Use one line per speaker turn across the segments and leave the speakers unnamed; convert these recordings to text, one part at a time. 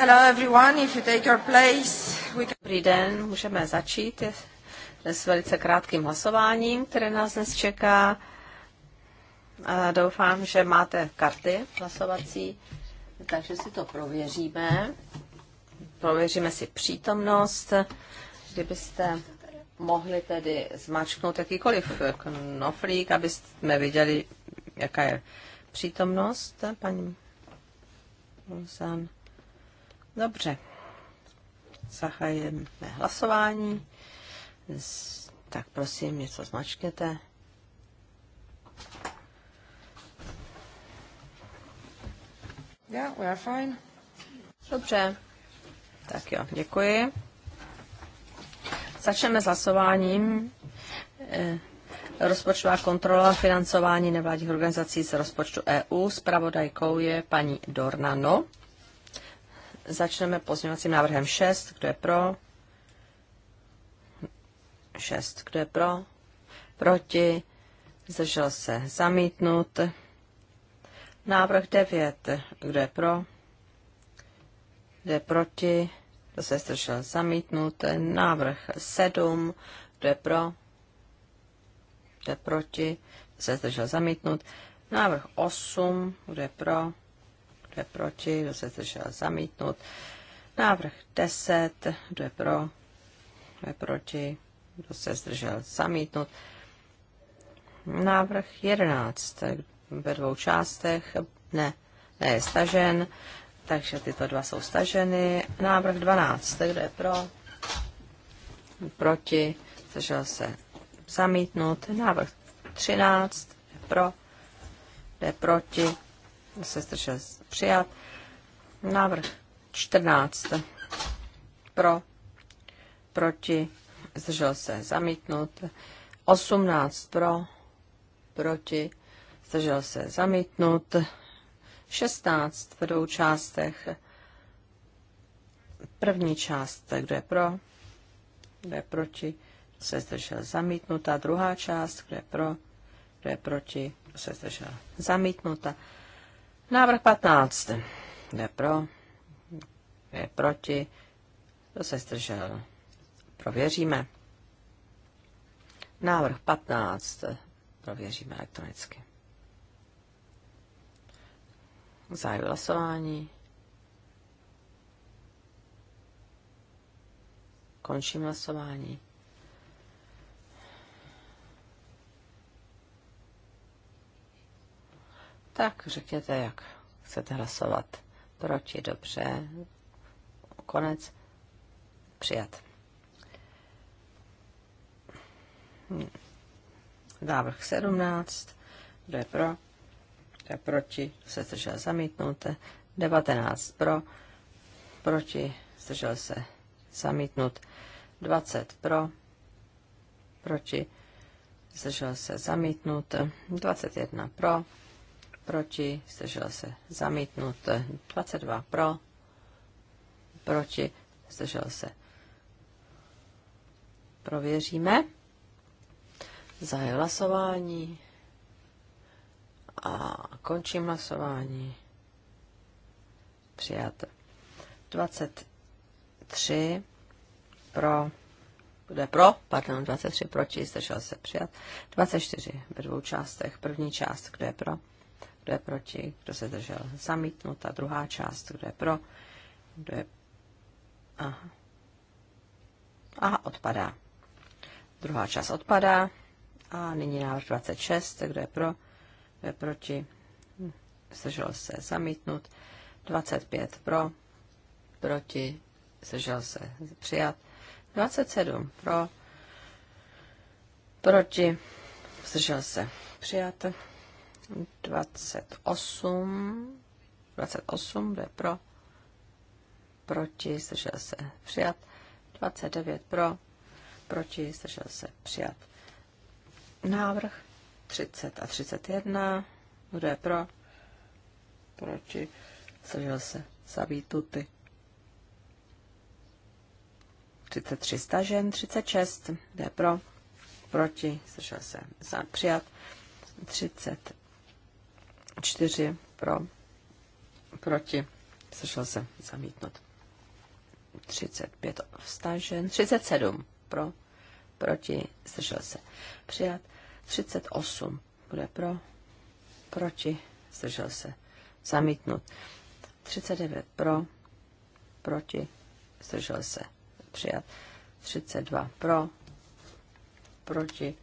Hello everyone, if you take your place, we can... Dobrý den, můžeme začít s velice krátkým hlasováním, které nás dnes čeká. A doufám, že máte karty hlasovací, takže si to prověříme. Prověříme si přítomnost. Kdybyste mohli tedy zmačknout jakýkoliv knoflík, abyste viděli, jaká je přítomnost, paní Luzan. Dobře. Zahajeme hlasování. Tak prosím, něco zmačkněte. Yeah, we are fine. Dobře. Tak jo, děkuji. Začneme s hlasováním. Eh, rozpočtová kontrola financování nevládních organizací z rozpočtu EU. Spravodajkou je paní Dornano. Začneme pozměňovacím návrhem 6. Kdo je pro? 6. Kdo je pro? Proti? Zdržel se zamítnut. Návrh 9. Kdo je pro? Kdo je proti? Kdo se zdržel zamítnut? Návrh 7. Kdo je pro? Kdo je proti? Kdo se zdržel zamítnut? Návrh 8. Kdo je pro? je proti, kdo se zdržel zamítnout. Návrh 10, kdo je pro, kdo je proti, kdo se zdržel zamítnout. Návrh 11 ve dvou částech, ne, ne je stažen, takže tyto dva jsou staženy. Návrh 12, kdo je pro, proti, zdržel se zamítnout. Návrh 13, je pro, kdo je proti, se zdržel přijat. Návrh 14 pro, proti, zdržel se zamítnut. 18 pro, proti, zdržel se zamítnut. 16 v dvou částech. První část, kde je pro, kde je proti, se zdržel zamítnuta. Druhá část, kde je pro, kde je proti, se zdržel zamítnuta. Návrh 15. Jde pro. Je proti. Kdo se zdržel? Prověříme. Návrh 15. Prověříme elektronicky. Zahajuji hlasování. Končím hlasování. Tak řekněte, jak chcete hlasovat. Proti, dobře. Konec. Přijat. Návrh 17. Kdo je pro? Kdo je proti? Se zdržel zamítnuté. 19 pro. Proti. Zdržel se zamítnut. 20 pro. Proti. Zdržel se zamítnut. 21 pro proti, zdržel se zamítnut, 22 pro, proti, zdržel se. Prověříme. Zahaj hlasování a končím hlasování. Přijat. 23 pro, bude pro, pardon, 23 proti, zdržel se přijat. 24 ve dvou částech. První část, kde je pro? kdo je proti, kdo se zdržel zamítnuta, druhá část, kdo je pro, kdo je... Aha. Aha, odpadá. Druhá část odpadá. A nyní návrh 26, kdo je pro, kdo je proti, zdržel se zamítnut, 25 pro, proti, zdržel se přijat, 27 pro, proti, zdržel se přijat, 28, 28, kdo je pro, proti, zdržel se přijat, 29 pro, proti, zdržel se přijat. Návrh 30 a 31, kdo je pro, proti, zdržel se zavítuty. 33 stažen, 36, kdo je pro, proti, zdržel se za přijat, 30 čtyři pro, proti, sešel se zamítnout. 35 vstažen, 37 pro, proti, sešel se přijat. 38 bude pro, proti, zdržel se zamítnout, 39 pro, proti, zdržel se přijat. 32 pro, proti,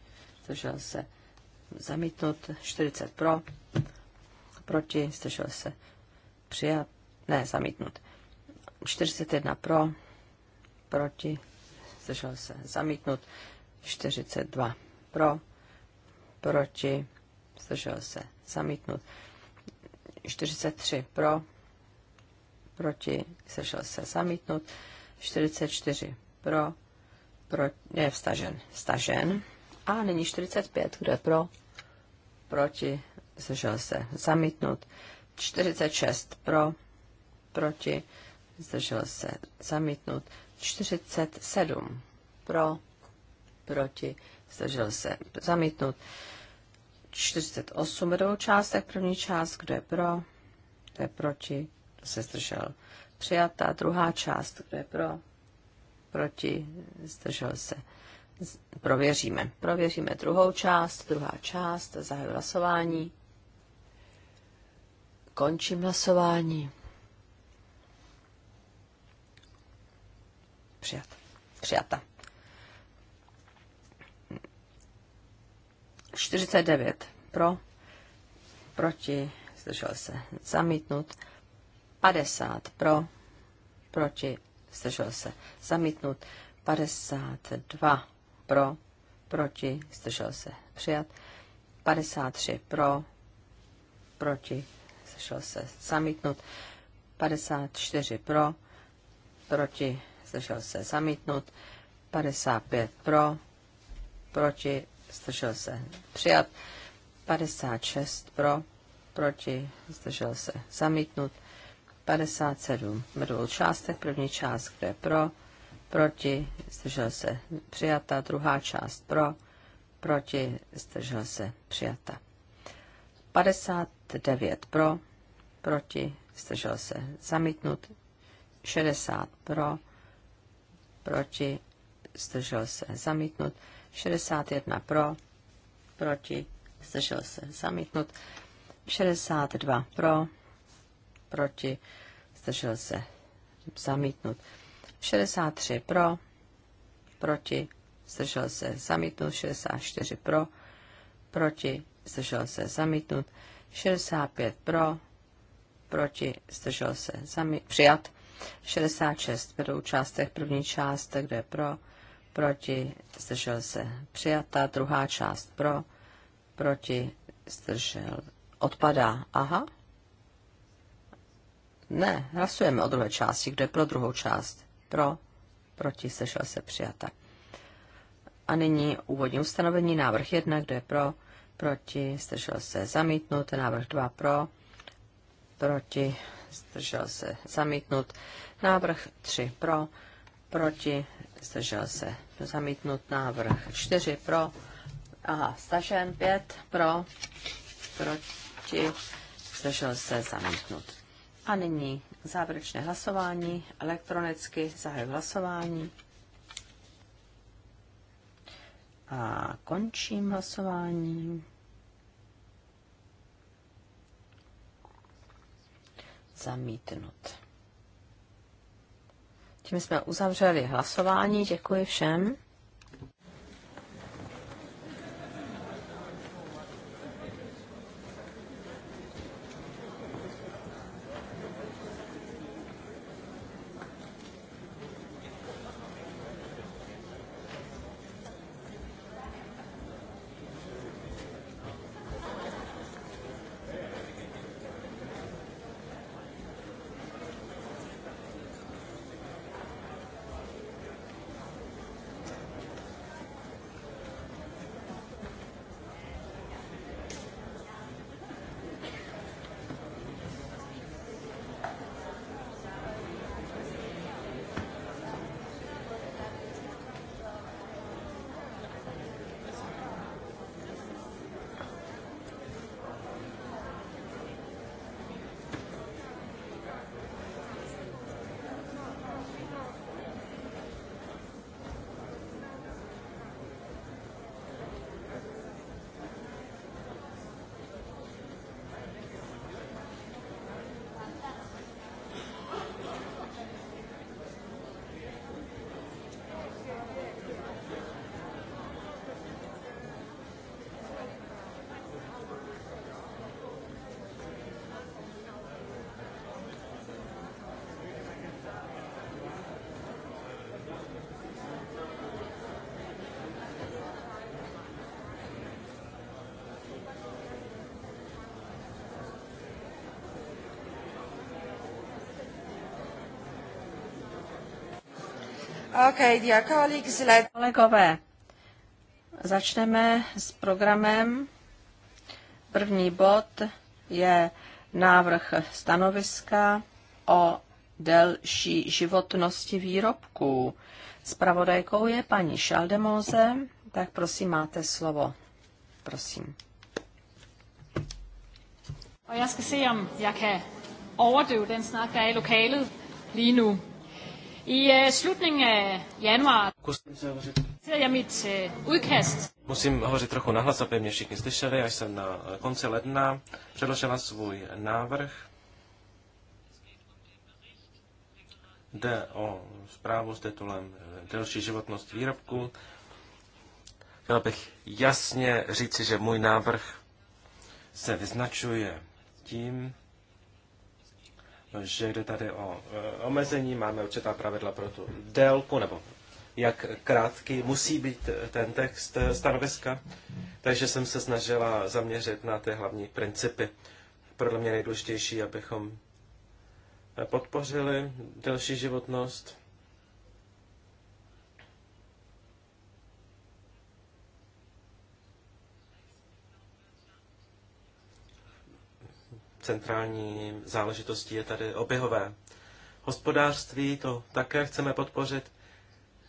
zdržel se zamítnout, 40 pro, proti, zdržel se přijat, ne, zamítnut. 41 pro, proti, zdržel se zamítnut. 42 pro, proti, zdržel se zamítnut. 43 pro, proti, zdržel se zamítnut. 44 pro, pro je vstažen, vstažen. A nyní 45, kdo je pro, proti, zdržel se zamítnut, 46 pro, proti, zdržel se zamítnut, 47 pro, proti, zdržel se zamítnut, 48 ve částek, první část, kdo je pro, kdo je proti, kdo se zdržel přijata, druhá část, kdo je pro, proti, zdržel se prověříme. Prověříme druhou část, druhá část, zahajuji hlasování. Končím hlasování. Přijat. Přijata. 49 pro, proti, zdržel se, zamítnut. 50 pro, proti, zdržel se, zamítnut. 52 pro, proti, zdržel se, přijat. 53 pro, proti, šel se zamítnout 54 pro, proti, zdržel se zamítnout 55 pro, proti, zdržel se přijat, 56 pro, proti, zdržel se zamítnout 57 dvou částech, první část, kde je pro, proti, zdržel se přijata, druhá část pro, proti, zdržel se přijata. 50 59 pro, proti, zdržel se zamítnut, 60 pro, proti, zdržel se zamítnut, 61 pro, proti, zdržel se zamítnut, 62 pro, proti, zdržel se zamítnut, 63 pro, proti, zdržel se zamítnut, 64 pro, proti, zdržel se zamítnut, 65 pro, proti, zdržel se, zami, přijat. 66 ve dvou částech, první část, kde je pro, proti, zdržel se, přijata, druhá část pro, proti, zdržel, odpadá, aha. Ne, hlasujeme o druhé části, kde je pro druhou část, pro, proti, zdržel se, přijata. A nyní úvodní ustanovení, návrh 1, kde je pro, proti, zdržel se zamítnut, návrh 2 pro, proti, zdržel se zamítnut, návrh 3 pro, proti, zdržel se zamítnut, návrh 4 pro, aha, stažen 5 pro, proti, zdržel se zamítnut. A nyní závěrečné hlasování, elektronicky zahajuji hlasování. A končím hlasování. zamítnut. Tím jsme uzavřeli hlasování. Děkuji všem. Kolegové, začneme s programem. První bod je návrh stanoviska o delší životnosti výrobků. Spravodajkou je paní Šaldemóze, tak prosím, máte slovo. Prosím.
Já jeg skal se, om jeg kan overdøve den snak, der er i lokalet lige nu. I uh, slutningen af januar
presenterede
jeg mit uh, udkast.
Musím hovořit trochu nahlas, aby mě všichni slyšeli, až jsem na eh, konci ledna předložila svůj návrh. Jde o zprávu s titulem eh, Delší životnost výrobku. Chtěla bych jasně říci, že můj návrh se vyznačuje tím, že jde tady o e, omezení, máme určitá pravidla pro tu délku, nebo jak krátký musí být ten text stanoviska. Takže jsem se snažila zaměřit na ty hlavní principy. Podle mě nejdůležitější, abychom podpořili delší životnost centrální záležitostí je tady oběhové hospodářství, to také chceme podpořit.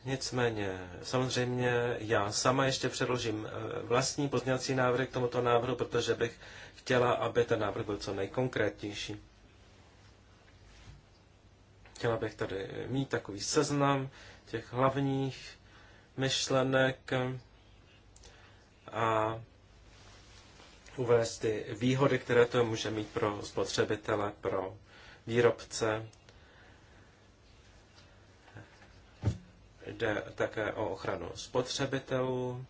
Nicméně, samozřejmě já sama ještě předložím eh, vlastní pozněcí návrh k tomuto návrhu, protože bych chtěla, aby ten návrh byl co nejkonkrétnější. Chtěla bych tady mít takový seznam těch hlavních myšlenek eh, a uvést ty výhody, které to může mít pro spotřebitele, pro výrobce. Jde také o ochranu spotřebitelů,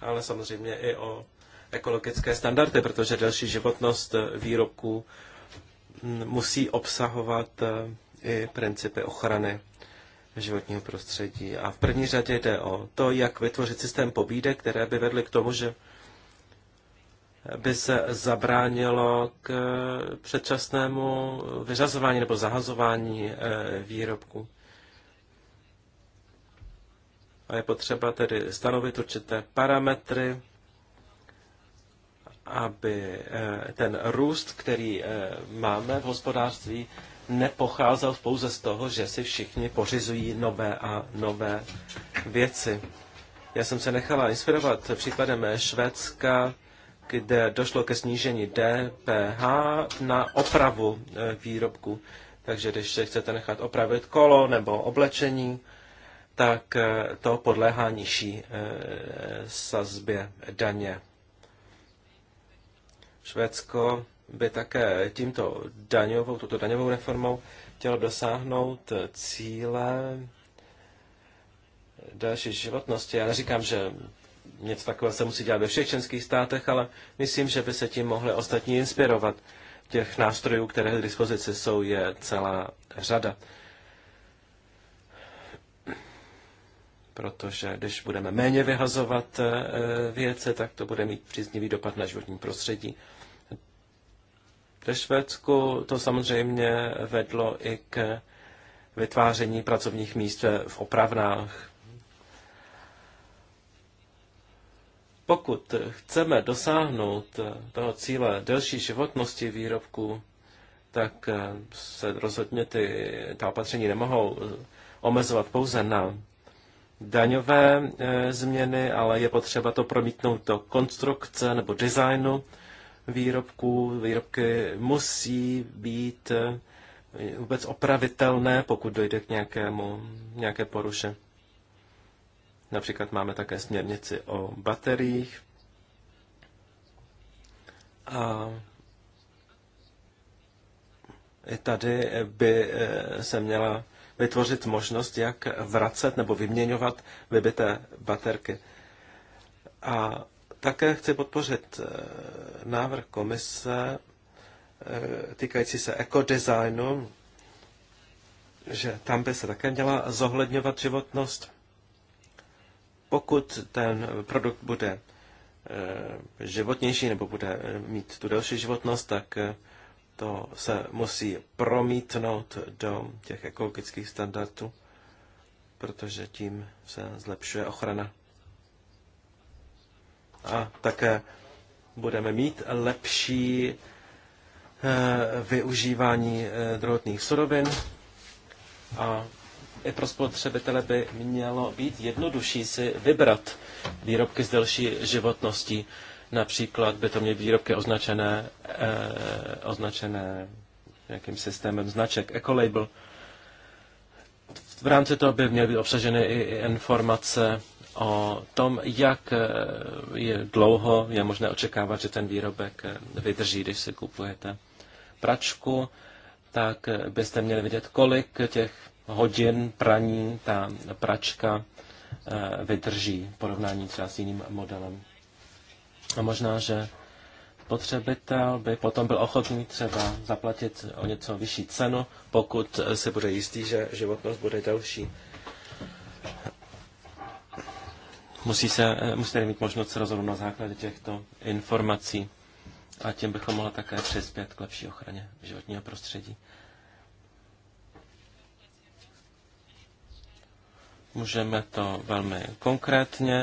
ale samozřejmě i o ekologické standardy, protože delší životnost výrobků musí obsahovat eh, i principy ochrany životního prostředí. A v první řadě jde o to, jak vytvořit systém pobídek, které by vedly k tomu, že by se zabránilo k eh, předčasnému vyřazování nebo zahazování eh, výrobku. A je potřeba tedy stanovit určité parametry, aby eh, ten růst, který máme v hospodářství, nepocházel pouze z toho, že si všichni pořizují nové a nové věci. Já jsem se nechala inspirovat příkladem Švédska, kde došlo ke snížení DPH na opravu e, výrobku. Takže když se chcete nechat opravit kolo nebo oblečení, tak e, to podléhá nižší e, sazbě daně. Švédsko by také tímto daňovou, tuto daňovou reformou chtěl dosáhnout cíle další životnosti. Já neříkám, že něco takového se musí dělat ve všech členských státech, ale myslím, že by se tím mohli ostatní inspirovat. Těch nástrojů, které k dispozici jsou, je celá řada. Protože když budeme méně vyhazovat eh, věce, tak to bude mít příznivý dopad na životní prostředí. Ve Švédsku to samozřejmě vedlo i k vytváření pracovních míst v opravnách. Pokud chceme dosáhnout toho cíle delší životnosti výrobků, tak se rozhodně ty, ta opatření nemohou omezovat pouze na daňové eh, změny, ale je potřeba to promítnout do konstrukce nebo designu výrobků. Výrobky musí být eh, vůbec opravitelné, pokud dojde k nějakému, nějaké poruše. Například máme také směrnici o bateriích. A i tady by eh, se měla vytvořit možnost, jak vracet nebo vyměňovat vybité baterky. A také chci podpořit eh, návrh komise eh, týkající se ekodesignu, že tam by se také měla zohledňovat životnost. Pokud ten produkt bude eh, životnější nebo bude mít tu delší životnost, tak to se musí promítnout do těch ekologických standardů, protože tím se zlepšuje ochrana a také budeme mít lepší eh, využívání eh, druhotných surovin a i pro spotřebitele by mělo být jednodušší si vybrat výrobky s delší životností. Například by to měly výrobky označené, eh, označené nějakým systémem značek Ecolabel. V rámci toho by měly být obsaženy i informace o tom, jak eh, je dlouho je možné očekávat, že ten výrobek eh, vydrží, když si kupujete pračku, tak eh, byste měli vidět, kolik těch hodin praní ta pračka vydrží v porovnání třeba s jiným modelem. A možná, že potřebitel by potom byl ochotný třeba zaplatit o něco vyšší cenu, pokud se bude jistý, že životnost bude delší. Musí se, eh, musí tedy mít možnost se rozhodnout na základě těchto informací a tím bychom mohli také přispět k lepší ochraně životního prostředí. Můžeme to velmi konkrétně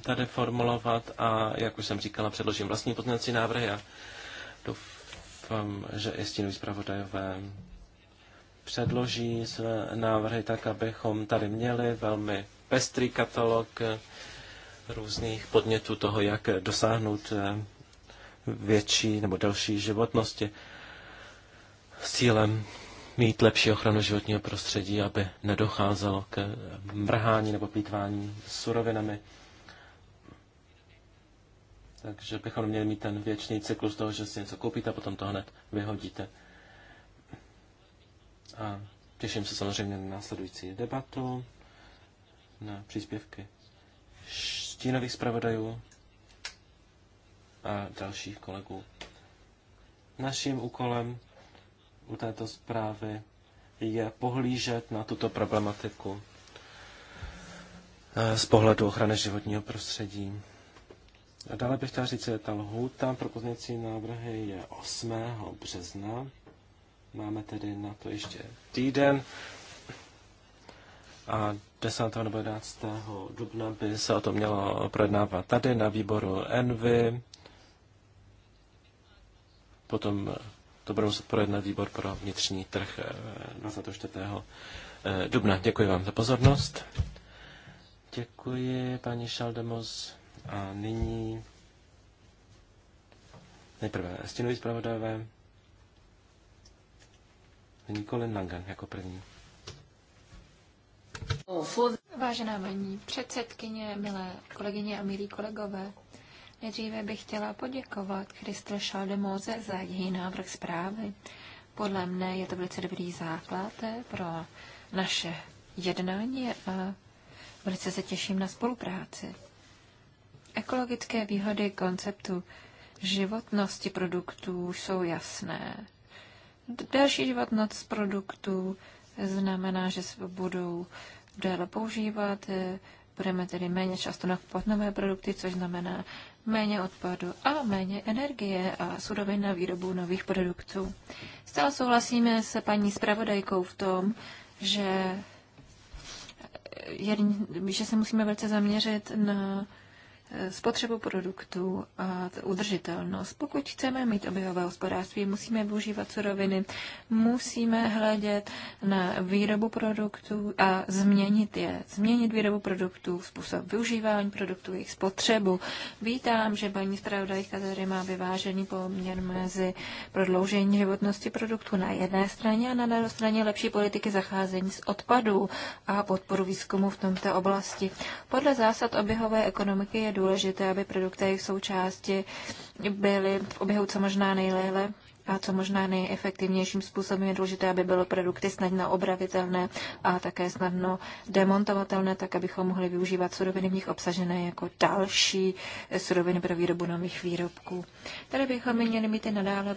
tady formulovat a, jak už jsem říkala, předložím vlastní pozměňovací návrhy a doufám, že i stínu zpravodajové předloží své návrhy tak, abychom tady měli velmi pestrý katalog různých podnětů toho, jak dosáhnout eh, větší nebo delší životnosti s cílem mít lepší ochranu životního prostředí, aby nedocházelo k eh, mrhání nebo plítvání surovinami. Takže bychom měli mít ten věčný cyklus toho, že si něco koupíte a potom to hned vyhodíte. A těším se samozřejmě na následující debatu, na příspěvky stínových zpravodajů a dalších kolegů. Naším úkolem u této zprávy je pohlížet na tuto problematiku eh, z pohledu ochrany životního prostředí. A dále bych chtěl říct, že ta lhůta pro pozměcí návrhy je 8. března. Máme tedy na to ještě týden. A 10. nebo 11. dubna by se o to mělo projednávat tady na výboru Envy. Potom to budou projednat výbor pro vnitřní trh 24. Eh, eh, dubna. Děkuji vám za pozornost. Děkuji, paní Šaldemos. A nyní nejprve stěnují zpravodajové. Nikolin Colin Langan jako první.
Vážená paní předsedkyně, milé kolegyně a milí kolegové, nejdříve bych chtěla poděkovat Christel Šaldemoze za její návrh zprávy. Podle mne je to velice dobrý základ pro naše jednání a velice se těším na spolupráci. Ekologické výhody konceptu životnosti produktů jsou jasné. Další životnost produktů, znamená, že se budou déle používat, eh, budeme tedy méně často nakupovat nové produkty, což znamená méně odpadu a méně energie a surovin na výrobu nových produktů. Stále souhlasíme se paní zpravodajkou v tom, že, eh, že se musíme velice zaměřit na spotřebu produktů a udržitelnost. Pokud chceme mít oběhové hospodářství, musíme využívat suroviny, musíme hledět na výrobu produktů a změnit je. Změnit výrobu produktů, způsob využívání produktů, jejich spotřebu. Vítám, že paní zpravodajka tady má vyvážený poměr mezi prodloužení životnosti produktů na jedné straně a na druhé straně lepší politiky zacházení s odpadů a podporu výzkumu v tomto oblasti. Podle zásad oběhové ekonomiky je důležité důležité, aby produkty a jejich součásti byly v oběhu co možná nejlépe a co možná nejefektivnějším způsobem je důležité, aby byly produkty snadno obravitelné a také snadno demontovatelné, tak abychom mohli využívat suroviny v nich obsažené jako další suroviny pro výrobu nových výrobků. Tady bychom měli mít i nadále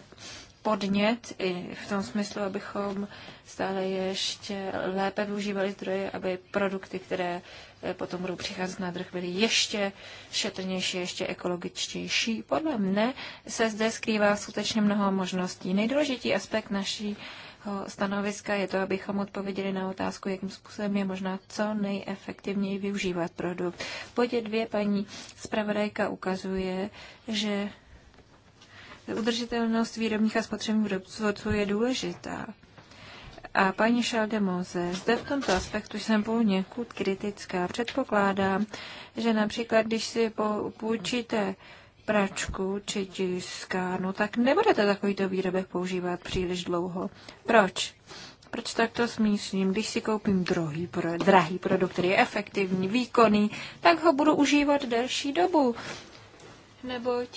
podnět i v tom smyslu, abychom stále ještě lépe využívali zdroje, aby produkty, které Eh, potom budou přicházet na trh, byly ještě šetrnější, ještě ekologičtější. Podle mne se zde skrývá skutečně mnoho možností. Nejdůležitější aspekt naší stanoviska je to, abychom odpověděli na otázku, jakým způsobem je možná co nejefektivněji využívat produkt. V bodě dvě paní zpravodajka ukazuje, že udržitelnost výrobních a spotřebních výrobců je důležitá. A paní Šaldemoze, zde v tomto aspektu jsem poněkud kritická. Předpokládám, že například, když si půjčíte pračku či tiskárnu, tak nebudete takovýto výrobek používat příliš dlouho. Proč? Proč tak to smýšlím? Když si koupím drahý, pro, drahý produkt, který je efektivní, výkonný, tak ho budu užívat delší dobu. Neboť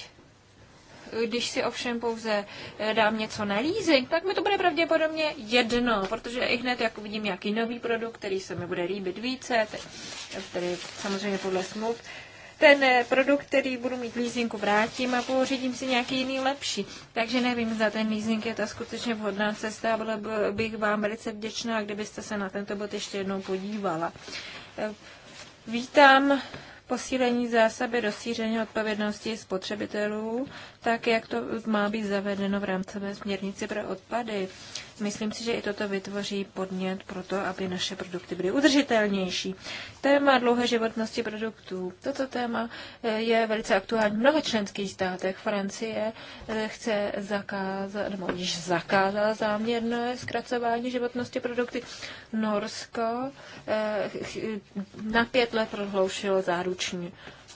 když si ovšem pouze eh, dám něco na leasing, tak mi to bude pravděpodobně jedno, protože i hned jak uvidím nějaký nový produkt, který se mi bude líbit více, který samozřejmě podle smluv, ten eh, produkt, který budu mít leasingu, vrátím a pořídím si nějaký jiný lepší. Takže nevím, za ten leasing je ta skutečně vhodná cesta a byla bych vám velice vděčná, kdybyste se na tento bod ještě jednou podívala. Eh, vítám posílení zásady rozšíření odpovědnosti spotřebitelů tak jak to má být zavedeno v rámcové směrnici pro odpady. Myslím si, že i toto vytvoří podnět pro to, aby naše produkty byly udržitelnější. Téma dlouhé životnosti produktů. Toto téma eh, je velice aktuální v mnoha členských státech. Francie eh, chce zakázat, nebo již zakázala záměrné zkracování životnosti produkty. Norsko eh, na pět let prohloušilo záruční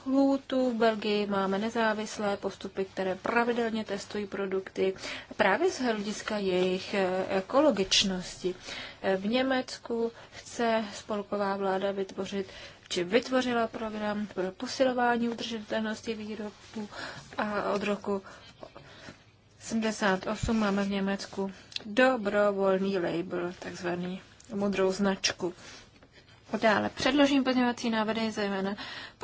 lhůtu. V Belgii máme nezávislé postupy, které pravidelně testují produkty právě z hlediska jejich eh, ekologičnosti. Eh, v Německu chce spolková vláda vytvořit či vytvořila program pro posilování udržitelnosti výrobku a od roku 78 máme v Německu dobrovolný label, takzvaný modrou značku. Dále předložím pozměňovací návrhy zejména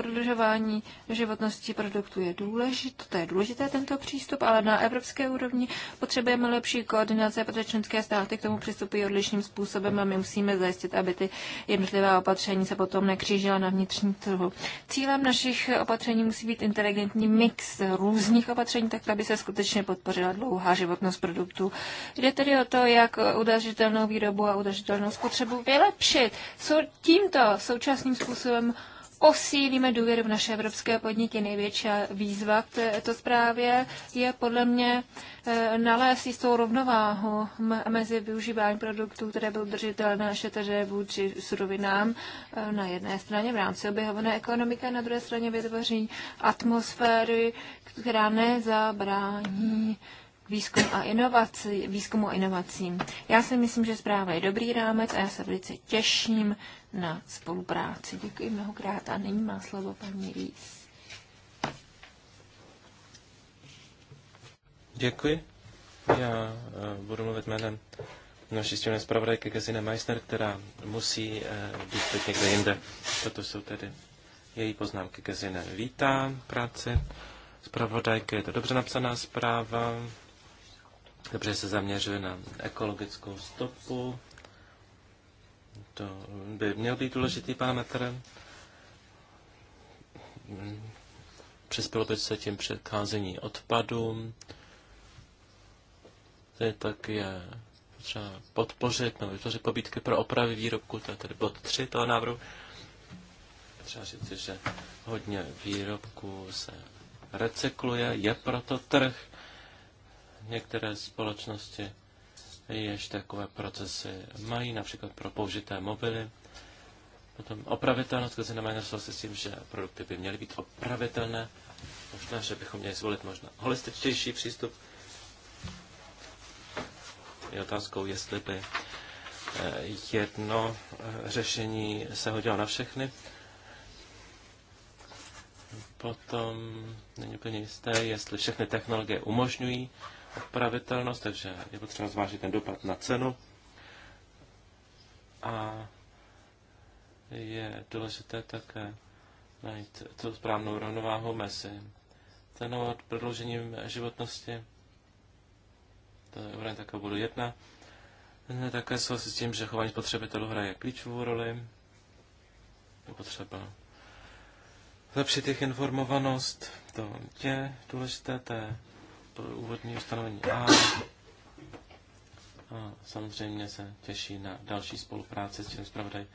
prodlužování životnosti produktů je důležité, to je důležité tento přístup, ale na evropské úrovni potřebujeme lepší koordinace, protože členské státy k tomu přistupují odlišným způsobem a my musíme zajistit, aby ty jednotlivá opatření se potom nekřížila na vnitřní trhu. Cílem našich opatření musí být inteligentní mix různých opatření, tak aby se skutečně podpořila dlouhá životnost produktů. Jde tedy o to, jak udržitelnou výrobu a udržitelnou spotřebu vylepšit. Co tímto současným způsobem posílíme důvěru v naše evropské podniky. Největší výzva v této zprávě je podle mě eh, nalézt jistou rovnováhu mezi využívání produktů, které byly udržitelné na šeteře vůči surovinám eh, na jedné straně v rámci oběhované ekonomiky a na druhé straně vytvoření atmosféry, která nezabrání výzkum a inovací, výzkumu a inovacím. Já si myslím, že zpráva je dobrý rámec a já se velice těším na spolupráci. Děkuji mnohokrát a nyní má slovo paní Rýs.
Děkuji. Já eh, budu mluvit jménem naší stěné zpravodajky Gazine Meissner, která musí eh, být teď někde jinde. Toto jsou tedy její poznámky. Gazine vítá práci zpravodajky, je to dobře napsaná zpráva, dobře se zaměřuje na ekologickou stopu to by měl být důležitý parametr. Přispělo by se tím předcházení odpadu. To je tak je třeba podpořit nebo vytvořit pobídky pro opravy výrobku, to je tedy bod 3 toho návrhu. Třeba říct, že hodně výrobků se recykluje, je proto trh. Některé společnosti jež takové procesy mají, například pro použité mobily. Potom opravitelnost, kde se na s tím, že produkty by měly být opravitelné. Možná, že bychom měli zvolit možná holističtější přístup. Je otázkou, jestli by eh, jedno eh, řešení se hodilo na všechny. Potom není úplně jisté, jestli všechny technologie umožňují opravitelnost, takže je potřeba zvážit ten dopad na cenu. A je důležité také najít tu správnou rovnováhu mezi cenou a prodloužením životnosti. To je úroveň takového bodu jedna. Také souhlasím s tím, že chování spotřebitelů hraje klíčovou roli. Je potřeba zlepšit jejich informovanost, to je důležité, to je úvodní ustanovení A. A samozřejmě se těší na další spolupráci s tím zpravodaj.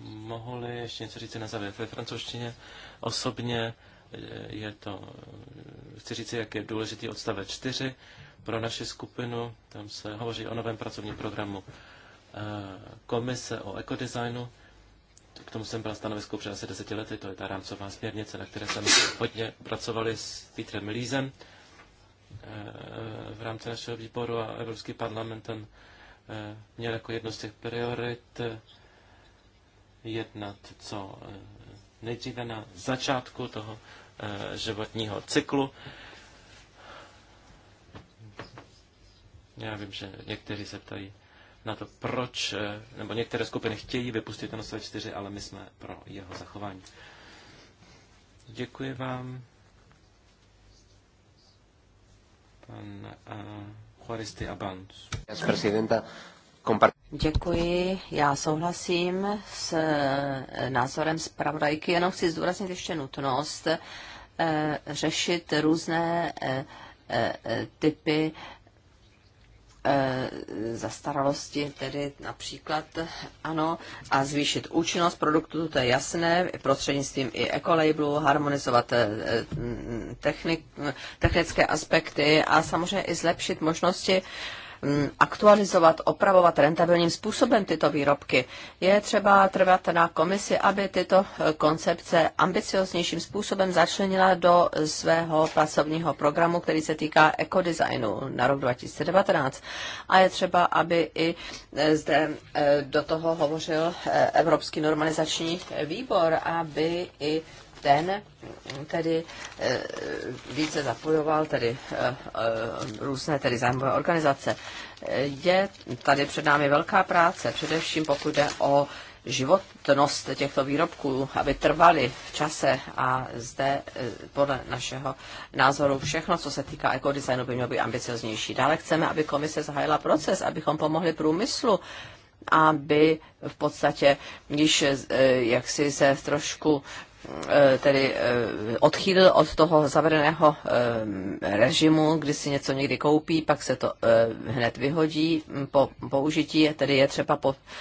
Mohli ještě něco říct na závěr ve francouzštině? Osobně eh, je to, eh, chci říct, jak je důležitý odstavec 4 pro naši skupinu. Tam se hovoří o novém pracovním programu eh, komise o ekodesignu. K tomu jsem byl stanovisko před asi deseti lety, to je ta rámcová směrnice, na které jsem hodně pracovali s Petrem Lízem v rámci našeho výboru a Evropský parlament ten eh, měl jako jednu z těch priorit eh, jednat co eh, nejdříve na začátku toho životního cyklu. Já vím, že někteří se ptají na to, proč, nebo některé skupiny chtějí vypustit ten 4, ale my jsme pro jeho zachování. Děkuji vám. Pan eh, Juarez de Abans.
Děkuji, já souhlasím s eh, názorem zpravodajky, jenom chci zdůraznit ještě nutnost eh, řešit různé typy Eh, zastaralosti, tedy například, ano, a zvýšit účinnost produktu, to je jasné, prostřednictvím i ekolabelu, harmonizovat eh, technik, technické aspekty a samozřejmě i zlepšit možnosti Mm, aktualizovat, opravovat rentabilním způsobem tyto výrobky. Je třeba trvat na komisi, aby tyto eh, koncepce ambicioznějším způsobem začlenila do svého pracovního programu, který se týká ekodesignu na rok 2019. A je třeba, aby i eh, zde eh, do toho hovořil Evropský normalizační výbor, aby i ten tedy eh, více zapojoval tedy eh, eh, různé tedy zájmové organizace. Je tady před námi velká práce, především pokud jde o životnost těchto výrobků, aby trvaly v čase a zde podle našeho názoru všechno, co se týká ekodesignu, by mělo být ambicioznější. Dále chceme, aby komise zahájila proces, abychom pomohli průmyslu, aby v podstatě jak jaksi se trošku Eh, tedy eh, odchýlil od toho zavedeného eh, režimu, kdy si něco někdy koupí, pak se to hned vyhodí mm, po použití, tedy je třeba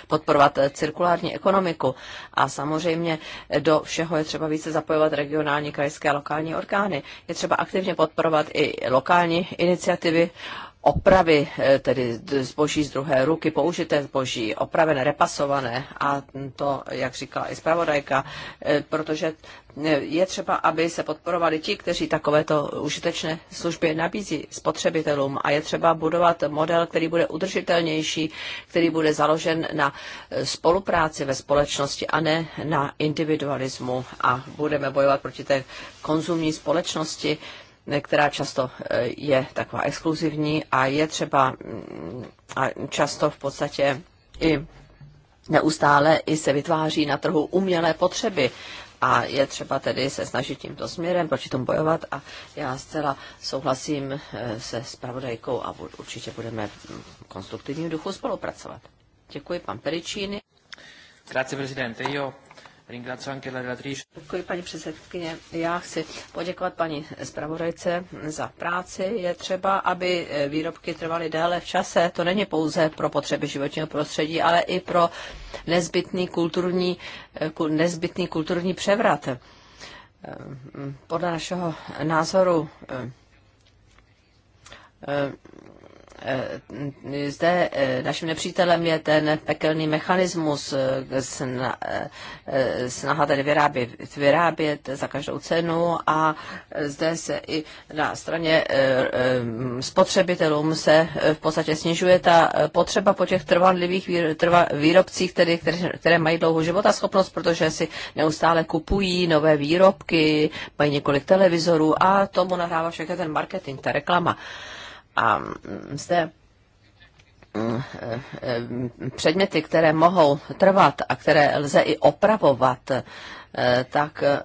podporovat cirkulární ekonomiku. A samozřejmě do všeho je třeba více zapojovat regionální, krajské a lokální orgány. Je třeba aktivně podporovat i lokální iniciativy opravy, eh, tedy zboží z druhé ruky, použité zboží, opravené, repasované a to, jak říkala i zpravodajka, eh, protože eh, je třeba, aby se podporovali ti, kteří takovéto užitečné služby nabízí spotřebitelům a je třeba budovat model, který bude udržitelnější, který bude založen na spolupráci ve společnosti a ne na individualismu a budeme bojovat proti té konzumní společnosti, která často eh, je taková exkluzivní a je třeba mm, a často v podstatě i neustále i se vytváří na trhu umělé potřeby a je třeba tedy se snažit tímto směrem proti tomu bojovat a já zcela souhlasím eh, se spravodajkou a určitě budeme v konstruktivním duchu spolupracovat. Děkuji, pan Peričíny. Grazie, presidente. Io Děkuji, paní předsedkyně. Já chci poděkovat paní zpravodajce za práci. Je třeba, aby výrobky trvaly déle v čase. To není pouze pro potřeby životního prostředí, ale i pro nezbytný kulturní, nezbytný kulturní převrat. Podle našeho názoru eh, eh, Eh, zde eh, naším nepřítelem je ten pekelný mechanismus, eh, snaha tady vyrábět, vyrábět za každou cenu a zde se i na straně spotřebitelům se v podstatě snižuje ta potřeba po těch trvanlivých výrobcích, tedy, které mají dlouhou schopnost, protože si neustále kupují nové výrobky, mají několik televizorů a tomu nahrává všechny ten marketing, ta reklama. A zde eh, předměty, které mohou trvat a které lze i opravovat, eh, tak eh,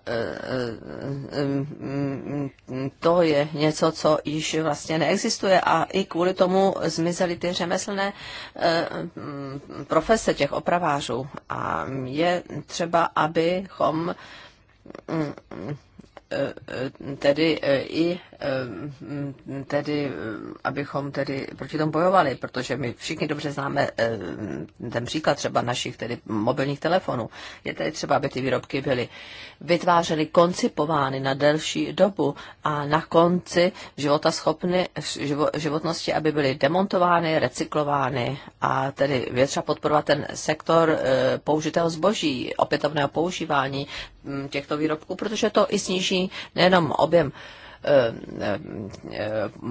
mm, to je něco, co již vlastně neexistuje a i kvůli tomu zmizely ty řemeslné profese těch opravářů. A je třeba, abychom mm, tedy i Ehm, tedy, abychom tedy proti tomu bojovali, protože my všichni dobře známe ehm, ten příklad třeba našich tedy mobilních telefonů. Je tedy třeba, aby ty výrobky byly vytvářeny, koncipovány na delší dobu a na konci života schopny, životnosti, aby byly demontovány, recyklovány a tedy je třeba podporovat ten sektor ehm, použitého zboží, opětovného používání těchto výrobků, protože to i sníží nejenom objem Eh, eh,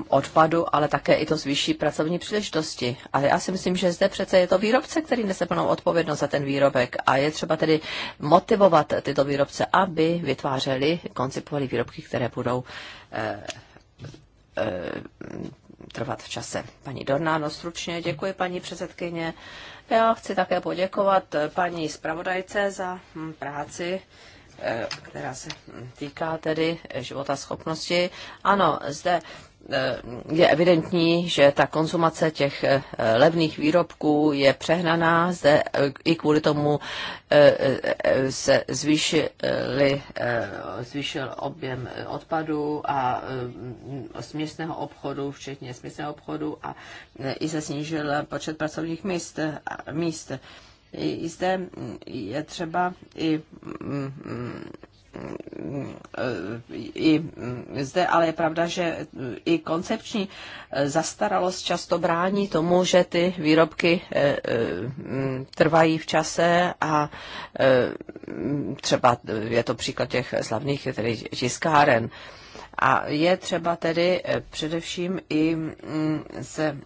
odpadu, ale také i to zvýší pracovní příležitosti. A já si myslím, že zde přece je to výrobce, který nese plnou odpovědnost za ten výrobek a je třeba tedy motivovat tyto výrobce, aby vytvářeli, koncipovali výrobky, které budou eh, trvat v čase. Paní no stručně děkuji, paní předsedkyně. Já chci také poděkovat paní zpravodajce za hm, práci Eh, která se týká tedy života schopnosti. Ano, zde eh, je evidentní, že ta konzumace těch eh, levných výrobků je přehnaná. Zde i kvůli tomu se zvýšili, zvýšil objem odpadu a směsného obchodu, včetně směsného obchodu a i se snížil počet pracovních míst. míst. I zde je třeba i i zde ale je pravda, že i koncepční zastaralost často brání tomu, že ty výrobky eh, eh, trvají v čase a eh, třeba je to příklad těch slavných tedy tiskáren. A je třeba tedy především i mm, se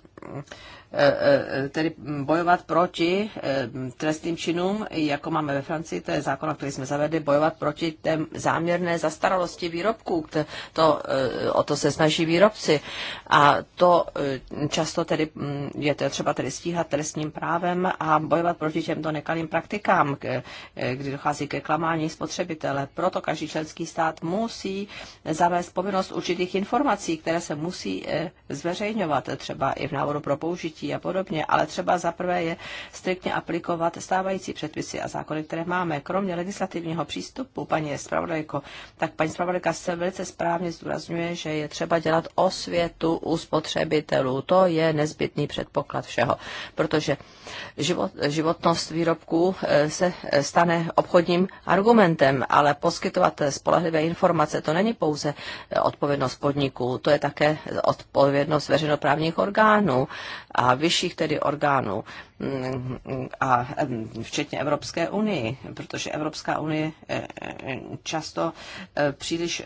Eh, eh, tedy bojovat proti eh, trestným činům, jako máme ve Francii, to je zákon, který jsme zavedli, bojovat proti té záměrné zastaralosti výrobků. To, o to se snaží výrobci. A to často tedy mm, je to třeba tedy stíhat trestním právem a bojovat proti těmto nekalým praktikám, kdy dochází ke klamání spotřebitele. Proto každý členský stát musí zavést povinnost určitých informací, které se musí zveřejňovat třeba i v návodu pro použití dětí a podobně, ale třeba zaprvé je striktně aplikovat stávající předpisy a zákony, které máme. Kromě legislativního přístupu, paní zpravodajko, tak paní zpravodajka se velice správně zdůrazňuje, že je třeba dělat osvětu u spotřebitelů. To je nezbytný předpoklad všeho, protože život, životnost výrobků eh, se eh, stane obchodním argumentem, ale poskytovat spolehlivé informace to není pouze eh, odpovědnost podniků, to je také odpovědnost veřejnoprávních orgánů a vyšších tedy orgánů a včetně Evropské unii, protože Evropská unie e, e, často e, příliš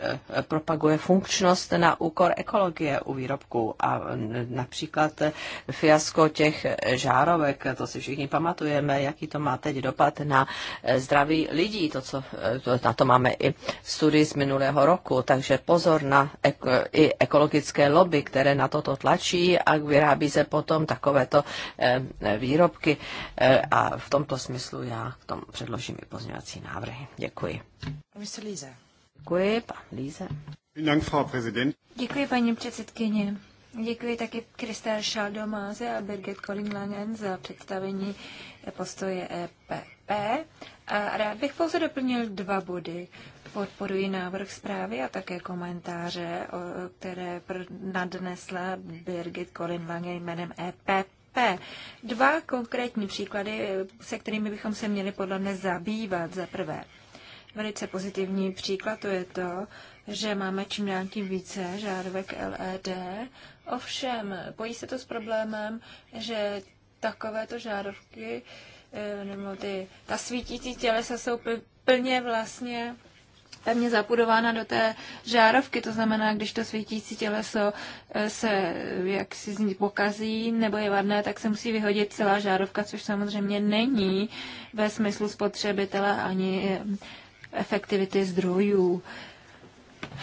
propaguje funkčnost na úkor ekologie u výrobků a například fiasko těch žárovek, to si všichni pamatujeme, jaký to má teď dopad na zdraví lidí, to, co, to, na to máme i studii z minulého roku, takže pozor na i ekologické lobby, které na toto tlačí a vyrábí se potom takovéto výrobky výrobky e, a v tomto smyslu já k tomu předložím i pozměňovací návrhy. Děkuji. Děkuji, pan Líze.
Děkuji, paní předsedkyně. Děkuji taky Kristel Šaldomáze a Birgit Kolinglangen za představení postoje EPP. A rád bych pouze doplnil dva body. Podporuji návrh zprávy a také komentáře, které nadnesla Birgit Kolinlange jménem EPP. P. Dva konkrétní příklady, se kterými bychom se měli podle mě zabývat. Za prvé, velice pozitivní příklad to je to, že máme čím dál tím více žárovek LED. Ovšem, pojí se to s problémem, že takovéto žárovky eh, nebo ty, ta svítící tělesa jsou plně vlastně pevně zapudována do té žárovky, to znamená, když to svítící těleso eh, se jak si z ní pokazí nebo je vadné, tak se musí vyhodit celá žárovka, což samozřejmě není ve smyslu spotřebitele ani eh, efektivity zdrojů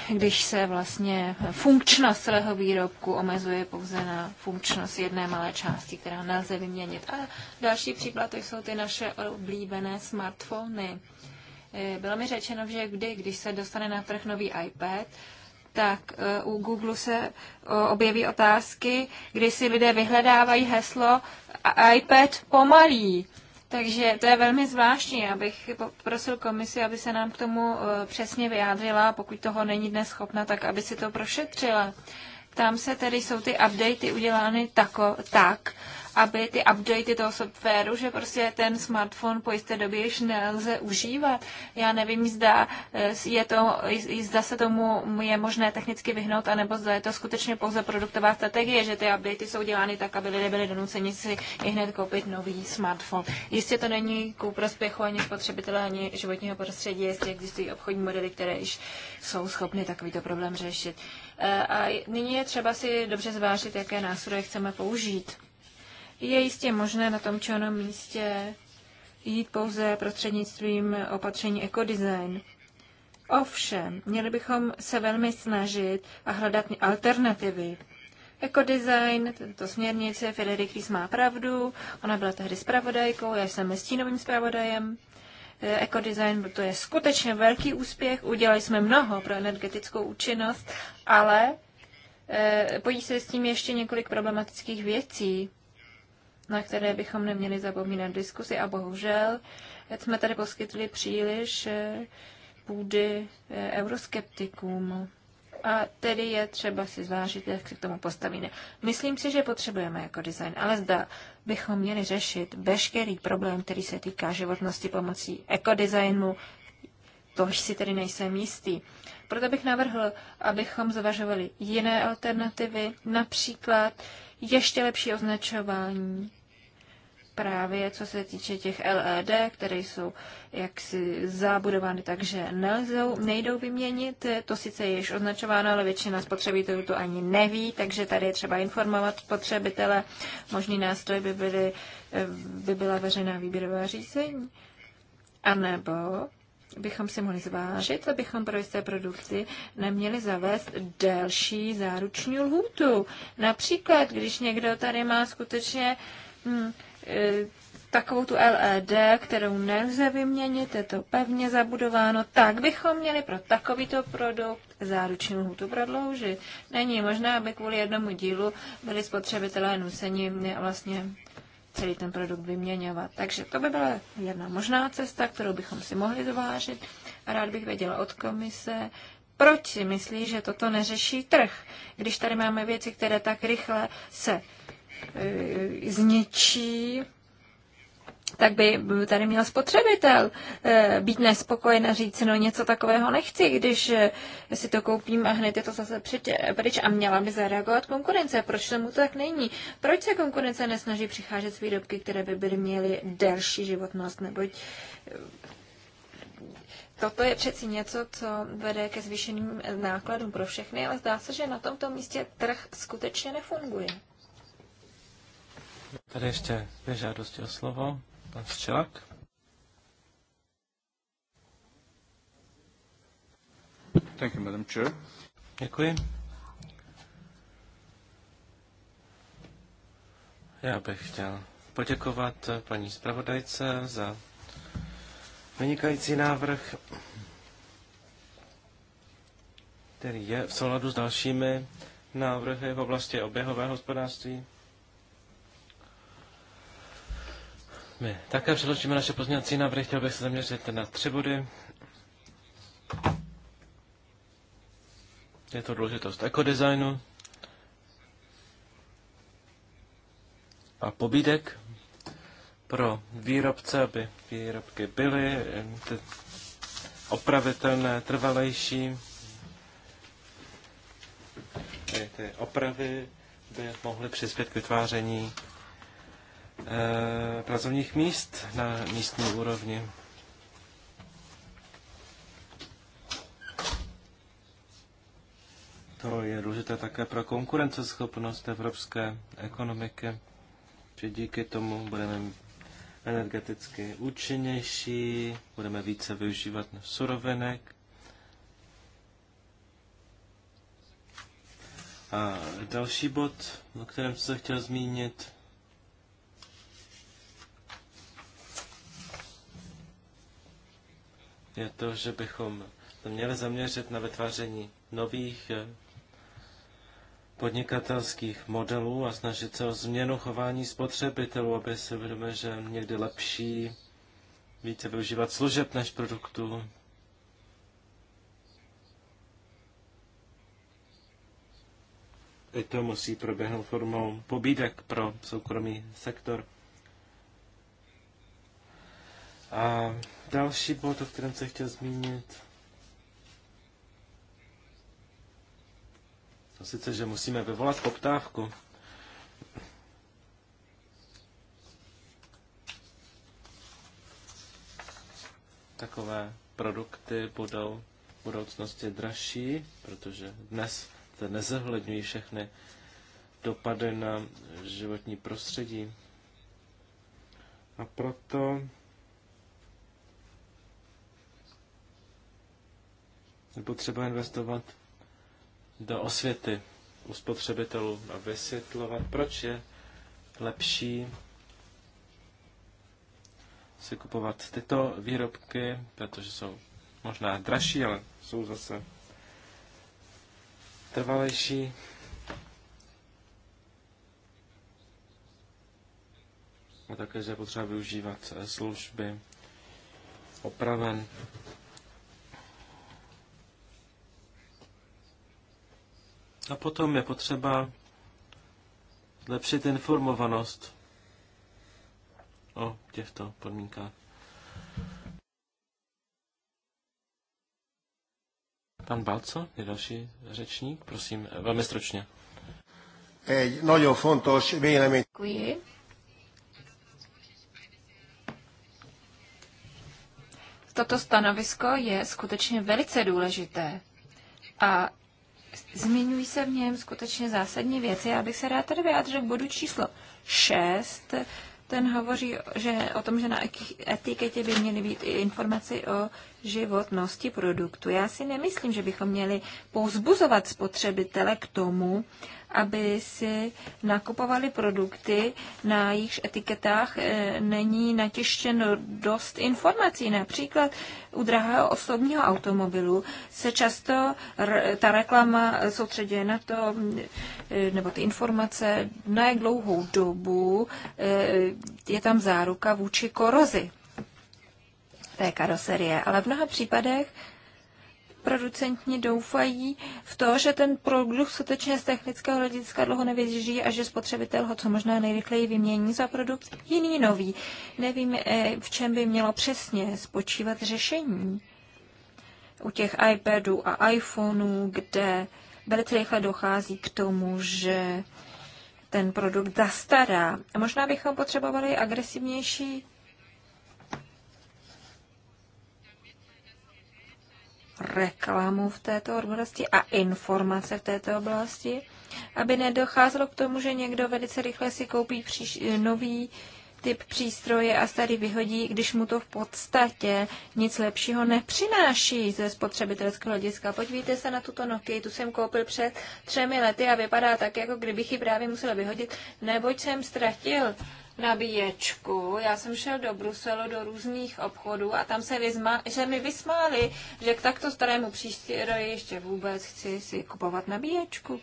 když se vlastně funkčnost celého výrobku omezuje pouze na funkčnost jedné malé části, která nelze vyměnit. A další příklad to jsou ty naše oblíbené smartfony. Eh, bylo mi řečeno, že kdy, když se dostane na trh nový iPad, tak eh, u Google se objeví otázky, kdy si lidé vyhledávají heslo iPad pomalý. Takže to je velmi zvláštní. Já bych poprosil komisi, aby se nám k tomu eh, přesně vyjádřila. Pokud toho není dnes schopna, tak aby si to prošetřila. Tam se tedy jsou ty updaty udělány tako, tak, aby ty updaty toho softwaru, že prostě ten smartphone po jisté době již nelze užívat. Já nevím, zda, eh, je to, zda se tomu je možné technicky vyhnout, anebo zda je to skutečně pouze produktová strategie, že ty updaty jsou dělány tak, aby lidé byli donuceni si i hned koupit nový smartphone. Jistě to není ku prospěchu ani spotřebitele, ani životního prostředí, jestli existují obchodní modely, které již jsou schopny takovýto problém řešit. Eh, a nyní je třeba si dobře zvážit, jaké nástroje chceme použít je jistě možné na tom černém místě jít pouze prostřednictvím opatření ekodesign. Ovšem, měli bychom se velmi snažit a hledat alternativy. Ekodesign, to směrnice, Federik Ries má pravdu, ona byla tehdy zpravodajkou, já jsem stínovým zpravodajem. E, ekodesign, to je skutečně velký úspěch, udělali jsme mnoho pro energetickou účinnost, ale e, pojí se s tím ještě několik problematických věcí na které bychom neměli zapomínat diskusi a bohužel jsme tady poskytli příliš eh, půdy eh, euroskeptikům. A tedy je třeba si zvážit, jak se k tomu postavíme. Myslím si, že potřebujeme jako design, ale zda bychom měli řešit veškerý problém, který se týká životnosti pomocí ekodesignu, to už si tedy nejsem jistý. Proto bych navrhl, abychom zvažovali jiné alternativy, například ještě lepší označování právě co se týče těch LED, které jsou jaksi zabudovány takže nelze, nelzou, nejdou vyměnit. To sice je již označováno, ale většina spotřebitelů to ani neví, takže tady je třeba informovat spotřebitele. Možný nástroj by, byly, by byla veřejná výběrová řízení. A nebo bychom si mohli zvážit, abychom pro jisté produkty neměli zavést delší záruční lhůtu. Například, když někdo tady má skutečně hm, takovou tu LED, kterou nelze vyměnit, je to pevně zabudováno, tak bychom měli pro takovýto produkt záruční lhutu prodloužit. Není možné, aby kvůli jednomu dílu byli spotřebitelé nuceni vlastně celý ten produkt vyměňovat. Takže to by byla jedna možná cesta, kterou bychom si mohli zvážit. A rád bych věděla od komise, proč si myslí, že toto neřeší trh, když tady máme věci, které tak rychle se E, zničí, tak by tady měl spotřebitel e, být nespokojen a říct, no něco takového nechci, když e, si to koupím a hned je to zase pryč a měla by zareagovat konkurence. Proč tomu to tak není? Proč se konkurence nesnaží přicházet s výrobky, které by byly měly delší životnost, neboť Toto je přeci něco, co vede ke zvýšeným nákladům pro všechny, ale zdá se, že na tomto místě trh skutečně nefunguje.
Tady ještě dvě žádosti o slovo. Pan Střelak. Thank you, Madam Chair. Děkuji. Já bych chtěl poděkovat paní zpravodajce za vynikající návrh, který je v souladu s dalšími návrhy v oblasti oběhového hospodářství. My také předložíme naše pozměňovací návrhy. Chtěl bych se zaměřit na tři body. Je to důležitost ekodesignu a pobídek pro výrobce, aby výrobky byly eh, opravitelné, trvalejší. Ty opravy by mohly přispět k vytváření Eh, pracovních míst na místní úrovni. To je důležité také pro konkurenceschopnost evropské ekonomiky, že díky tomu budeme energeticky účinnější, budeme více využívat surovinek. A další bod, o kterém jsem se chtěl zmínit, je to, že bychom to měli zaměřit na vytváření nových eh, podnikatelských modelů a snažit se o změnu chování spotřebitelů, aby se uvědomili, že někdy lepší více využívat služeb než produktů. I to musí proběhnout formou pobídek pro soukromý sektor. A Další bod, o kterém se chtěl zmínit, to sice, že musíme vyvolat poptávku. Takové produkty budou v budoucnosti dražší, protože dnes to nezohledňují všechny dopady na životní prostředí. A proto nebo třeba investovat do osvěty u spotřebitelů a vysvětlovat, proč je lepší si kupovat tyto výrobky, protože jsou možná dražší, ale jsou zase trvalejší. A také, že je potřeba využívat služby opraven A potom je potřeba zlepšit informovanost o těchto podmínkách. Pan Balco je další řečník, prosím, velmi stručně. Egy nagyon fontos vélemény.
Toto stanovisko je skutečně velice důležité a Zmiňují se v něm skutečně zásadní věci. Já bych se rád tady vyjádřil k bodu číslo 6. Ten hovoří že o tom, že na etiketě by měly být i informace o životnosti produktu. Já si nemyslím, že bychom měli pouzbuzovat spotřebitele k tomu, aby si nakupovali produkty, na jejichž etiketách e, není natěštěno dost informací. Například u drahého osobního automobilu se často ta reklama soustředuje na to, e, nebo ty informace, na jak dlouhou dobu e, je tam záruka vůči korozi té karoserie, ale v mnoha případech producenti doufají v to, že ten produkt skutečně z technického hlediska dlouho nevydrží a že spotřebitel ho co možná nejrychleji vymění za produkt jiný nový. Nevím, eh, v čem by mělo přesně spočívat řešení u těch iPadů a iPhoneů, kde velice rychle dochází k tomu, že ten produkt zastará. Možná bychom potřebovali agresivnější reklamu v této oblasti a informace v této oblasti, aby nedocházelo k tomu, že někdo velice rychle si koupí příš, nový typ přístroje a starý vyhodí, když mu to v podstatě nic lepšího nepřináší ze spotřebitelského hlediska. Podívejte se na tuto Nokia, tu jsem koupil před třemi lety a vypadá tak, jako kdybych ji právě musel vyhodit, neboť jsem ztratil nabíječku. Já jsem šel do Bruselu, do různých obchodů a tam se vysma- že mi vysmáli, že k takto starému přístroji ještě vůbec chci si kupovat nabíječku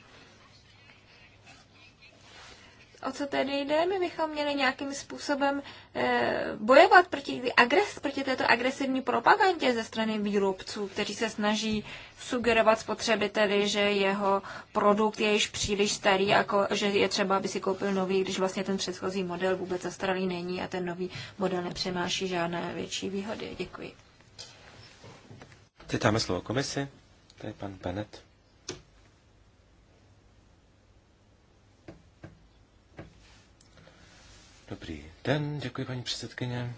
o co tedy jde. My bychom měli nějakým způsobem eh, bojovat proti, agres, proti této agresivní propagandě ze strany výrobců, kteří se snaží sugerovat spotřebiteli, že jeho produkt je již příliš starý a jako že je třeba, aby si koupil nový, když vlastně ten předchozí model vůbec zastaralý není a ten nový model nepřenáší žádné větší výhody. Děkuji.
Teď dáme slovo komisi. Tady pan Bennett. Dobrý den, děkuji paní předsedkyně.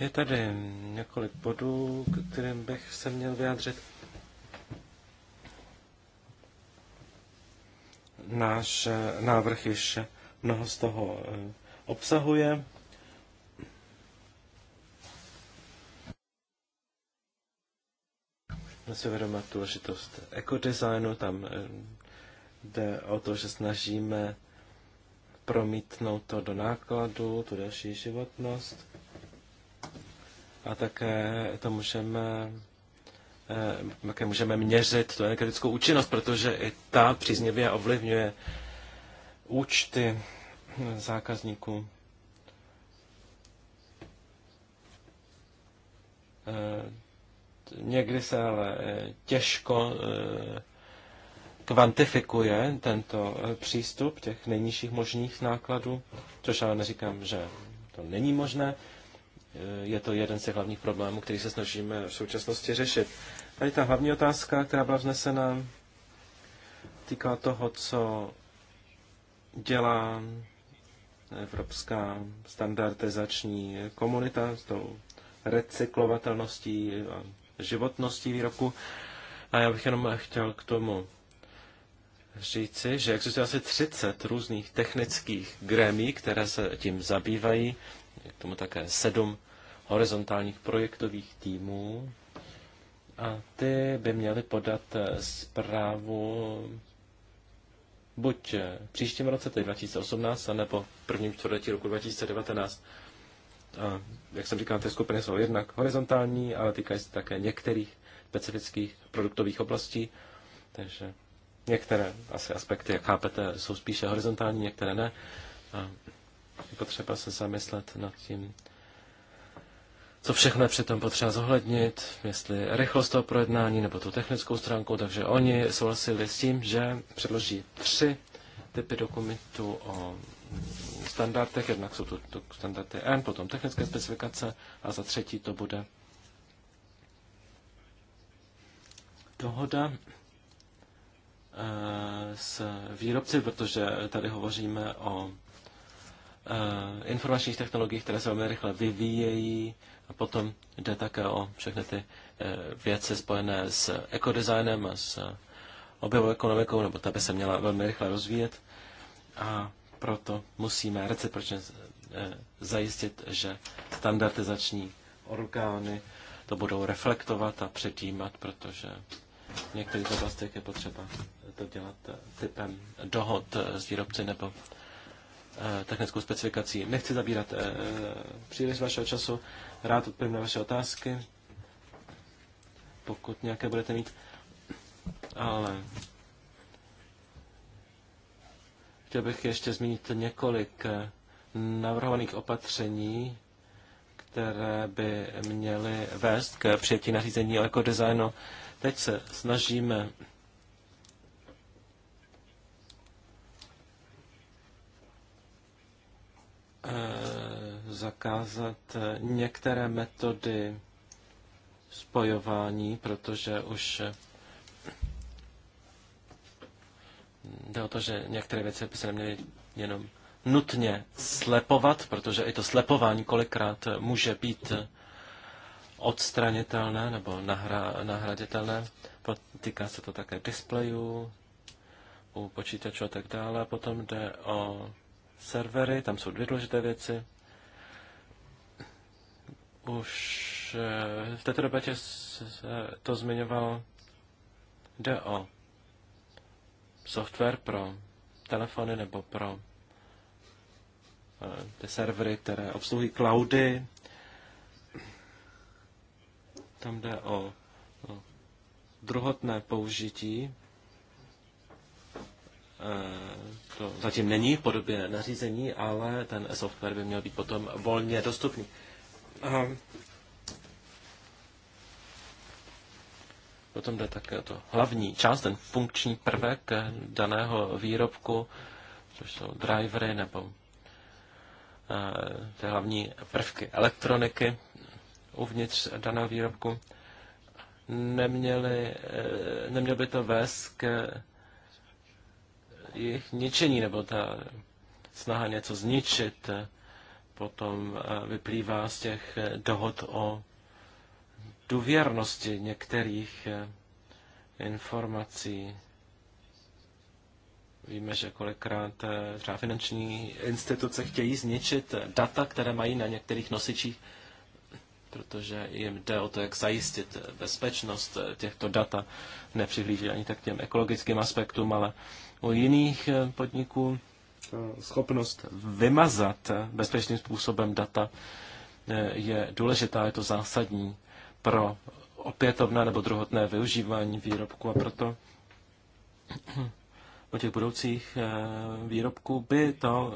Je tady několik bodů, k kterým bych se měl vyjádřit. Náš eh, návrh již mnoho z toho eh, obsahuje. si vědomit důležitost ekodesignu, tam eh, jde o to, že snažíme promítnout to do nákladu, tu další životnost. A také to můžeme eh, také můžeme měřit tu energetickou účinnost, protože i ta příznivě ovlivňuje účty zákazníků. Eh, někdy se ale eh, těžko kvantifikuje tento eh, přístup těch nejnižších možných nákladů, což ale neříkám, že to není možné. Eh, je to jeden z těch hlavních problémů, který se snažíme v současnosti řešit. Tady ta hlavní otázka, která byla vznesena, týká toho, co dělá Evropská standardizační komunita s tou recyklovatelností a životností výroku. A já bych jenom chtěl k tomu říci, že existuje asi 30 různých technických gremí, které se tím zabývají. Je k tomu také sedm horizontálních projektových týmů. A ty by měly podat eh, zprávu buď v eh, příštím roce, tedy 2018, nebo v prvním čtvrtletí roku 2019. A, jak jsem říkal, ty skupiny jsou jednak horizontální, ale týkají se také některých specifických produktových oblastí. Takže Některé asi aspekty, jak chápete, jsou spíše horizontální, některé ne. A je potřeba se zamyslet nad tím, co všechno je přitom potřeba zohlednit, jestli rychlost toho projednání nebo tu technickou stránku. Takže oni souhlasili s tím, že předloží tři typy dokumentů o standardech. Jednak jsou to, to standardy N, potom technické specifikace a za třetí to bude dohoda Eh, s výrobci, protože tady hovoříme o eh, informačních technologiích, které se velmi rychle vyvíjejí. A potom jde také o všechny ty eh, věci spojené s ekodesignem a s objevou ekonomikou, nebo ta by se měla velmi rychle rozvíjet. A proto musíme recipročně zajistit, že standardizační orgány to budou reflektovat a předjímat, protože v některých oblastech je potřeba to dělat eh, typem dohod eh, s výrobci nebo eh, technickou specifikací. Nechci zabírat příliš vašeho času, rád odpovím na vaše otázky, pokud nějaké budete mít, ale chtěl bych ještě zmínit několik navrhovaných opatření, které by měly vést k přijetí nařízení o ekodesignu. Jako Teď se snažíme eh, zakázat některé metody spojování, protože už eh, jde o to, že některé věci by se neměly jenom nutně slepovat, protože i to slepování kolikrát může být odstranitelné nebo nahra, nahraditelné. Týká se to také displejů u počítačů a tak dále. Potom jde o servery, tam jsou dvě důležité věci. Už eh, v této debatě se to zmiňoval, Jde o software pro telefony nebo pro eh, ty servery, které obsluhují cloudy, tam jde o druhotné použití. E, to zatím není v podobě nařízení, ale ten software by měl být potom volně dostupný. A potom jde také to hlavní část, ten funkční prvek daného výrobku, což jsou drivery nebo e, ty hlavní prvky elektroniky uvnitř daného výrobku. Neměli, eh, neměl by to vést k jejich ničení, nebo ta snaha něco zničit potom eh, vyplývá z těch eh, dohod o důvěrnosti některých informací. Víme, že kolikrát třeba finanční instituce chtějí zničit data, které mají na některých nosičích protože jim jde o to, jak zajistit bezpečnost těchto dat nepřihlíží ani tak těm ekologickým aspektům, ale u jiných eh, podniků eh, schopnost vymazat bezpečným způsobem data eh, je důležitá, je to zásadní pro opětovné nebo druhotné využívání výrobku a proto u těch budoucích výrobků by to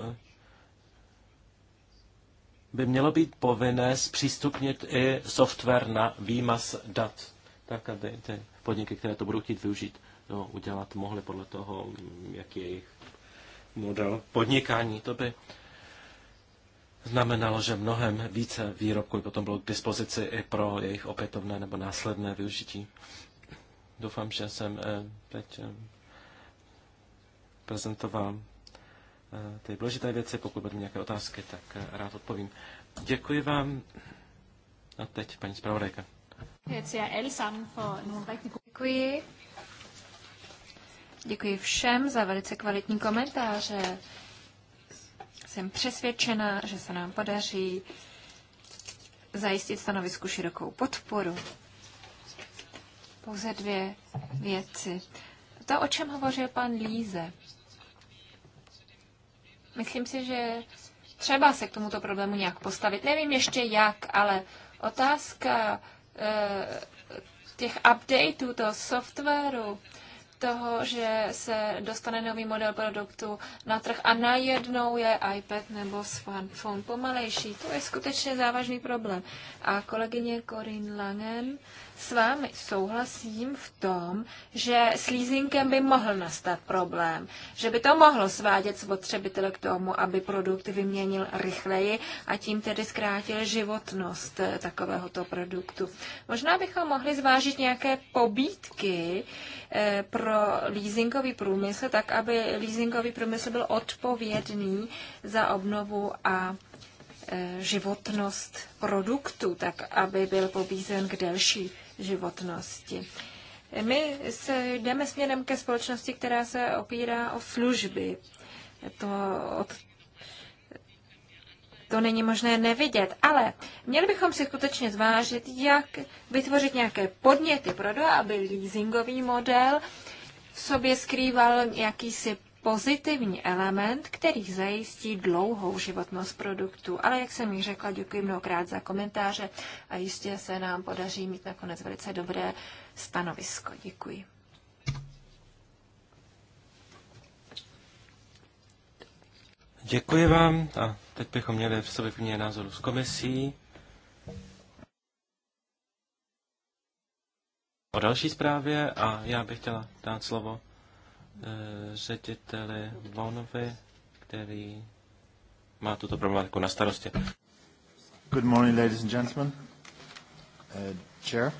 by mělo být povinné zpřístupnit i software na výmaz dat, tak aby ty podniky, které to budou chtít využít, to udělat mohly podle toho, jaký je jejich model podnikání. To by znamenalo, že mnohem více výrobků by potom bylo k dispozici i pro jejich opětovné nebo následné využití. Doufám, že jsem eh, teď eh, prezentoval Eh, ty důležité věci. Pokud budete nějaké otázky, tak eh, rád odpovím. Děkuji vám. A teď paní zpravodajka.
Děkuji. Děkuji všem za velice kvalitní komentáře. Jsem přesvědčena, že se nám podaří zajistit stanovisku širokou podporu. Pouze dvě věci. To, o čem hovořil pan Líze. Myslím si, že třeba se k tomuto problému nějak postavit. Nevím ještě jak, ale otázka eh, těch updateů, toho softwaru, toho, že se dostane nový model produktu na trh a najednou je iPad nebo smartphone pomalejší. To je skutečně závažný problém. A kolegyně Corinne Langen s vámi souhlasím v tom, že s leasingem by mohl nastat problém, že by to mohlo svádět spotřebitele k tomu, aby produkt vyměnil rychleji a tím tedy zkrátil životnost eh, takovéhoto produktu. Možná bychom mohli zvážit nějaké pobídky eh, pro leasingový průmysl, tak aby leasingový průmysl byl odpovědný za obnovu a eh, životnost produktu, tak aby byl pobízen k delší životnosti. My se jdeme směrem ke společnosti, která se opírá o služby. To, od, to není možné nevidět, ale měli bychom si skutečně zvážit, jak vytvořit nějaké podněty pro to, aby leasingový model v sobě skrýval jakýsi pozitivní element, který zajistí dlouhou životnost produktu. Ale jak jsem již řekla, děkuji mnohokrát za komentáře a jistě se nám podaří mít nakonec velice dobré stanovisko. Děkuji.
Děkuji vám a teď bychom měli v sobě mě názoru s komisí. O další zprávě a já bych chtěla dát slovo Eh, řediteli Vonovi, který má tuto problematiku na starosti. Good morning, ladies and gentlemen. Uh, chair,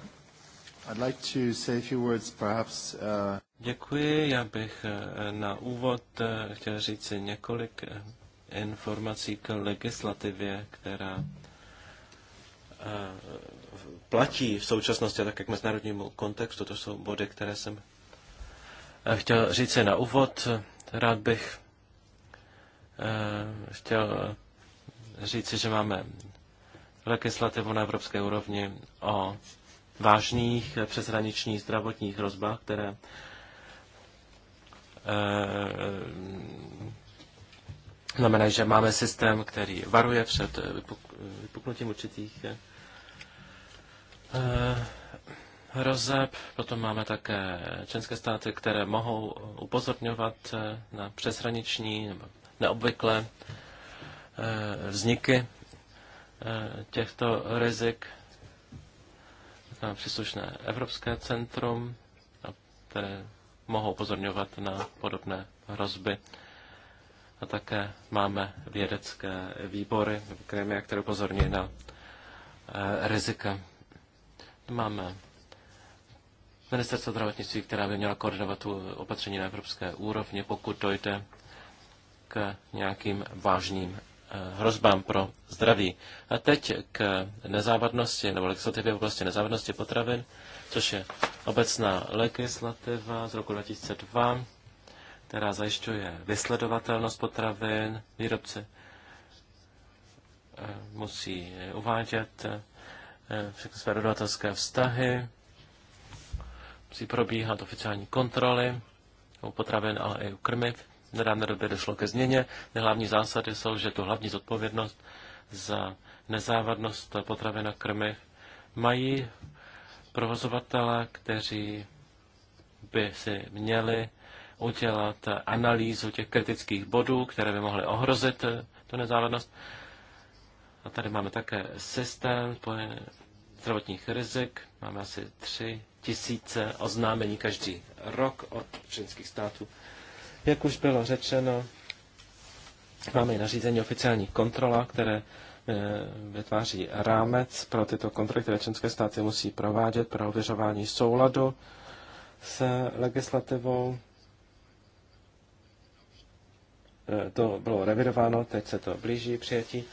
I'd like to
say a few words perhaps... Uh...
Děkuji, já bych na úvod chtěl říct několik informací k legislativě, která platí v současnosti a také k mezinárodnímu kontextu. To jsou body, které jsem Eh, chtěl říct si na úvod. Rád bych eh, chtěl říci, že máme legislativu na evropské úrovni o vážných přeshraničních zdravotních hrozbách, které eh, znamená, že máme systém, který varuje před vypuknutím určitých hrozeb. Potom máme také členské státy, které mohou upozorňovat eh, na přeshraniční nebo neobvyklé eh, vzniky eh, těchto rizik. Na příslušné Evropské centrum, které mohou upozorňovat na podobné hrozby. A také máme vědecké výbory, které, upozorňují na rizika. Máme ministerstva zdravotnictví, která by měla koordinovat tu opatření na evropské úrovni, pokud dojde k nějakým vážným eh, hrozbám pro zdraví. A teď k nezávadnosti nebo legislativě v oblasti nezávadnosti potravin, což je obecná legislativa z roku 2002, která zajišťuje vysledovatelnost potravin. Výrobci eh, musí uvádět eh, všechny své dodavatelské vztahy musí probíhat oficiální kontroly u potravin, ale i u krmiv. V nedávné době došlo ke změně. Ty hlavní zásady jsou, že tu hlavní zodpovědnost za nezávadnost potravin a krmiv mají provozovatele, kteří by si měli udělat analýzu těch kritických bodů, které by mohly ohrozit tu nezávadnost. A tady máme také systém zdravotních rizik. Máme asi tři tisíce oznámení každý rok od členských států. Jak už bylo řečeno, máme i nařízení oficiální kontrola, které eh, vytváří rámec pro tyto kontroly, které členské státy musí provádět pro ověřování souladu se legislativou. Eh, to bylo revidováno, teď se to blíží přijetí.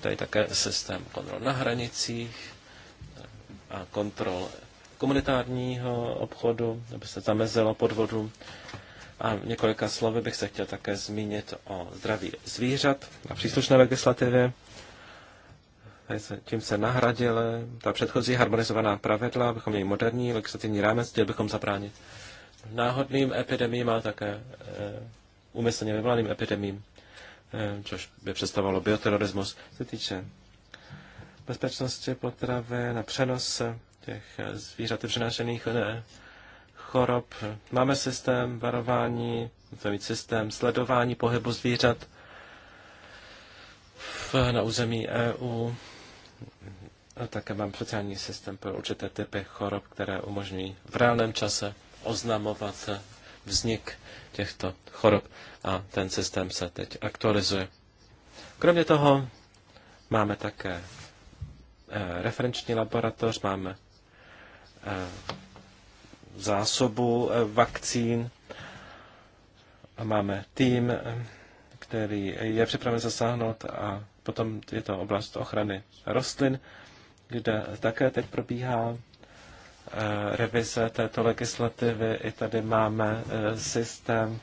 Tady také systém kontrol na hranicích, a kontrol komunitárního obchodu, aby se zamezilo podvodu. A několika slovy bych se chtěl také zmínit o zdraví zvířat na příslušné legislativě. Tím se nahradila ta předchozí harmonizovaná pravidla, abychom měli moderní legislativní rámec, chtěli bychom zabránit náhodným epidemím, a také e, eh, umyslně vyvolaným epidemím, e, eh, což by představovalo bioterorismus. Se týče bezpečnosti potravy, na přenos těch zvířat přenášených eh, chorob. Máme systém varování, musíme mít systém sledování pohybu zvířat v, na území EU. A také mám speciální systém pro určité typy chorob, které umožňují v reálném čase oznamovat vznik těchto chorob a ten systém se teď aktualizuje. Kromě toho máme také Eh, referenční laboratoř, máme eh, zásobu eh, vakcín máme tým, který je připraven zasáhnout a potom je to oblast ochrany rostlin, kde také teď probíhá revize této legislativy. I tady máme systém,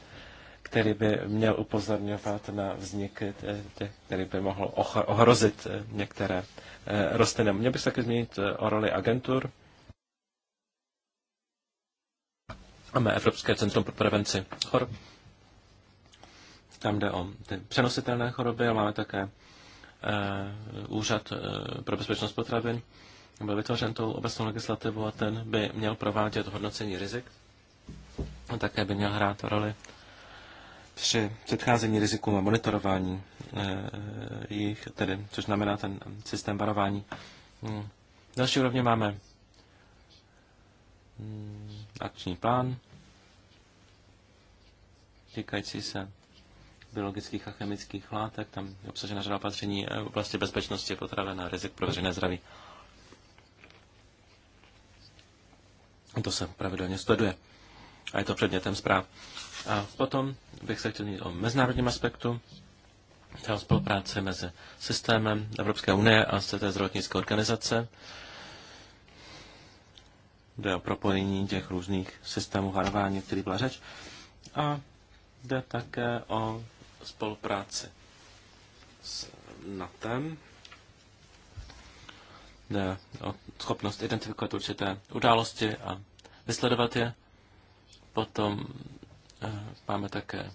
který by měl upozorňovat na vznik, který by mohl ohrozit některé Eh, rostlinám. Měl bych se taky zmínit eh, o roli agentur a mé Evropské centrum pro prevenci chorob. Tam jde o ty přenositelné choroby, ale máme také eh, Úřad pro bezpečnost potravin. Byl vytvořen tou obecnou legislativu a ten by měl provádět hodnocení rizik. A také by měl hrát roli při předcházení rizikům a monitorování eh, jich, tedy, což znamená ten systém varování. Hmm. Další úrovně máme hmm, akční plán týkající se biologických a chemických látek. Tam je obsažena řada opatření eh, v oblasti bezpečnosti potraven a rizik pro veřejné zdraví. To se pravidelně sleduje a je to předmětem zpráv. A potom bych se chtěl mít o mezinárodním aspektu, o spolupráci mezi systémem Evropské unie a Světové zdravotnické organizace. Jde o propojení těch různých systémů varování, kterých byla řeč. A jde také o spolupráci s NATEM. Jde o schopnost identifikovat určité události a vysledovat je. Potom Máme také,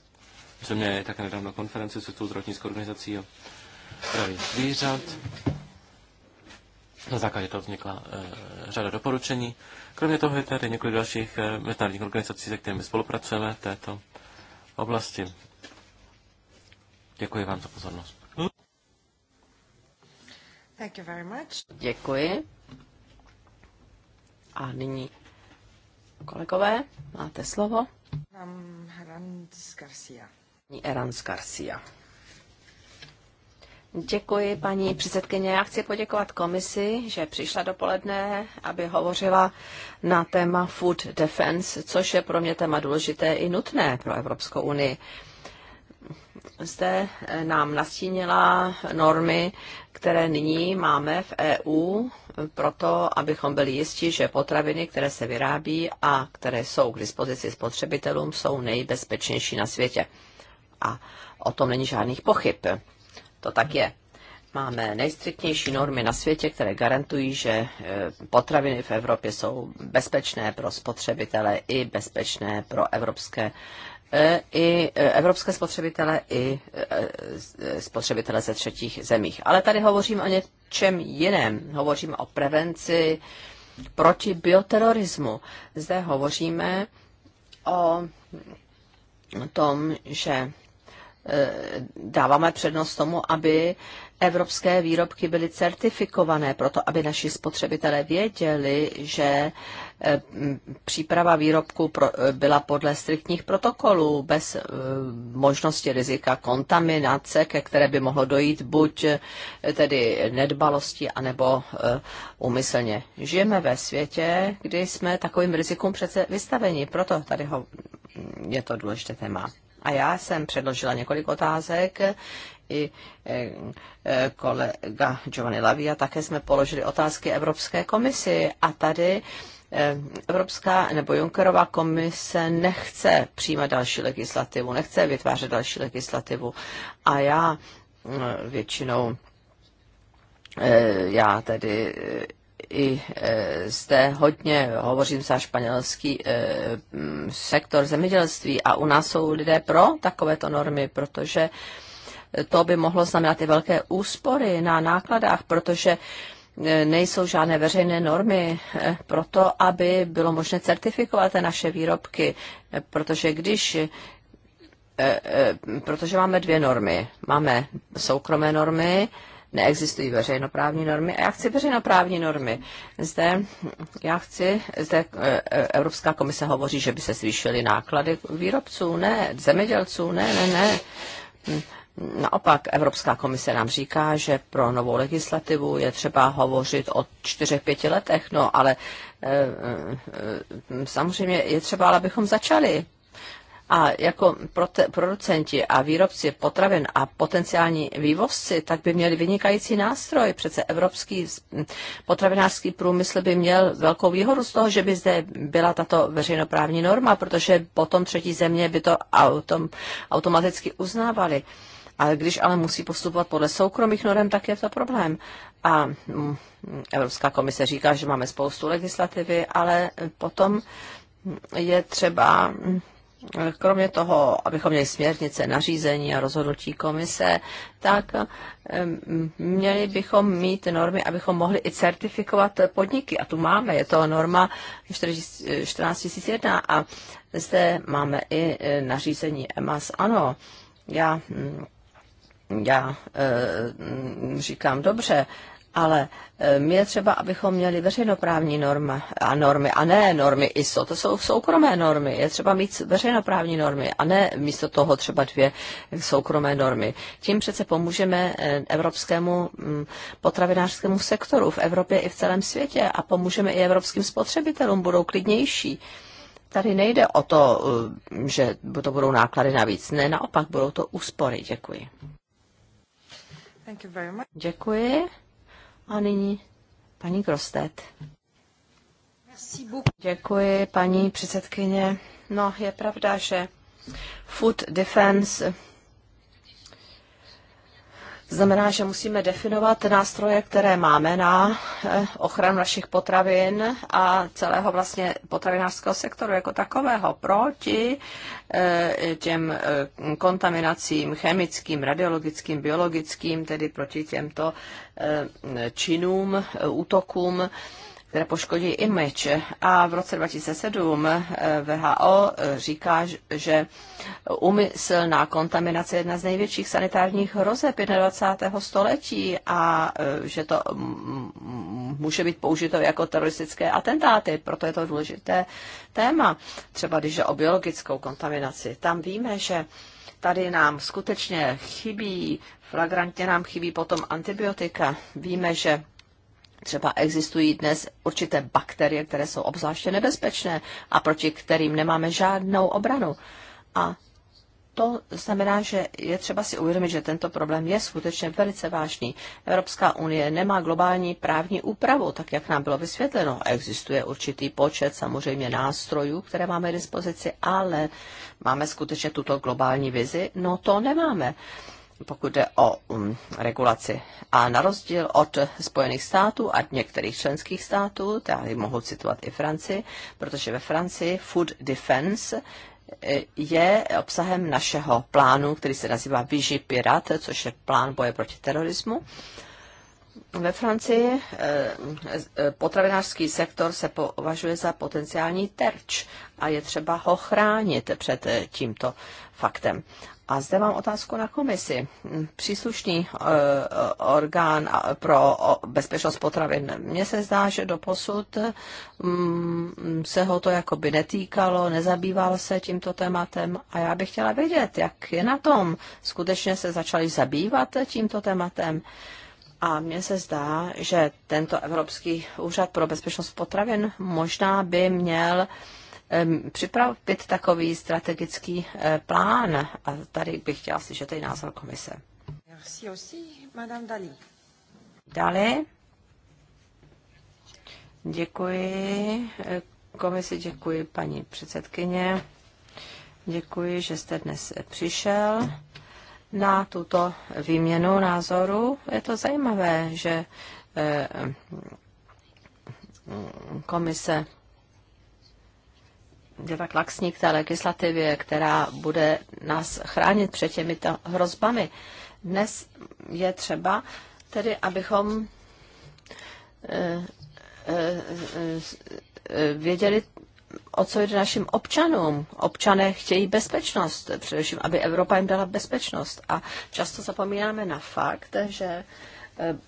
my jsme měli také nedávno konferenci s tou zdravotnickou organizací o zdraví zvířat. Na základě toho vznikla e, řada doporučení. Kromě toho je tady několik dalších e, mezinárodních organizací, se kterými spolupracujeme v této oblasti. Děkuji vám za pozornost.
Thank you very much.
Děkuji. A nyní, kolegové, máte slovo. Erans Garcia. Děkuji, paní předsedkyně. Já chci poděkovat komisi, že přišla dopoledne, aby hovořila na téma food defense, což je pro mě téma důležité i nutné pro Evropskou unii zde eh, nám nastínila normy, které nyní máme v EU, proto abychom byli jistí, že potraviny, které se vyrábí a které jsou k dispozici spotřebitelům, jsou nejbezpečnější na světě. A o tom není žádných pochyb. To tak je. Máme nejstriktnější normy na světě, které garantují, že eh, potraviny v Evropě jsou bezpečné pro spotřebitele i bezpečné pro evropské E, i e, evropské spotřebitele, i e, spotřebitele ze třetích zemích. Ale tady hovořím o něčem jiném. Hovořím o prevenci proti bioterorismu. Zde hovoříme o tom, že dáváme přednost tomu, aby evropské výrobky byly certifikované, proto aby naši spotřebitelé věděli, že Eh, příprava výrobku eh, byla podle striktních protokolů, bez eh, možnosti rizika kontaminace, ke které by mohlo dojít buď tedy nedbalosti, anebo úmyslně. Žijeme ve světě, kdy jsme takovým rizikům přece vystaveni, proto tady ho, je to důležité téma. A já jsem předložila několik otázek, i kolega Giovanni Lavia, také jsme položili otázky Evropské komisi a tady Eh, Evropská nebo Junckerová komise nechce přijímat další legislativu, nechce vytvářet další legislativu. A já eh, většinou, eh, já tedy i zde hodně hovořím za španělský mm, sektor zemědělství a u nás jsou lidé pro takovéto normy, protože to by mohlo znamenat i velké úspory na nákladách, protože nejsou žádné veřejné normy eh, pro to, aby bylo možné certifikovat naše výrobky, eh, protože když eh, protože máme dvě normy. Máme soukromé normy, neexistují veřejnoprávní normy a já chci veřejnoprávní normy. Zde, já chci, zde Evropská komise hovoří, že by se zvýšily náklady výrobců, ne, zemědělců, ne, ne, ne. Naopak Evropská komise nám říká, že pro novou legislativu je třeba hovořit o čtyřech, pěti letech, no ale eh, eh, samozřejmě je třeba, abychom začali. A jako producenti a výrobci potravin a potenciální vývozci, tak by měli vynikající nástroj. Přece evropský potravinářský průmysl by měl velkou výhodu z toho, že by zde byla tato veřejnoprávní norma, protože potom třetí země by to autom, automaticky uznávali. Ale když ale musí postupovat podle soukromých norm, tak je to problém. A mm, Evropská komise říká, že máme spoustu legislativy, ale potom je třeba mm, kromě toho, abychom měli směrnice, nařízení a rozhodnutí komise, tak mm, měli bychom mít normy, abychom mohli i certifikovat podniky. A tu máme, je to norma 14001 a zde máme i e, nařízení EMAS. Ano, já já eh, říkám dobře, ale my eh, je třeba, abychom měli veřejnoprávní norma a normy, a ne normy ISO, to jsou soukromé normy. Je třeba mít veřejnoprávní normy, a ne místo toho třeba dvě soukromé normy. Tím přece pomůžeme eh, evropskému mm, potravinářskému sektoru v Evropě i v celém světě a pomůžeme i evropským spotřebitelům, budou klidnější. Tady nejde o to, že to budou náklady navíc. Ne, naopak budou to úspory. Děkuji. Děkuji. A nyní paní Grostet. Děkuji, paní předsedkyně. No, je pravda, že food defense Znamená, že musíme definovat nástroje, které máme na eh, ochranu našich potravin a celého vlastně potravinářského sektoru jako takového proti eh, těm eh, kontaminacím chemickým, radiologickým, biologickým, tedy proti těmto činům, útokům které poškodí image. A v roce 2007 eh, VHO eh, říká, že umyslná kontaminace je jedna z největších sanitárních hrozeb 21. století a eh, že to mm, mm, může být použito jako teroristické atentáty, proto je to důležité téma. Třeba když je o biologickou kontaminaci, tam víme, že tady nám skutečně chybí, flagrantně nám chybí potom antibiotika. Víme, že Třeba existují dnes určité bakterie, které jsou obzvláště nebezpečné a proti kterým nemáme žádnou obranu. A to znamená, že je třeba si uvědomit, že tento problém je skutečně velice vážný. Evropská unie nemá globální právní úpravu, tak jak nám bylo vysvětleno. Existuje určitý počet samozřejmě nástrojů, které máme k dispozici, ale máme skutečně tuto globální vizi? No to nemáme pokud jde o um, regulaci. A na rozdíl od Spojených států a některých členských států, tady mohu citovat i Francii, protože ve Francii Food Defense eh, je obsahem našeho plánu, který se nazývá Vigi Pirat, což je plán boje proti terorismu. Ve Francii eh, eh, potravinářský sektor se považuje za potenciální terč a je třeba ho chránit před tímto faktem. A zde mám otázku na komisi. Příslušný uh, orgán pro bezpečnost potravin. Mně se zdá, že do posud um, se ho to jakoby netýkalo, nezabýval se tímto tématem a já bych chtěla vědět, jak je na tom. Skutečně se začali zabývat tímto tématem. A mně se zdá, že tento Evropský úřad pro bezpečnost potravin možná by měl uh, připravit takový strategický eh, plán. A tady bych chtěla slyšet i názor komise.
Merci aussi, Madame Dali.
Dali. Děkuji. Eh, komisi děkuji, paní předsedkyně. Děkuji, že jste dnes přišel na tuto výměnu názoru. Je to zajímavé, že eh, komise je tak laxní k té legislativě, která bude nás chránit před těmi hrozbami. Dnes je třeba tedy, abychom eh, eh, eh, věděli, o co jde našim občanům. Občané chtějí bezpečnost, především, aby Evropa jim dala bezpečnost. A často zapomínáme na fakt, že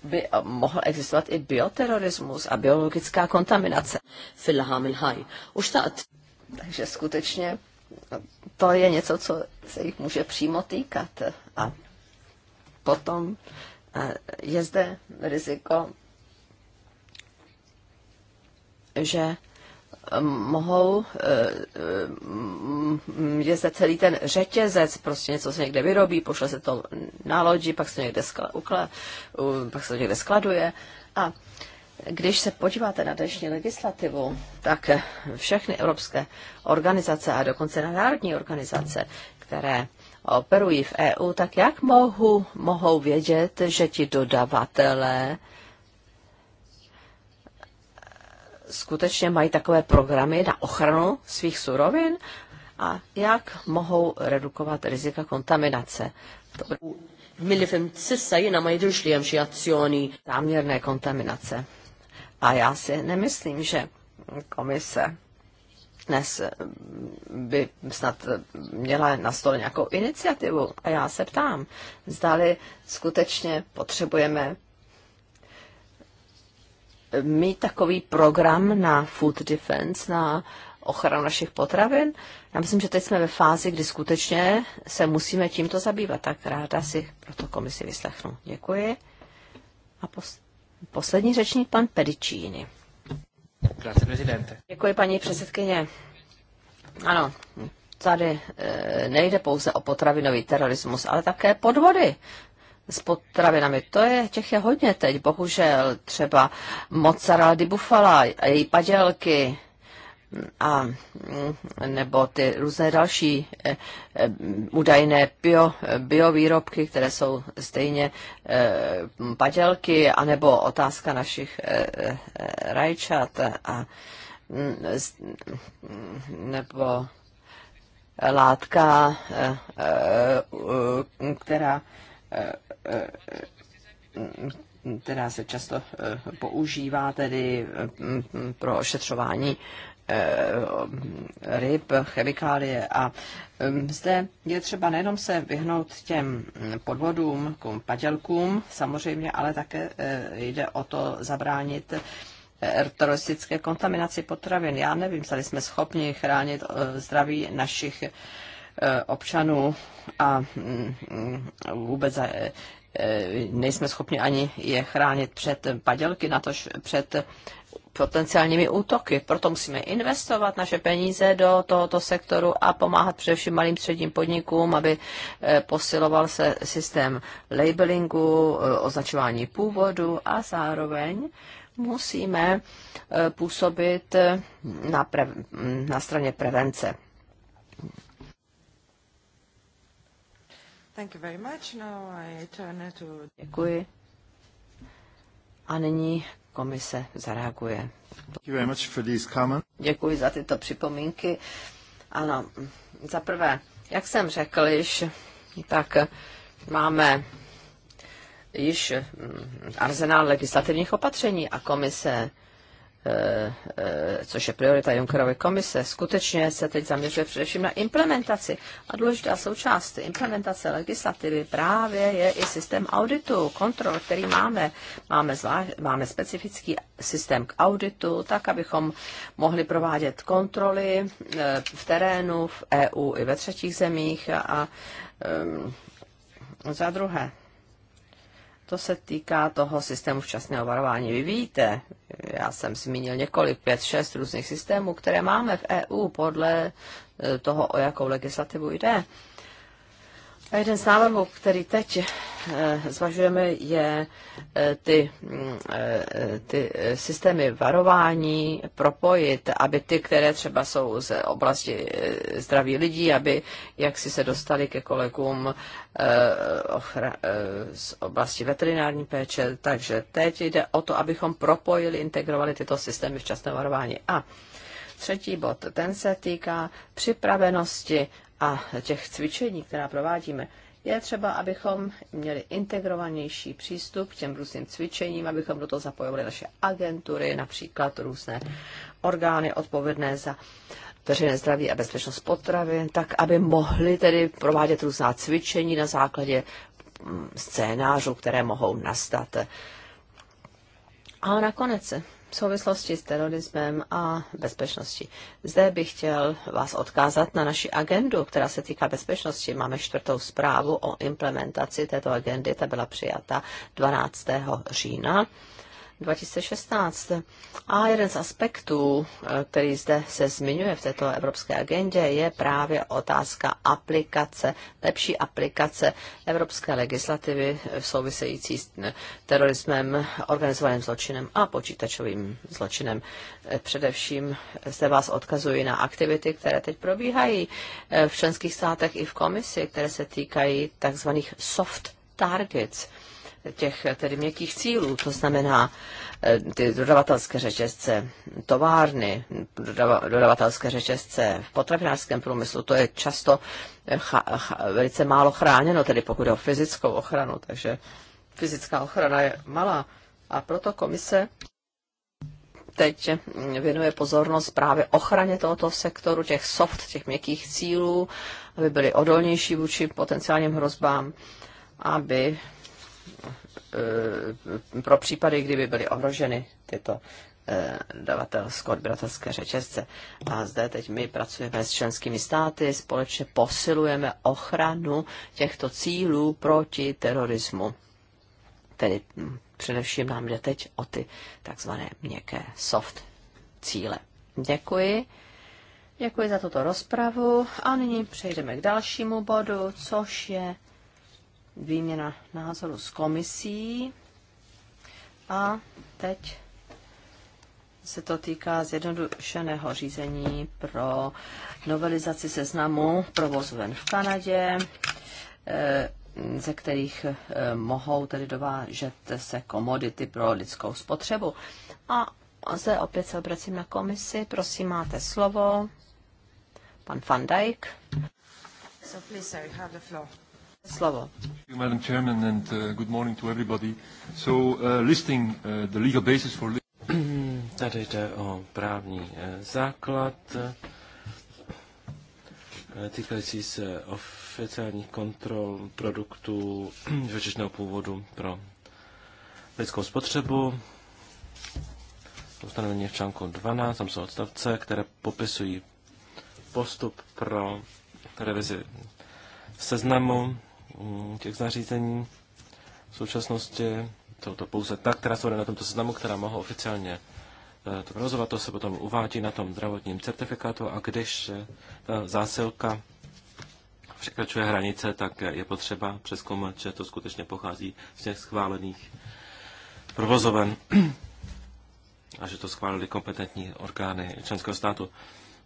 by mohl existovat i bioterorismus a biologická kontaminace. Fil-ħamil Už U takže skutečně to je něco, co se jich může přímo týkat. A potom eh, je zde riziko, že eh, mohou, eh, je zde celý ten řetězec, prostě něco se někde vyrobí, pošle se to na lodi, pak se někde, skla, ukla, pak se to někde skladuje a když se podíváte na dnešní legislativu, tak všechny evropské organizace a dokonce na národní organizace, které operují v EU, tak jak mohu, mohou vědět, že ti dodavatelé skutečně mají takové programy na ochranu svých surovin a jak mohou redukovat rizika kontaminace. Mill fem sissa jina ma jidrux li hemm azzjoni ta' kontaminace. A já si nemyslím, že komise dnes by snad měla na stole nějakou iniciativu. A já se ptám, zdali skutečně potřebujeme mít takový program na food defense, na ochranu našich potravin. Já myslím, že teď jsme ve fázi, kdy skutečně se musíme tímto zabývat. Tak ráda si proto komisi vyslechnu. Děkuji. A post- Poslední řečník, pan Pedicini. Děkuji, paní předsedkyně. Ano, tady e, nejde pouze o potravinový terorismus, ale také podvody s potravinami. To je, těch je hodně teď, bohužel. Třeba mozzarella di bufala a její padělky, a nebo ty různé další eh, eh, údajné bio, biovýrobky, které jsou stejně eh, padělky, anebo otázka našich rajčat a mm, mm, nebo látka, která která se často používá tedy pro ošetřování Eh, ryb, chemikálie a zde je třeba nejenom se vyhnout těm podvodům, padělkům samozřejmě, ale také eh, jde o to zabránit eh, teroristické kontaminaci potravin. Já nevím, zda jsme schopni chránit zdraví našich občanů a mm, vůbec nejsme schopni ani je chránit před padělky, natož před potenciálními útoky. Proto musíme investovat naše peníze do tohoto sektoru a pomáhat především malým středním podnikům, aby eh, posiloval se systém labelingu, eh, označování původu a zároveň musíme eh, působit na, pre, mm, na straně prevence.
Thank you very much. Now I turn to... Děkuji. A nyní komise zareaguje.
Děkuji za tyto připomínky. Ano, za prvé, jak jsem řekl již, tak máme již mm, arzenál legislativních opatření a komise Eh, eh, což je priorita Junckerovy komise, skutečně se teď zaměřuje především na implementaci. A důležitá součást implementace legislativy právě je i systém auditu, kontrol, který máme. Máme, zvlášť, máme specifický systém k auditu, tak, abychom mohli provádět kontroly eh, v terénu, v EU i ve třetích zemích. A, a za druhé, to se týká toho systému včasného varování. Vy víte, já jsem zmínil několik, pět, šest různých systémů, které máme v EU podle eh, toho, o jakou legislativu jde. A jeden z návrhů, který teď eh, zvažujeme, je eh, ty, mm, eh, ty systémy varování propojit, aby ty, které třeba jsou z oblasti zdraví lidí, aby jak si se dostali ke kolegům z oblasti veterinární péče. Takže teď jde o to, abychom propojili, integrovali tyto systémy včasného varování. A třetí bod, ten se týká připravenosti a těch cvičení, která provádíme, je třeba, abychom měli integrovanější přístup k těm různým cvičením, abychom do toho zapojovali naše agentury, například různé orgány odpovědné za veřejné zdraví a bezpečnost potravin, tak aby mohli tedy provádět různá cvičení na základě mm, scénářů, které mohou nastat. A nakonec v souvislosti s terorismem a bezpečností. Zde bych chtěl vás odkázat na naši agendu, která se týká bezpečnosti. Máme čtvrtou zprávu o implementaci této agendy, ta byla přijata 12. října 2016. A jeden z aspektů, eh, který zde se zmiňuje v této evropské agendě, je právě otázka aplikace, lepší aplikace evropské legislativy v související s eh, terorismem, organizovaným zločinem a počítačovým zločinem. Eh, především se vás odkazuji na aktivity, které teď probíhají v členských státech i v komisi, které se týkají takzvaných soft targets těch tedy měkkých cílů, to znamená eh, ty dodavatelské řetězce, továrny, dodavatelské řetězce v potravinářském průmyslu, to je často eh, cha, cha, velice málo chráněno, tedy pokud je o fyzickou ochranu, takže fyzická ochrana je malá a proto komise teď věnuje pozornost právě ochraně tohoto sektoru, těch soft, těch měkkých cílů, aby byly odolnější vůči potenciálním hrozbám, aby Eh, pro případy, kdyby byly ohroženy tyto eh, davatelsko odběratelské řečesce. A zde teď my pracujeme s členskými státy, společně posilujeme ochranu těchto cílů proti terorismu. Tedy hm, především nám jde teď o ty takzvané měkké soft cíle. Děkuji. Děkuji za tuto rozpravu a nyní přejdeme k dalšímu bodu, což je výměna názoru s komisí. A teď se to týká zjednodušeného řízení pro novelizaci seznamu provozoven v Kanadě, eh, ze kterých eh, mohou tedy dovážet se komodity pro lidskou spotřebu. A zde opět se obracím na komisi. Prosím, máte slovo. Pan Van Dijk.
So please, sir,
have the floor slovo.
Tady jde o právní eh, základ eh, týkající se oficiálních kontrol produktů živočišného původu pro lidskou spotřebu. Ustanovení v článku 12, tam jsou odstavce, které popisují postup pro revizi seznamu Mm, těch zařízení. V současnosti jsou to pouze ta, která jsou na tomto seznamu, která mohou oficiálně eh, to provozovat, to se potom uvádí na tom zdravotním certifikátu a když eh, ta zásilka překračuje hranice, tak je potřeba přeskoumat, že to skutečně pochází z těch schválených provozoven a že to schválili kompetentní orgány členského státu.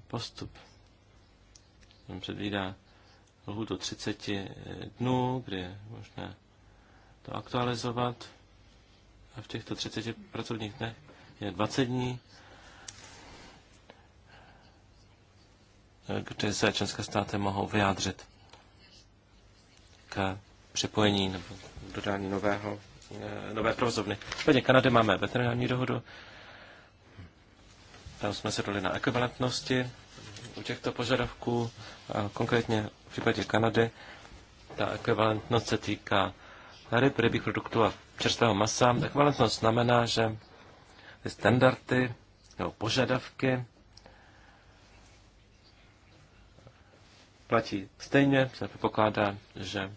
Postup předvídá lhůtu 30 eh, dnů, kdy je možné to aktualizovat. A v těchto 30 pracovních dnech je 20 dní, eh, kdy se členské státy mohou vyjádřit k připojení nebo dodání nového, eh, nové provozovny. V případě Kanady máme veterinární dohodu, tam jsme se dali na ekvivalentnosti u těchto požadavků, konkrétně v případě Kanady, ta ekvivalentnost se týká ryb, rybích produktů a čerstvého masa. Ekvivalentnost znamená, že ty standardy nebo požadavky platí stejně, se pokládá, že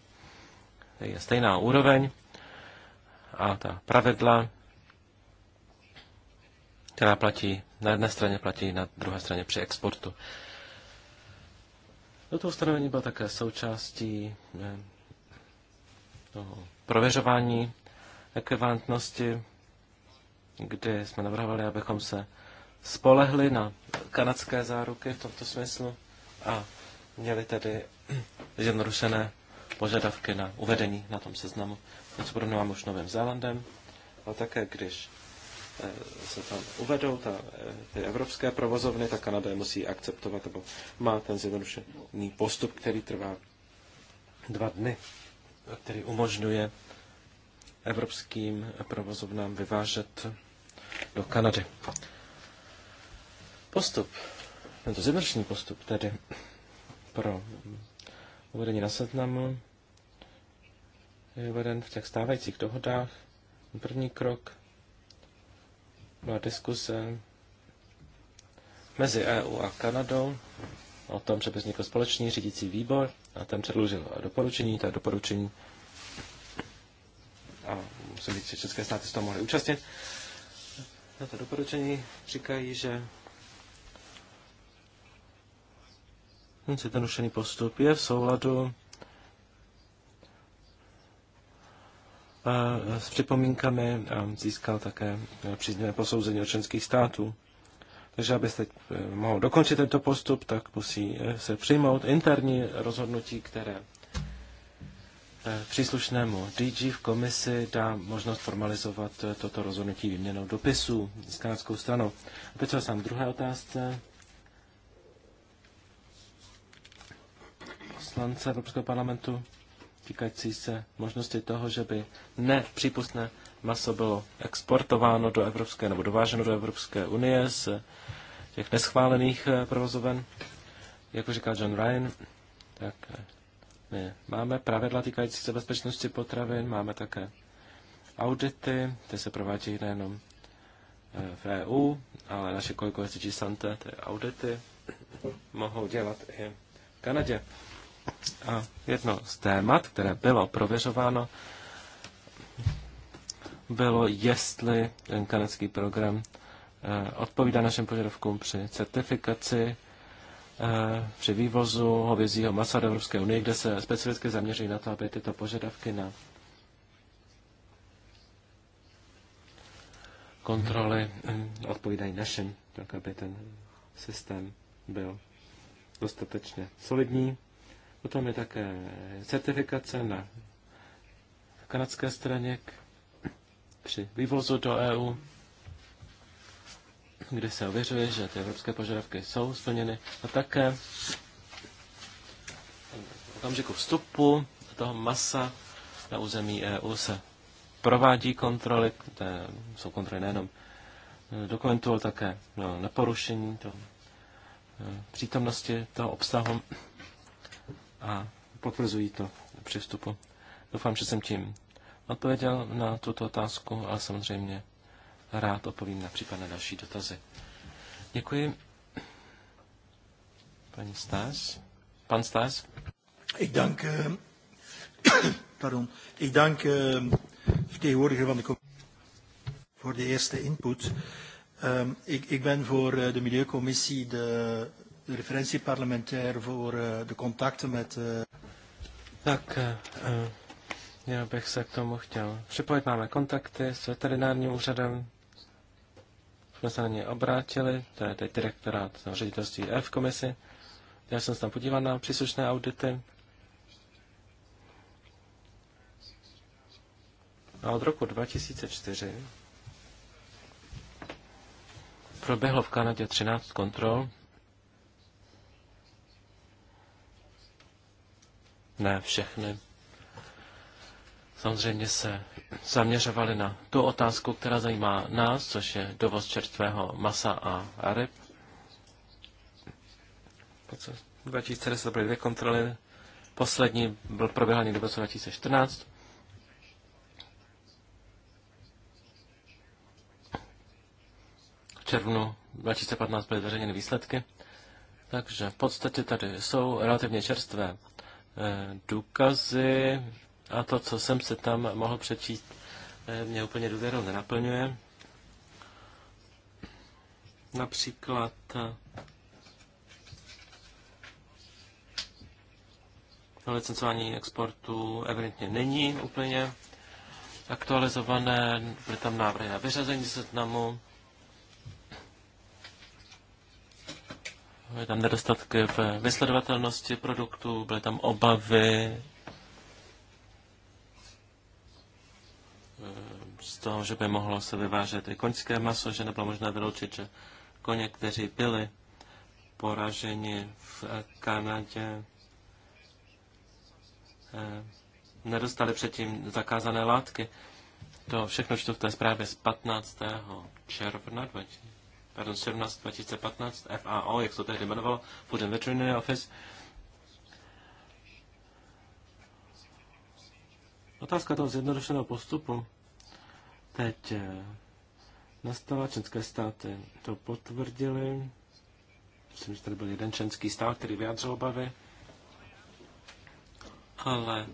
je stejná úroveň a ta pravidla, která platí na jedné straně platí, na druhé straně při exportu. Toto ustanovení bylo také součástí eh, toho prověřování ekvivalentnosti, kdy jsme navrhovali, abychom se spolehli na kanadské záruky v tomto smyslu a měli tedy zjednodušené požadavky na uvedení na tom seznamu. Něco podobného mám už Novým Zélandem, ale také když Eh, se tam uvedou, ta, eh, ty evropské provozovny, tak Kanada je musí akceptovat, nebo má ten zjednodušený postup, který trvá dva dny, který umožňuje evropským provozovnám vyvážet do Kanady. Postup, tento zjednodušený postup tedy pro uvedení na seznamu je uveden v těch stávajících dohodách. První krok byla diskuse mezi EU a Kanadou o tom, že by vznikl společný řídící výbor a ten předložil doporučení, to je doporučení a musím říct, že české státy se toho mohly účastnit. Na to doporučení říkají, že ten zjednodušený postup je v souladu s připomínkami a získal také e, příznivé posouzení od členských států. Takže abyste e, mohl dokončit tento postup, tak musí e, se přijmout interní rozhodnutí, které příslušnému DG v komisi dá možnost formalizovat toto rozhodnutí výměnou dopisů s kanadskou stranou. A teď jsem druhé otázce. Poslance Evropského parlamentu týkající se možnosti toho, že by nepřípustné maso bylo exportováno do Evropské nebo dováženo do Evropské unie z těch neschválených eh, provozoven. Jak říkal John Ryan, tak eh, my máme pravidla týkající se bezpečnosti potravin, máme také audity, ty se provádějí nejenom eh, v EU, ale naše kolegové z Sante ty audity mohou dělat i v Kanadě. A jedno z témat, které bylo prověřováno, bylo, jestli ten kanadský program eh, odpovídá našim požadavkům při certifikaci, eh, při vývozu hovězího masa do Evropské unie, kde se specificky zaměří na to, aby tyto požadavky na kontroly eh, odpovídají našim, tak aby ten systém byl dostatečně solidní. Potom je také certifikace na kanadské straně při vývozu do EU, kde se ověřuje, že ty evropské požadavky jsou splněny. A také v okamžiku vstupu toho masa na území EU se provádí kontroly, které jsou kontroly nejenom eh, dokumentu, ale také no, neporušení toho, eh, přítomnosti toho obsahu a potvrzují to při vstupu. Doufám, že jsem tím odpověděl na tuto otázku, ale samozřejmě rád odpovím na případné další dotazy. Děkuji. Paní Stas. Pan Stas. Ik dank, eh, pardon, ik dank eh, vertegenwoordiger van de commissie voor de eerste input. Ehm, ik, ik ben voor eh, de Milieucommissie de de parlementair voor eh, de contacten met... Eh, tak, eh, já bych se k tomu chtěl připojit. Máme kontakty s veterinárním úřadem. Jsme se na ně obrátili, to je teď direktorát na ředitelství F komisi. Já jsem se tam podíval na příslušné audity. A od roku 2004 proběhlo v Kanadě 13 kontrol ne všechny, samozřejmě se zaměřovali na tu otázku, která zajímá nás, což je dovoz čerstvého masa a ryb. V 2010 byly dvě kontroly, poslední byl proběhl někdy v roce 2014. V červnu 2015 byly zveřejněny výsledky, takže v podstatě tady jsou relativně čerstvé Eh, důkazy a to, co jsem se tam mohl přečíst, eh, mě úplně důvěrou nenaplňuje. Například eh, licencování exportu evidentně není úplně aktualizované. Byly tam návrhy na vyřazení seznamu. byly tam nedostatky v vysledovatelnosti produktů, byly tam obavy eh, z toho, že by mohlo se vyvážet i koňské maso, že nebylo možné vyloučit, že koně, kteří byli poraženi v Kanadě, eh, nedostali předtím zakázané látky. To všechno čtu v té zprávě z 15. června 2020 pardon, 17 2015 FAO, jak se to tehdy jmenovalo, Food and Veterinary Office. Otázka toho zjednodušeného postupu. Teď eh, nastala, české státy to potvrdili. Myslím, že tady byl jeden členský stát, který vyjádřil obavy. Ale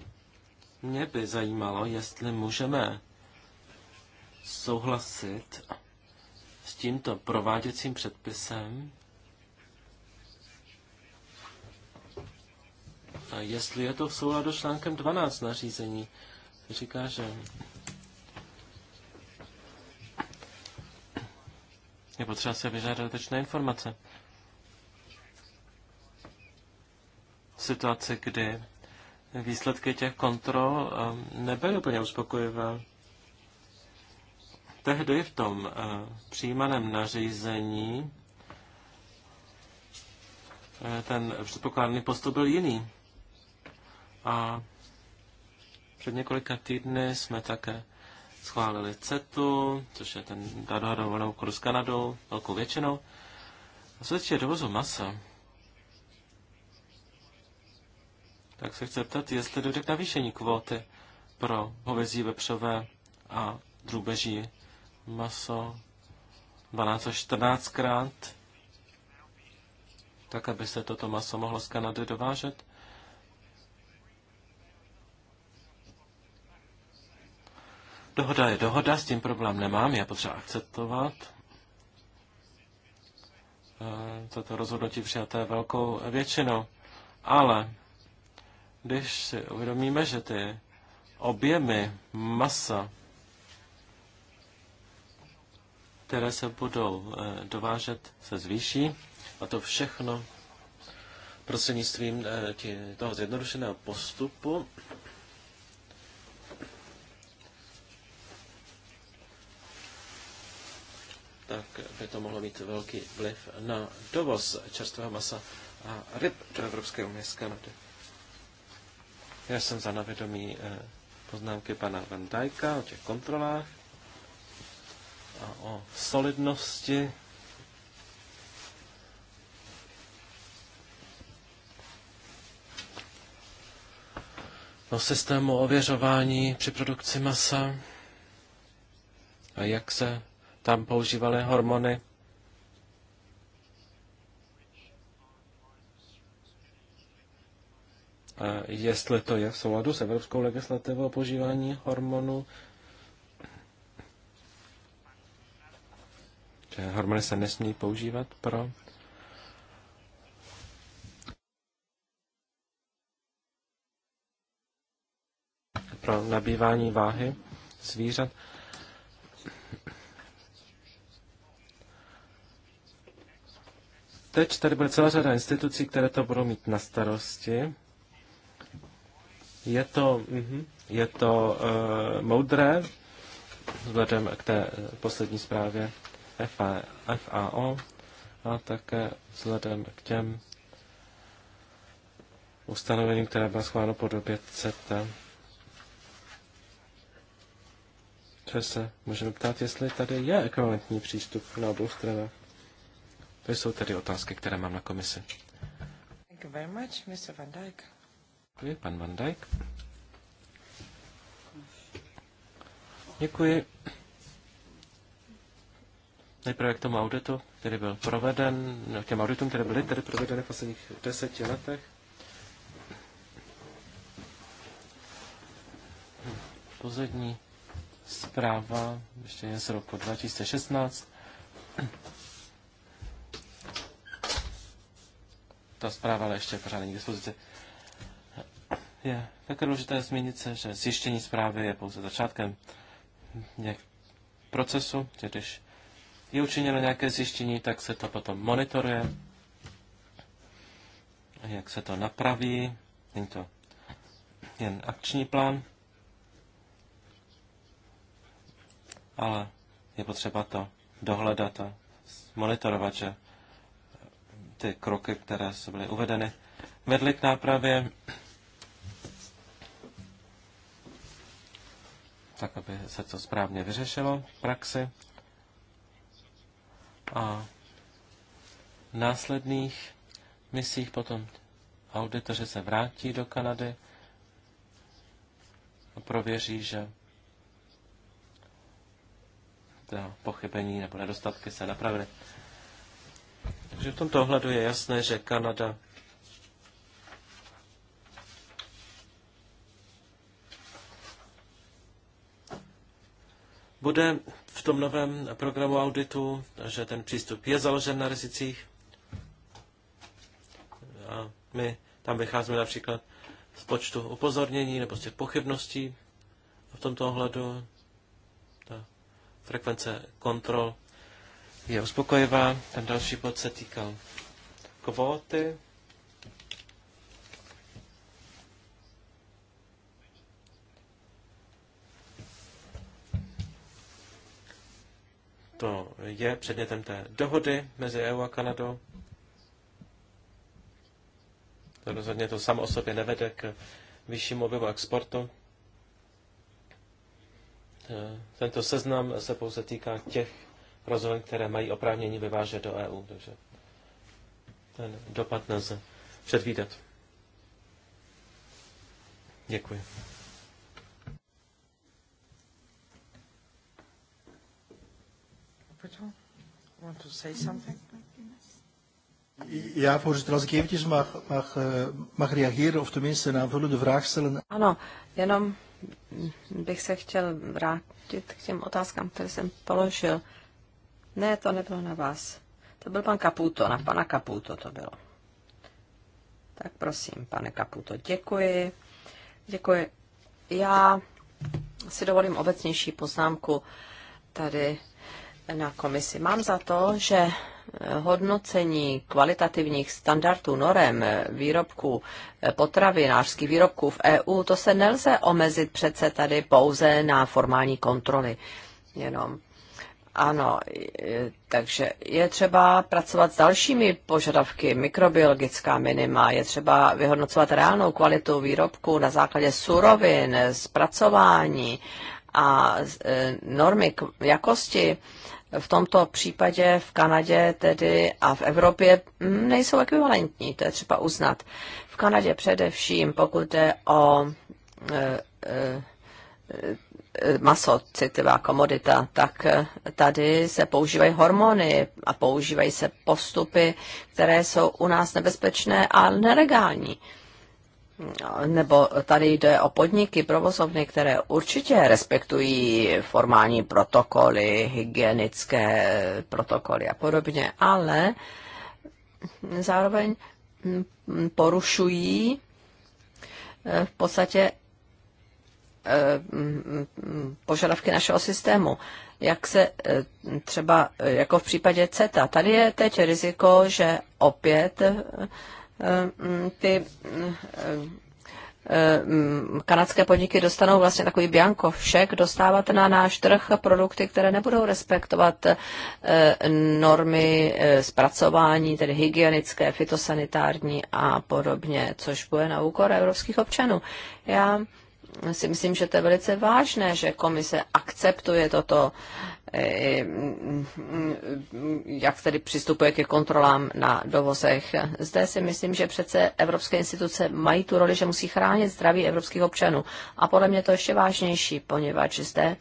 mě by zajímalo, jestli můžeme souhlasit s tímto prováděcím předpisem a jestli je to v souladu s článkem 12 nařízení. Říká, že je potřeba se vyžádat informace. Situace, kdy výsledky těch kontrol eh, nebyly úplně uspokojivé. Tehdy v tom eh, přijímaném nařízení eh, ten předpokládaný postup byl jiný. A před několika týdny jsme také schválili CETu, což je ten dohodovanou kurz s Kanadou, velkou většinou. A co se týče dovozu masa, tak se chce ptat, jestli dojde k navýšení kvóty pro hovězí vepřové a drůbeží maso 12 až 14 krát, tak aby se toto maso mohlo z Kanady dovážet. Dohoda je dohoda, s tím problém nemám, je potřeba akceptovat. E, toto rozhodnutí přijaté velkou většinou. Ale když si uvědomíme, že ty objemy masa které se budou eh, dovážet, se zvýší. A to všechno prostřednictvím eh, toho zjednodušeného postupu. tak by to mohlo mít velký vliv na dovoz čerstvého masa a ryb do Evropské unie z Kanady. Já jsem za navědomí eh, poznámky pana Van Dijka o těch kontrolách a o solidnosti. o systému ověřování při produkci masa a jak se tam používaly hormony. A jestli to je v souladu s evropskou legislativou o používání hormonů že hormony se nesmí používat pro pro nabývání váhy zvířat. Teď tady bude celá řada institucí, které to budou mít na starosti. Je to, mhm, je to uh, moudré, vzhledem k té eh, poslední zprávě FAO a také vzhledem k těm ustanovením, které byla schváleno po době CETA. Co se můžeme ptát, jestli tady je ekvivalentní přístup na obou stranách. To jsou tedy otázky, které mám na komisi. Thank you very much, Mr. Van Dijk. Děkuji, pan Van Dijk. Děkuji. Nejprve k tomu auditu, který byl proveden, k těm auditům, které byly tedy provedeny v posledních deseti letech. Poslední zpráva, ještě je z roku 2016. Ta zpráva ale ještě pořád není k dispozici. Je také důležité zmínit se, že zjištění zprávy je pouze začátkem procesu, když je učiněno nějaké zjištění, tak se to potom monitoruje, jak se to napraví. Není to jen akční plán, ale je potřeba to dohledat a monitorovat, že ty kroky, které se byly uvedeny, vedly k nápravě, tak aby se to správně vyřešilo v praxi a v následných misích potom auditoři se vrátí do Kanady a prověří, že ta pochybení nebo nedostatky se napravily. Takže v tomto ohledu je jasné, že Kanada bude v tom novém programu auditu, že ten přístup je založen na rizicích. A my tam vycházíme například z počtu upozornění nebo z těch pochybností. V tomto ohledu ta frekvence kontrol je uspokojivá. Ten další bod se týkal kvóty. To je předmětem té dohody mezi EU a Kanadou. To rozhodně to samo o sobě nevede k vyššímu objemu exportu. E, tento seznam se pouze týká těch rozhodnutí, které mají oprávnění vyvážet do EU, takže ten dopad nelze předvídat. Děkuji. Breton, want to say something? Ja, voorzitter, als ik eventjes mag, mag, eh, mag reageren of tenminste een aanvullende vraag stellen.
Ano, jenom bych se chtěl vrátit k těm otázkám, které jsem položil. Ne, to nebylo na vás. To byl pan Kaputo, na pana Kaputo to bylo. Tak prosím, pane Kaputo, děkuji. Děkuji. Já si dovolím obecnější poznámku tady na komisi. Mám za to, že eh, hodnocení kvalitativních standardů norem eh, výrobků eh, potravinářských výrobků v EU, to se nelze omezit přece tady pouze na formální kontroly. Jenom. Ano, takže je třeba pracovat s dalšími požadavky, mikrobiologická minima, je třeba vyhodnocovat reálnou kvalitu výrobku na základě surovin, zpracování a normy jakosti v tomto případě v Kanadě tedy a v Evropě nejsou ekvivalentní, to je třeba uznat. V Kanadě především, pokud jde o e, e, e maso, citlivá komodita, tak e, tady se používají hormony a používají se postupy, které jsou u nás nebezpečné a nelegální nebo tady jde o podniky, provozovny, které určitě respektují formální protokoly, hygienické protokoly a podobně, ale zároveň porušují eh, v podstatě eh, požadavky našeho systému. Jak se eh, třeba, jako v případě CETA, tady je teď riziko, že opět ty eh, eh, kanadské podniky dostanou vlastně takový bianko všech dostávat na náš trh produkty, které nebudou respektovat eh, normy zpracování, tedy hygienické, fitosanitární a podobně, což bude na úkor evropských občanů. Já si myslím, že to je velice vážné, že komise akceptuje toto Eh, jak tedy přistupuje ke kontrolám na dovozech. Zde si myslím, že přece evropské instituce mají tu roli, že musí chránit zdraví evropských občanů. A podle mě to ještě vážnější, poněvadž zde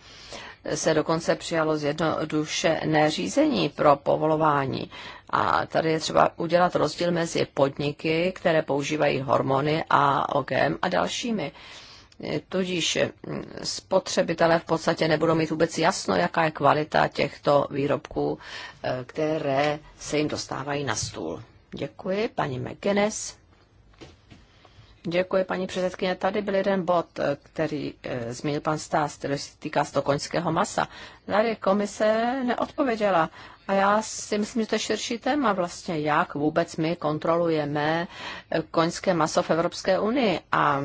se dokonce přijalo zjednodušené neřízení pro povolování. A tady je třeba udělat rozdíl mezi podniky, které používají hormony a OGM a dalšími. Tudíž eh, spotřebitelé v podstatě nebudou mít vůbec jasno, jaká je kvalita těchto výrobků, eh, které se jim dostávají na stůl. Děkuji, paní McGuinness. Děkuji, paní předsedkyně. Tady byl jeden bod, eh, který e, zmínil pan Stás, který se týká stokoňského masa. Tady komise neodpověděla. A já si myslím, že to je širší téma vlastně, jak vůbec my kontrolujeme koňské maso v Evropské unii. A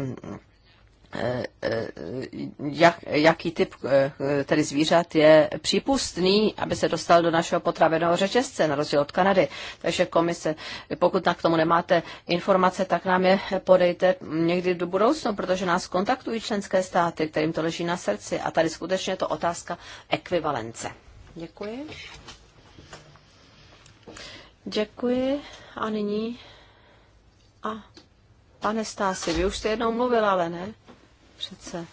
jak, jaký typ eh, tedy zvířat je přípustný, aby se dostal do našeho potraveného řečesce, na rozdíl od Kanady. Takže komise, pokud na k tomu nemáte informace, tak nám je podejte někdy do budoucnu, protože nás kontaktují členské státy, kterým to leží na srdci. A tady skutečně je to otázka ekvivalence. Děkuji. Děkuji. A nyní... A pane Stási, vy už jste jednou mluvila, ale ne?
přece.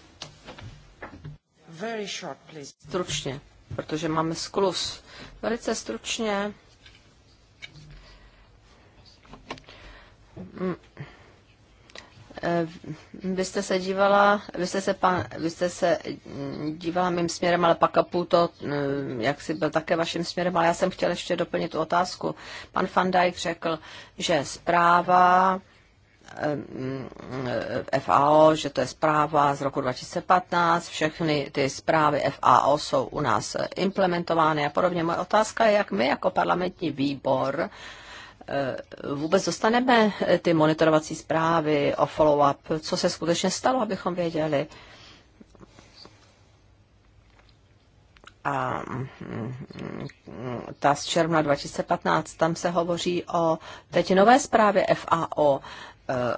Very short, please.
Stručně, protože máme sklus. Velice stručně. Mm. Eh, vy jste se dívala, vy jste se, pan, vy jste se mm, dívala mým směrem, ale pak kapu to, mm, jak si byl také vaším směrem, ale já jsem chtěla ještě doplnit tu otázku. Pan Van Dijk řekl, že zpráva Eh, eh, eh, FAO, že to je zpráva z roku 2015, všechny ty zprávy FAO jsou u nás implementovány a podobně. Moje otázka je, jak my jako parlamentní výbor vůbec dostaneme ty monitorovací zprávy o follow-up, co se skutečně stalo, abychom věděli. a mm, ta z června 2015, tam se hovoří o teď nové zprávě FAO, Eh,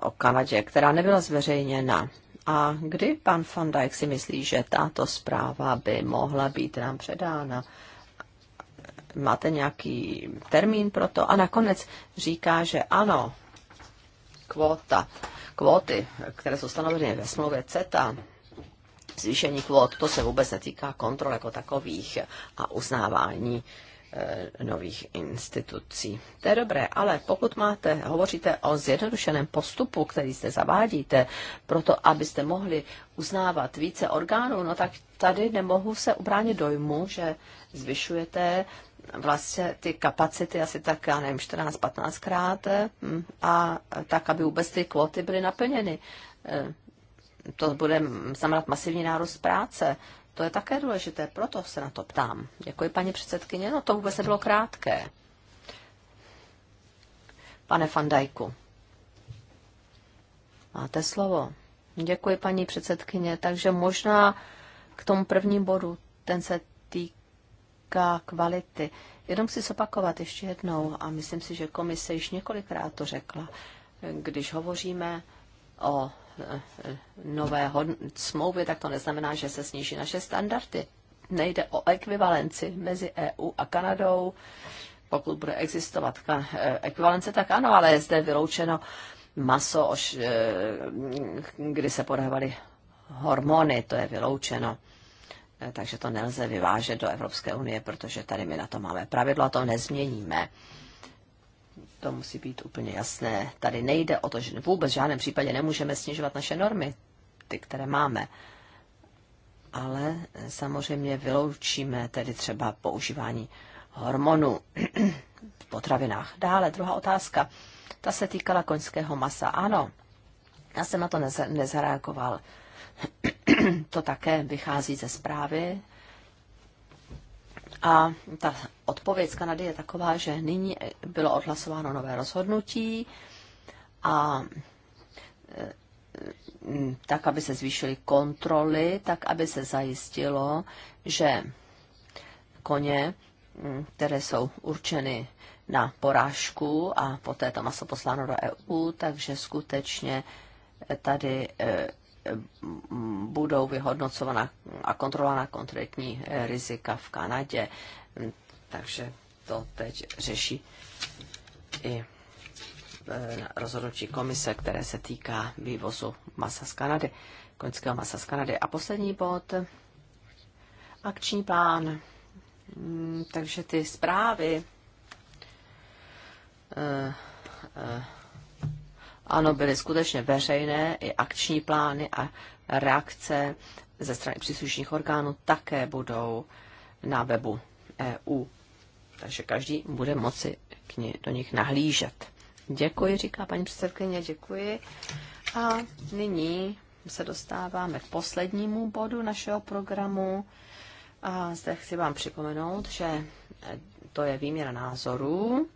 o Kanadě, která nebyla zveřejněna. A kdy pan van Dijk si myslí, že tato zpráva by mohla být nám předána? Máte nějaký termín pro to? A nakonec říká, že ano, Kvota kvóty, které jsou stanoveny ve smlouvě CETA, zvýšení kvót, to se vůbec netýká kontrol jako takových a uznávání Eh, nových institucí. To je dobré, ale pokud máte, hovoříte o zjednodušeném postupu, který se zavádíte, proto abyste mohli uznávat více orgánů, no tak tady nemohu se ubránit dojmu, že zvyšujete vlastně ty kapacity asi tak, já nevím, 14-15 krát hm, a tak, aby vůbec ty kvóty byly naplněny. Eh, to bude znamenat masivní nárůst práce to je také důležité, proto se na to ptám. Děkuji, paní předsedkyně. No to vůbec nebylo krátké. Pane Fandajku, máte slovo. Děkuji, paní předsedkyně. Takže možná k tomu prvním bodu, ten se týká kvality. Jenom chci zopakovat ještě jednou, a myslím si, že komise již několikrát to řekla, když hovoříme o nové smlouvy, tak to neznamená, že se sníží naše standardy. Nejde o ekvivalenci mezi EU a Kanadou. Pokud bude existovat ekvivalence, tak ano, ale je zde vyloučeno maso, ož, eh, kdy se podávaly hormony, to je vyloučeno. Eh, takže to nelze vyvážet do Evropské unie, protože tady my na to máme pravidlo a to nezměníme to musí být úplně jasné. Tady nejde o to, že vůbec v žádném případě nemůžeme snižovat naše normy, ty, které máme. Ale samozřejmě vyloučíme tedy třeba používání hormonů v potravinách. Dále druhá otázka. Ta se týkala koňského masa. Ano, já jsem na to neza nezareagoval. to také vychází ze zprávy a ta odpověď z Kanady je taková, že nyní bylo odhlasováno nové rozhodnutí a e, tak, aby se zvýšily kontroly, tak, aby se zajistilo, že koně, které jsou určeny na porážku a poté to maso posláno do EU, takže skutečně tady e, budou vyhodnocována a kontrolována konkrétní rizika v Kanadě. Takže to teď řeší i e, rozhodnutí komise, které se týká vývozu masa z Kanady, koňského masa z Kanady. A poslední bod, akční plán. Mm, takže ty zprávy e, e, ano, byly skutečně veřejné i akční plány a reakce ze strany příslušných orgánů také budou na webu EU. Takže každý bude moci k ní, do nich nahlížet. Děkuji, říká paní předsedkyně, děkuji. A nyní se dostáváme k poslednímu bodu našeho programu. A zde chci vám připomenout, že to je výměra názorů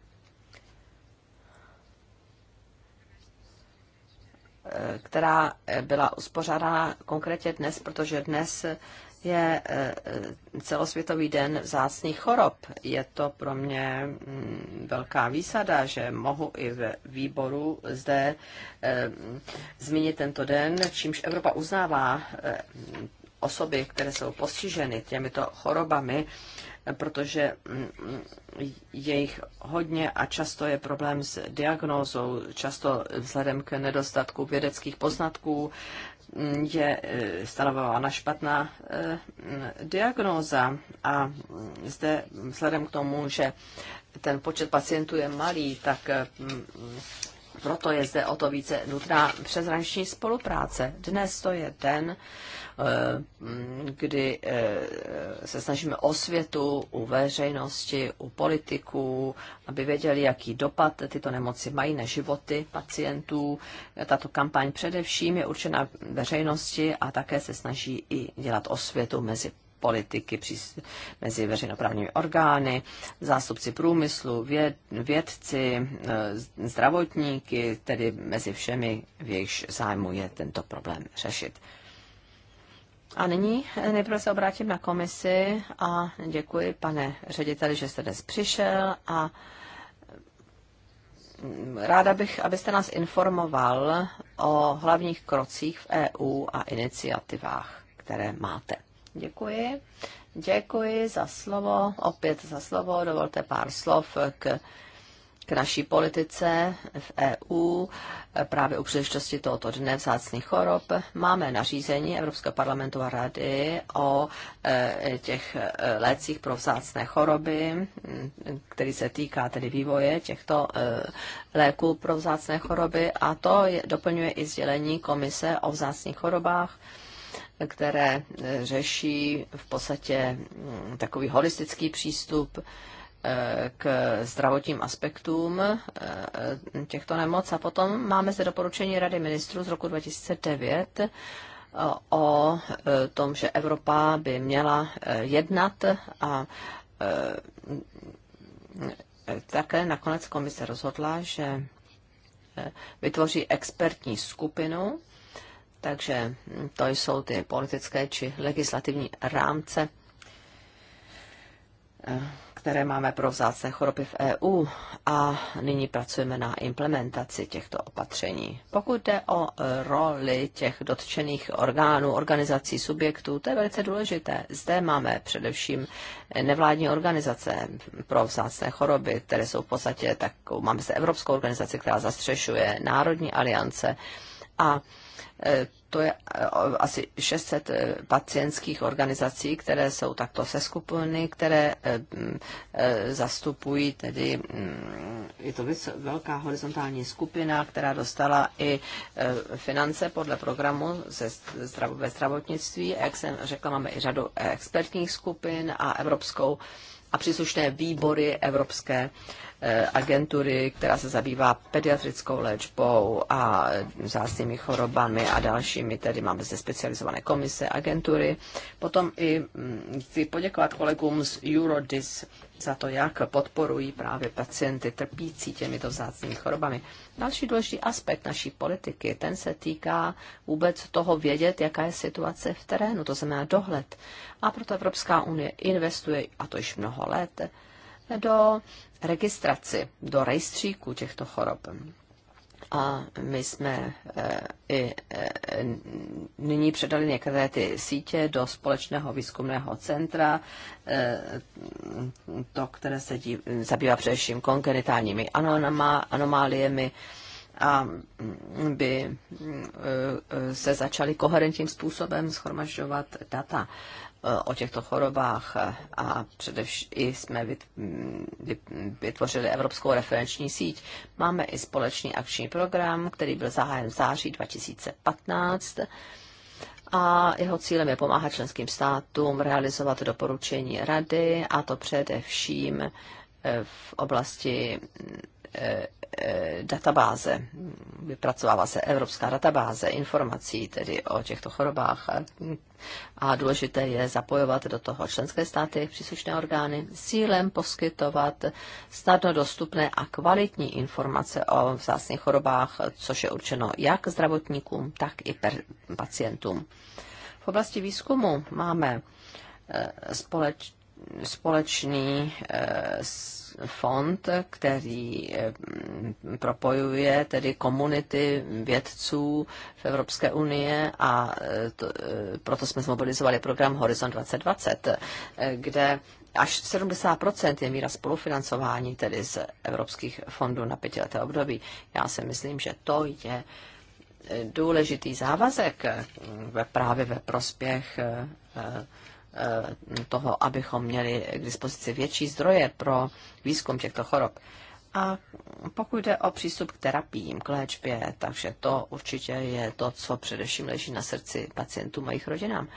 Eh, která eh, byla uspořádána konkrétně dnes, protože dnes je eh, celosvětový den vzácných chorob. Je to pro mě mm, velká výsada, že mohu i v výboru zde zmínit tento den, čímž Evropa uznává osoby, které jsou postiženy těmito chorobami protože mm, mm, je jich hodně a často je problém s diagnózou, často vzhledem k nedostatku vědeckých poznatků mm, je eh, stanovována špatná eh, diagnóza a zde vzhledem k tomu, že ten počet pacientů je malý, tak eh, proto je zde o to více nutná přeshraniční spolupráce. Dnes to je den, Eh, kdy eh, se snažíme o světu, u veřejnosti, u politiků, aby věděli, jaký dopad tyto nemoci mají na životy pacientů. Tato kampaň především je určena veřejnosti a také se snaží i dělat světu mezi politiky mezi veřejnoprávními orgány, zástupci průmyslu, vědci, eh, zdravotníky, tedy mezi všemi, v jejichž zájmu je tento problém řešit. A nyní nejprve se obrátím na komisi a děkuji, pane řediteli, že jste dnes přišel a ráda bych, abyste nás informoval o hlavních krocích v EU a iniciativách, které máte. Děkuji. Děkuji za slovo, opět za slovo. Dovolte pár slov k k naší politice v EU právě u příležitosti tohoto dne vzácných chorob. Máme nařízení Evropského parlamentu a rady o e, těch e, lécích pro vzácné choroby, který se týká tedy vývoje těchto e, léků pro vzácné choroby a to je, doplňuje i sdělení komise o vzácných chorobách které řeší v podstatě takový holistický přístup k zdravotním aspektům eh, těchto nemoc. A potom máme zde doporučení Rady ministrů z roku 2009 eh, o eh, tom, že Evropa by měla jednat a také nakonec komise rozhodla, že vytvoří expertní skupinu, takže to jsou ty politické či legislativní rámce které máme pro vzácné choroby v EU a nyní pracujeme na implementaci těchto opatření. Pokud jde o roli těch dotčených orgánů, organizací, subjektů, to je velice důležité. Zde máme především nevládní organizace pro vzácné choroby, které jsou v podstatě takovou, máme zde Evropskou organizaci, která zastřešuje Národní aliance a Eh, to je eh, asi 600 eh, pacientských organizací, které jsou takto seskupeny, které zastupují tedy, mm, je to velká horizontální skupina, která dostala i finance podle programu ze ve zdravotnictví. Jak jsem řekla, máme i řadu expertních skupin a evropskou a příslušné výbory evropské Eh, agentury, která se zabývá pediatrickou léčbou a vzácnými chorobami a dalšími, tedy máme zde specializované komise, agentury. Potom i mm, chci poděkovat kolegům z Eurodis za to, jak podporují právě pacienty trpící těmito vzácnými chorobami. Další důležitý aspekt naší politiky, ten se týká vůbec toho vědět, jaká je situace v terénu, to znamená dohled. A proto Evropská unie investuje, a to již mnoho let, do registraci, do rejstříku těchto chorob. A my jsme eh, i eh, nyní předali některé ty sítě do společného výzkumného centra, eh, to, které se dí, zabývá především kongenitálními anomáliemi, a by se začaly koherentním způsobem schromažďovat data Eh, o těchto chorobách eh, a především jsme mm, vytvořili Evropskou referenční síť. Máme i společný akční program, který byl zahájen v září 2015 a jeho cílem je pomáhat členským státům realizovat doporučení rady a to především eh, v oblasti Eh, databáze, vypracovává se evropská databáze informací tedy o těchto chorobách a důležité je zapojovat do toho členské státy příslušné orgány s cílem poskytovat snadno dostupné a kvalitní informace o vzácných chorobách, což je určeno jak zdravotníkům, tak i pacientům. V oblasti výzkumu máme eh, společnost společný eh, fond, který eh, propojuje tedy komunity vědců v Evropské unie a eh, to, proto jsme zmobilizovali program Horizon 2020, kde až 70% je míra spolufinancování tedy z evropských fondů na pětileté období. Já si myslím, že to je důležitý závazek ve, právě ve prospěch Eh, toho, abychom měli k dispozici větší zdroje pro výzkum těchto chorob. A pokud jde o přístup k terapiím, k léčbě, takže to určitě je to, co především leží na srdci pacientů a jejich rodinám.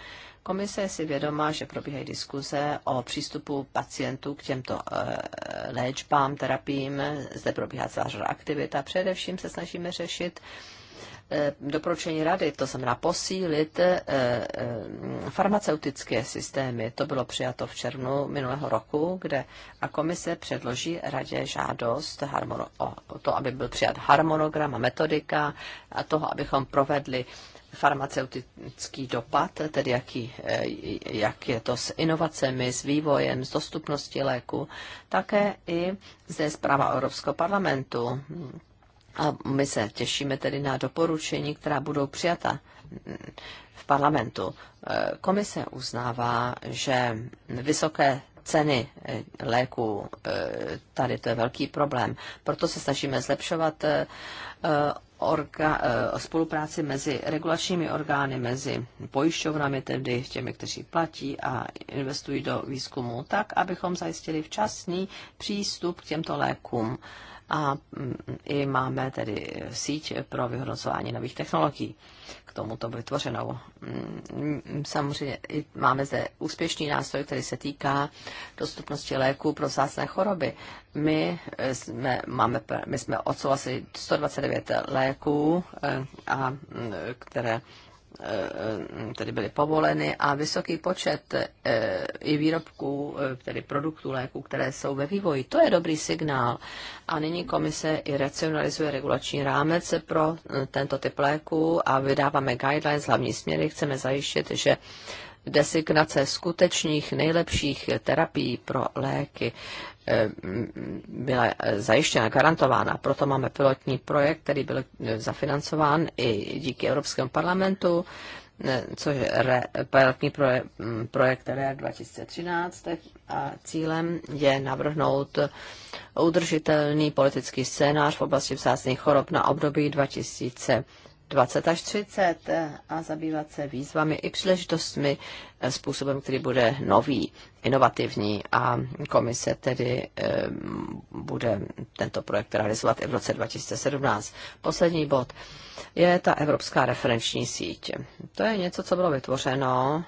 Komise je si vědomá, že probíhají diskuze o přístupu pacientů k těmto eh, léčbám, terapiím. Zde probíhá celá řada aktivita. Především se snažíme řešit Eh, doporučení rady, to znamená posílit eh, eh, farmaceutické systémy. To bylo přijato v červnu minulého roku, kde a komise předloží radě žádost o to, aby byl přijat harmonogram a metodika a toho, abychom provedli farmaceutický dopad, tedy jaký, jak je to s inovacemi, s vývojem, s dostupností léku. Také i zde zpráva Evropského parlamentu a my se těšíme tedy na doporučení, která budou přijata mm, v parlamentu. E, komise uznává, že vysoké ceny e, léků, e, tady to je velký problém. Proto se snažíme zlepšovat orga, spolupráci mezi regulačními orgány, mezi pojišťovnami, tedy těmi, kteří platí a investují do výzkumu, tak, abychom zajistili včasný přístup k těmto lékům a mm, i máme tedy síť pro vyhodnocování nových technologií k tomuto vytvořenou. Mm, samozřejmě máme zde úspěšný nástroj, který se týká dostupnosti léků pro vzácné choroby. My eh, jsme, máme, my jsme odsouhlasili 129 léků, eh, a, mm, které tedy byly povoleny a vysoký počet eh, i výrobků, eh, tedy produktů léků, které jsou ve vývoji. To je dobrý signál. A nyní komise i racionalizuje regulační rámec pro eh, tento typ léků a vydáváme guidelines, hlavní směry. Chceme zajištit, že designace skutečných nejlepších terapií pro léky Eh, byla zajištěna, garantována. Proto máme pilotní projekt, který byl eh, zafinancován i díky Evropskému parlamentu, eh, což je re, pilotní proje, mm, projekt RE 2013 a cílem je navrhnout udržitelný politický scénář v oblasti vzácných chorob na období 2000 20 až 30 a zabývat se výzvami i příležitostmi eh, způsobem, který bude nový, inovativní a komise tedy eh, bude tento projekt realizovat i v roce 2017. Poslední bod je ta Evropská referenční síť. To je něco, co bylo vytvořeno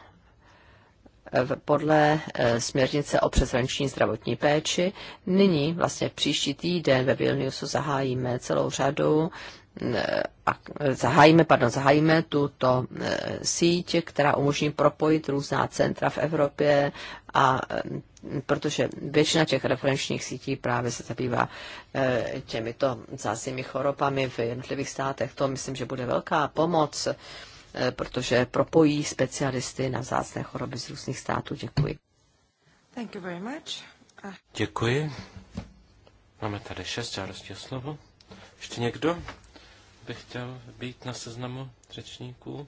eh, podle směrnice o přeshraniční zdravotní péči. Nyní, vlastně příští týden ve Vilniusu zahájíme celou řadu zahájíme, pardon, zahájíme tuto e, síť, která umožní propojit různá centra v Evropě a e, protože většina těch referenčních sítí právě se zabývá e, těmito zásadními chorobami v jednotlivých státech. To myslím, že bude velká pomoc, protože propojí specialisty na vzácné choroby z různých států. Děkuji.
Thank you very much.
Uh, Děkuji. Máme tady šest žádostí o slovo. Ještě někdo? bych chtěl být na seznamu řečníků,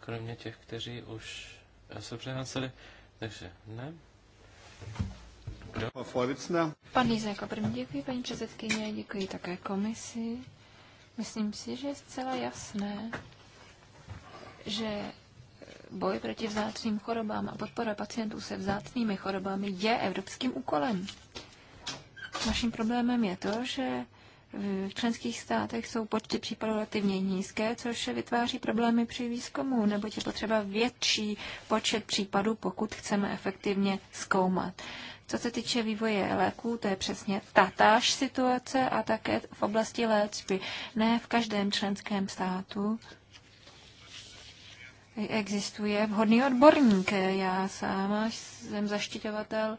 kromě těch, kteří už eh, se přihlásili. Takže ne.
Kdo? Pan Líze jako první děkuji, paní předsedkyně, děkuji také komisi. Myslím si, že je zcela jasné, že boj proti vzácným chorobám a podpora pacientů se vzácnými chorobami je evropským úkolem. Naším problémem je to, že v členských státech jsou počty případů relativně nízké, což vytváří problémy při výzkumu, nebo je potřeba větší počet případů, pokud chceme efektivně zkoumat. Co se týče vývoje léků, to je přesně tatáž situace a také v oblasti léčby. Ne v každém členském státu existuje vhodný odborník. Já sama jsem zaštiťovatel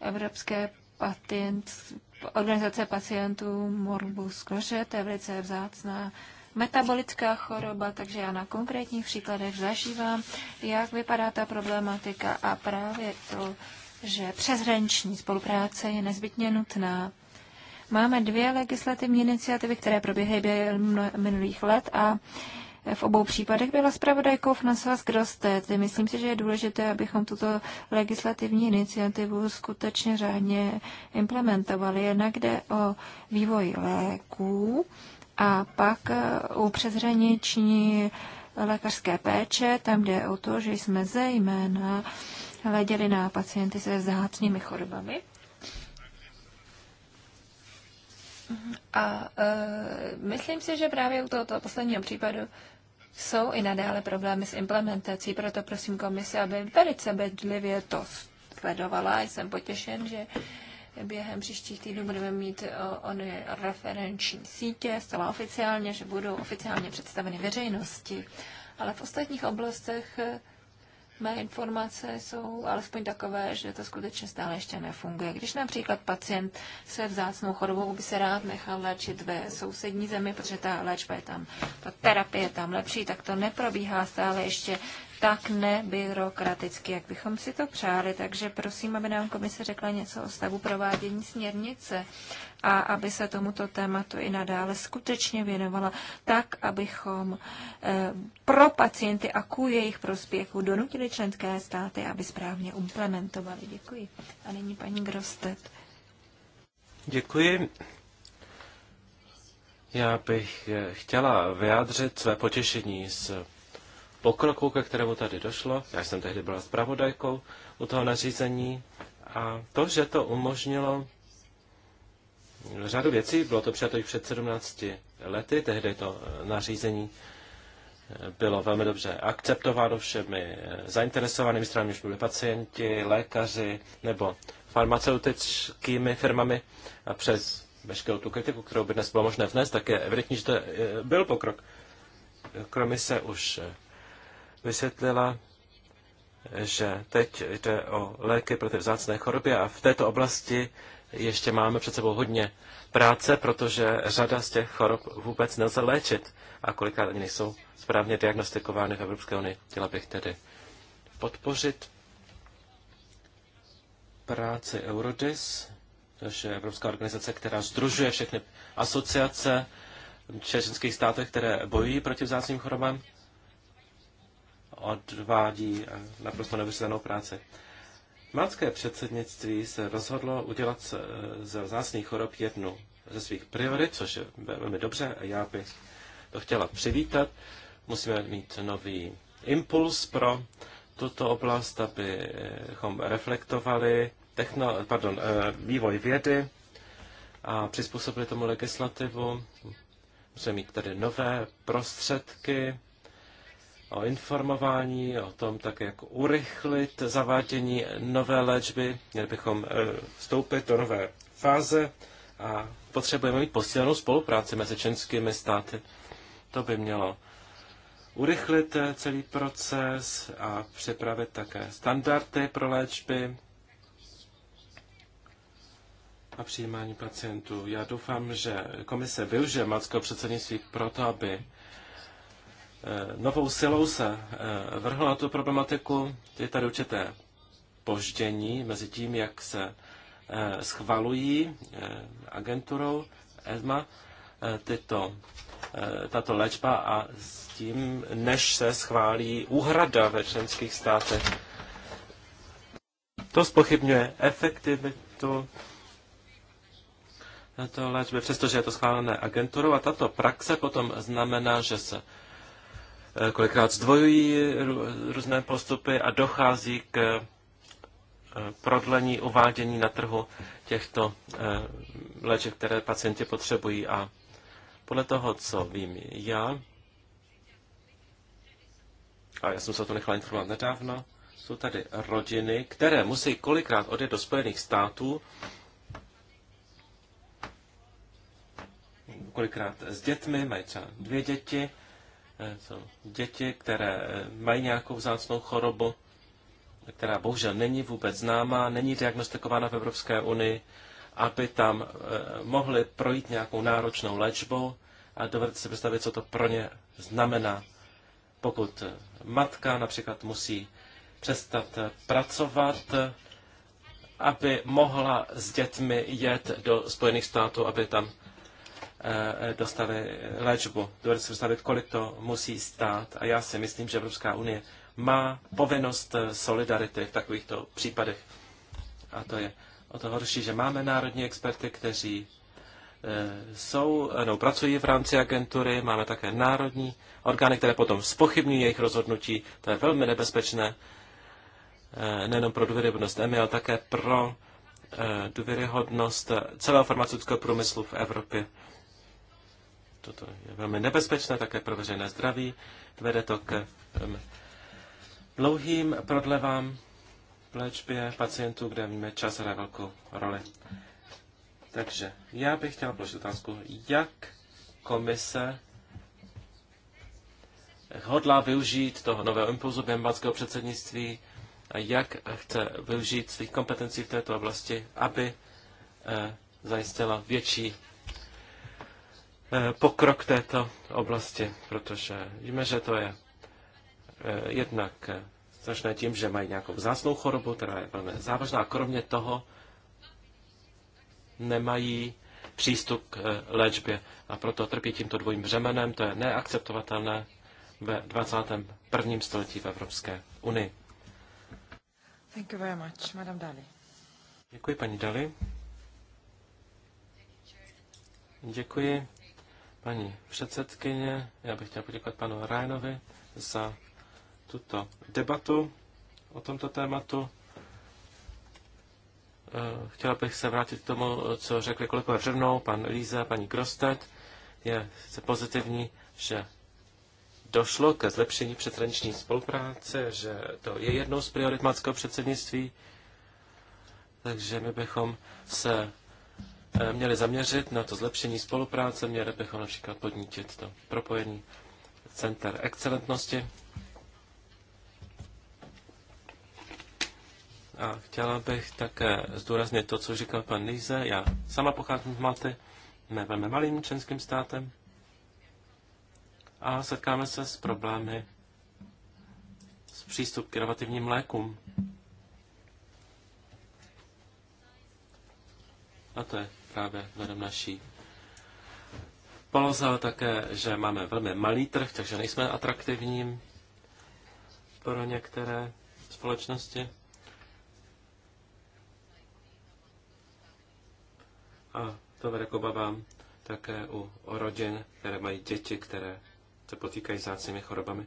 Evropské patent, organizace pacientů morbus Kroše, to je velice vzácná metabolická choroba, takže já na konkrétních příkladech zažívám, jak vypadá ta problematika a právě to, že přeshraniční spolupráce je nezbytně nutná. Máme dvě legislativní iniciativy, které proběhly během minulých let a v obou případech byla zpravodajkou François Grostet. Myslím si, že je důležité, abychom tuto legislativní iniciativu skutečně řádně implementovali. Jednak jde o vývoj léků a pak eh, u přeshraniční lékařské péče, tam jde o to, že jsme zejména hleděli na pacienty se vzácnými chorobami. A uh, myslím si, že právě u tohoto posledního případu jsou i nadále problémy s implementací, proto prosím komise, aby velice bedlivě to sledovala. Jsem potěšen, že během příštích týdnů budeme mít e, ony referenční sítě zcela oficiálně, že budou oficiálně představeny veřejnosti. Ale v ostatních oblastech e, Mé informace jsou alespoň takové, že to skutečně stále ještě nefunguje. Když například pacient se vzácnou chorobou by se rád nechal léčit ve sousední zemi, protože ta léčba je tam, ta terapie je tam lepší, tak to neprobíhá stále ještě tak nebyrokraticky, jak bychom si to přáli. Takže prosím, aby nám komise řekla něco o stavu provádění směrnice a aby se tomuto tématu i nadále skutečně věnovala tak, abychom eh, pro pacienty a ku jejich prospěchu donutili členské státy, aby správně implementovali. Děkuji. A nyní paní Grostet.
Děkuji. Já bych eh, chtěla vyjádřit své potěšení z pokroku, ke kterému tady došlo. Já jsem tehdy byla zpravodajkou u toho nařízení a to, že to umožnilo řadu věcí, bylo to přijato před 17 lety, tehdy to eh, nařízení eh, bylo velmi dobře akceptováno všemi eh, zainteresovanými stranami, už byli pacienti, lékaři nebo farmaceutickými firmami a přes veškerou tu kritiku, kterou by dnes bylo možné vnést, tak je evidentní, že to byl pokrok. Kromě se už vysvětlila, že teď jde o léky proti vzácné chorobě a v této oblasti ještě máme před sebou hodně práce, protože řada z těch chorob vůbec nelze léčit a kolikrát ani nejsou správně diagnostikovány v Evropské unii. Chtěla bych tedy podpořit práci Eurodis, což je Evropská organizace, která združuje všechny asociace českých států, které bojují proti vzácným chorobám odvádí eh, naprosto nevyslenou práci. Malcké předsednictví se rozhodlo udělat eh, ze vzácných chorob jednu ze svých priorit, což je velmi dobře a já bych to chtěla přivítat. Musíme mít nový impuls pro tuto oblast, abychom reflektovali techno, pardon, eh, vývoj vědy a přizpůsobili tomu legislativu. Musíme mít tady nové prostředky o informování, o tom tak, jak urychlit zavádění nové léčby. Měli bychom e, vstoupit do nové fáze a potřebujeme mít posílenou spolupráci mezi členskými státy. To by mělo urychlit e, celý proces a připravit také standardy pro léčby a přijímání pacientů. Já doufám, že komise využije matského předsednictví proto, aby Eh, novou silou se eh, vrhl na tu problematiku. Je tady určité poždění mezi tím, jak se eh, schvalují agenturou ESMA tyto, tato léčba a s tím, než se schválí úhrada ve členských státech. To spochybňuje efektivitu této léčby, přestože je to schválené agenturou a tato praxe potom znamená, že se kolikrát zdvojují různé postupy a dochází k eh, prodlení uvádění na trhu těchto eh, léčiv, které pacienti potřebují. A podle toho, co vím já, a já jsem se o to nechal informovat nedávno, jsou tady rodiny, které musí kolikrát odjet do Spojených států, kolikrát s dětmi, mají třeba dvě děti, Eh, děti, které eh, mají nějakou vzácnou chorobu, která bohužel není vůbec známá, není diagnostikována v Evropské unii, aby tam eh, mohly projít nějakou náročnou léčbou a dovedete si představit, co to pro ně znamená. Pokud matka například musí přestat pracovat, aby mohla s dětmi jet do Spojených států, aby tam Eh, eh, dostali léčbu, dovedli si představit, kolik to musí stát. A já si myslím, že Evropská unie má povinnost eh, solidarity v takovýchto případech. A to je o to horší, že máme národní experty, kteří jsou, no, pracují v rámci agentury, máme také národní orgány, které potom spochybňují jejich rozhodnutí. To je velmi nebezpečné nejenom pro důvěryhodnost EMI, ale také pro důvěryhodnost celého farmaceutického průmyslu v Evropě. Toto je velmi nebezpečné také pro veřejné zdraví. Vede to k dlouhým prodlevám v léčbě pacientů, kde víme, čas hraje velkou roli. Takže já bych chtěl položit otázku, jak komise hodlá využít toho nového impulzu běmbackého předsednictví a jak chce využít svých kompetencí v této oblasti, aby eh, zajistila větší Eh, pokrok této oblasti, protože víme, že to je eh, jednak strašné eh, tím, že mají nějakou vzácnou chorobu, která je velmi závažná. Kromě toho nemají přístup k léčbě a proto trpí tímto dvojím břemenem. To je neakceptovatelné ve 21. století v Evropské unii.
Thank you very much, Madam Dali.
Děkuji, paní Dali. Děkuji. Paní předsedkyně, já bych chtěl poděkovat panu Rajnovi za tuto debatu o tomto tématu. Eh, chtěl bych se vrátit k tomu, co řekli kolegové před pan Líza, paní Grostet. Je se pozitivní, že došlo ke zlepšení přeshraniční spolupráce, že to je jednou z priorit předsednictví, takže my bychom se Eh, měli zaměřit na to zlepšení spolupráce, měli bychom například podnítit to propojení center excelentnosti. A chtěla bych také zdůraznit to, co říkal pan Líze. Já sama pocházím z Malty, jsme velmi malým členským státem a setkáme se s problémy s přístup k inovativním lékům. A to je právě vedem naší poloze, ale také, že máme velmi malý trh, takže nejsme atraktivním pro některé společnosti. A to vede k obavám také u rodin, které mají děti, které se potýkají s chorobami.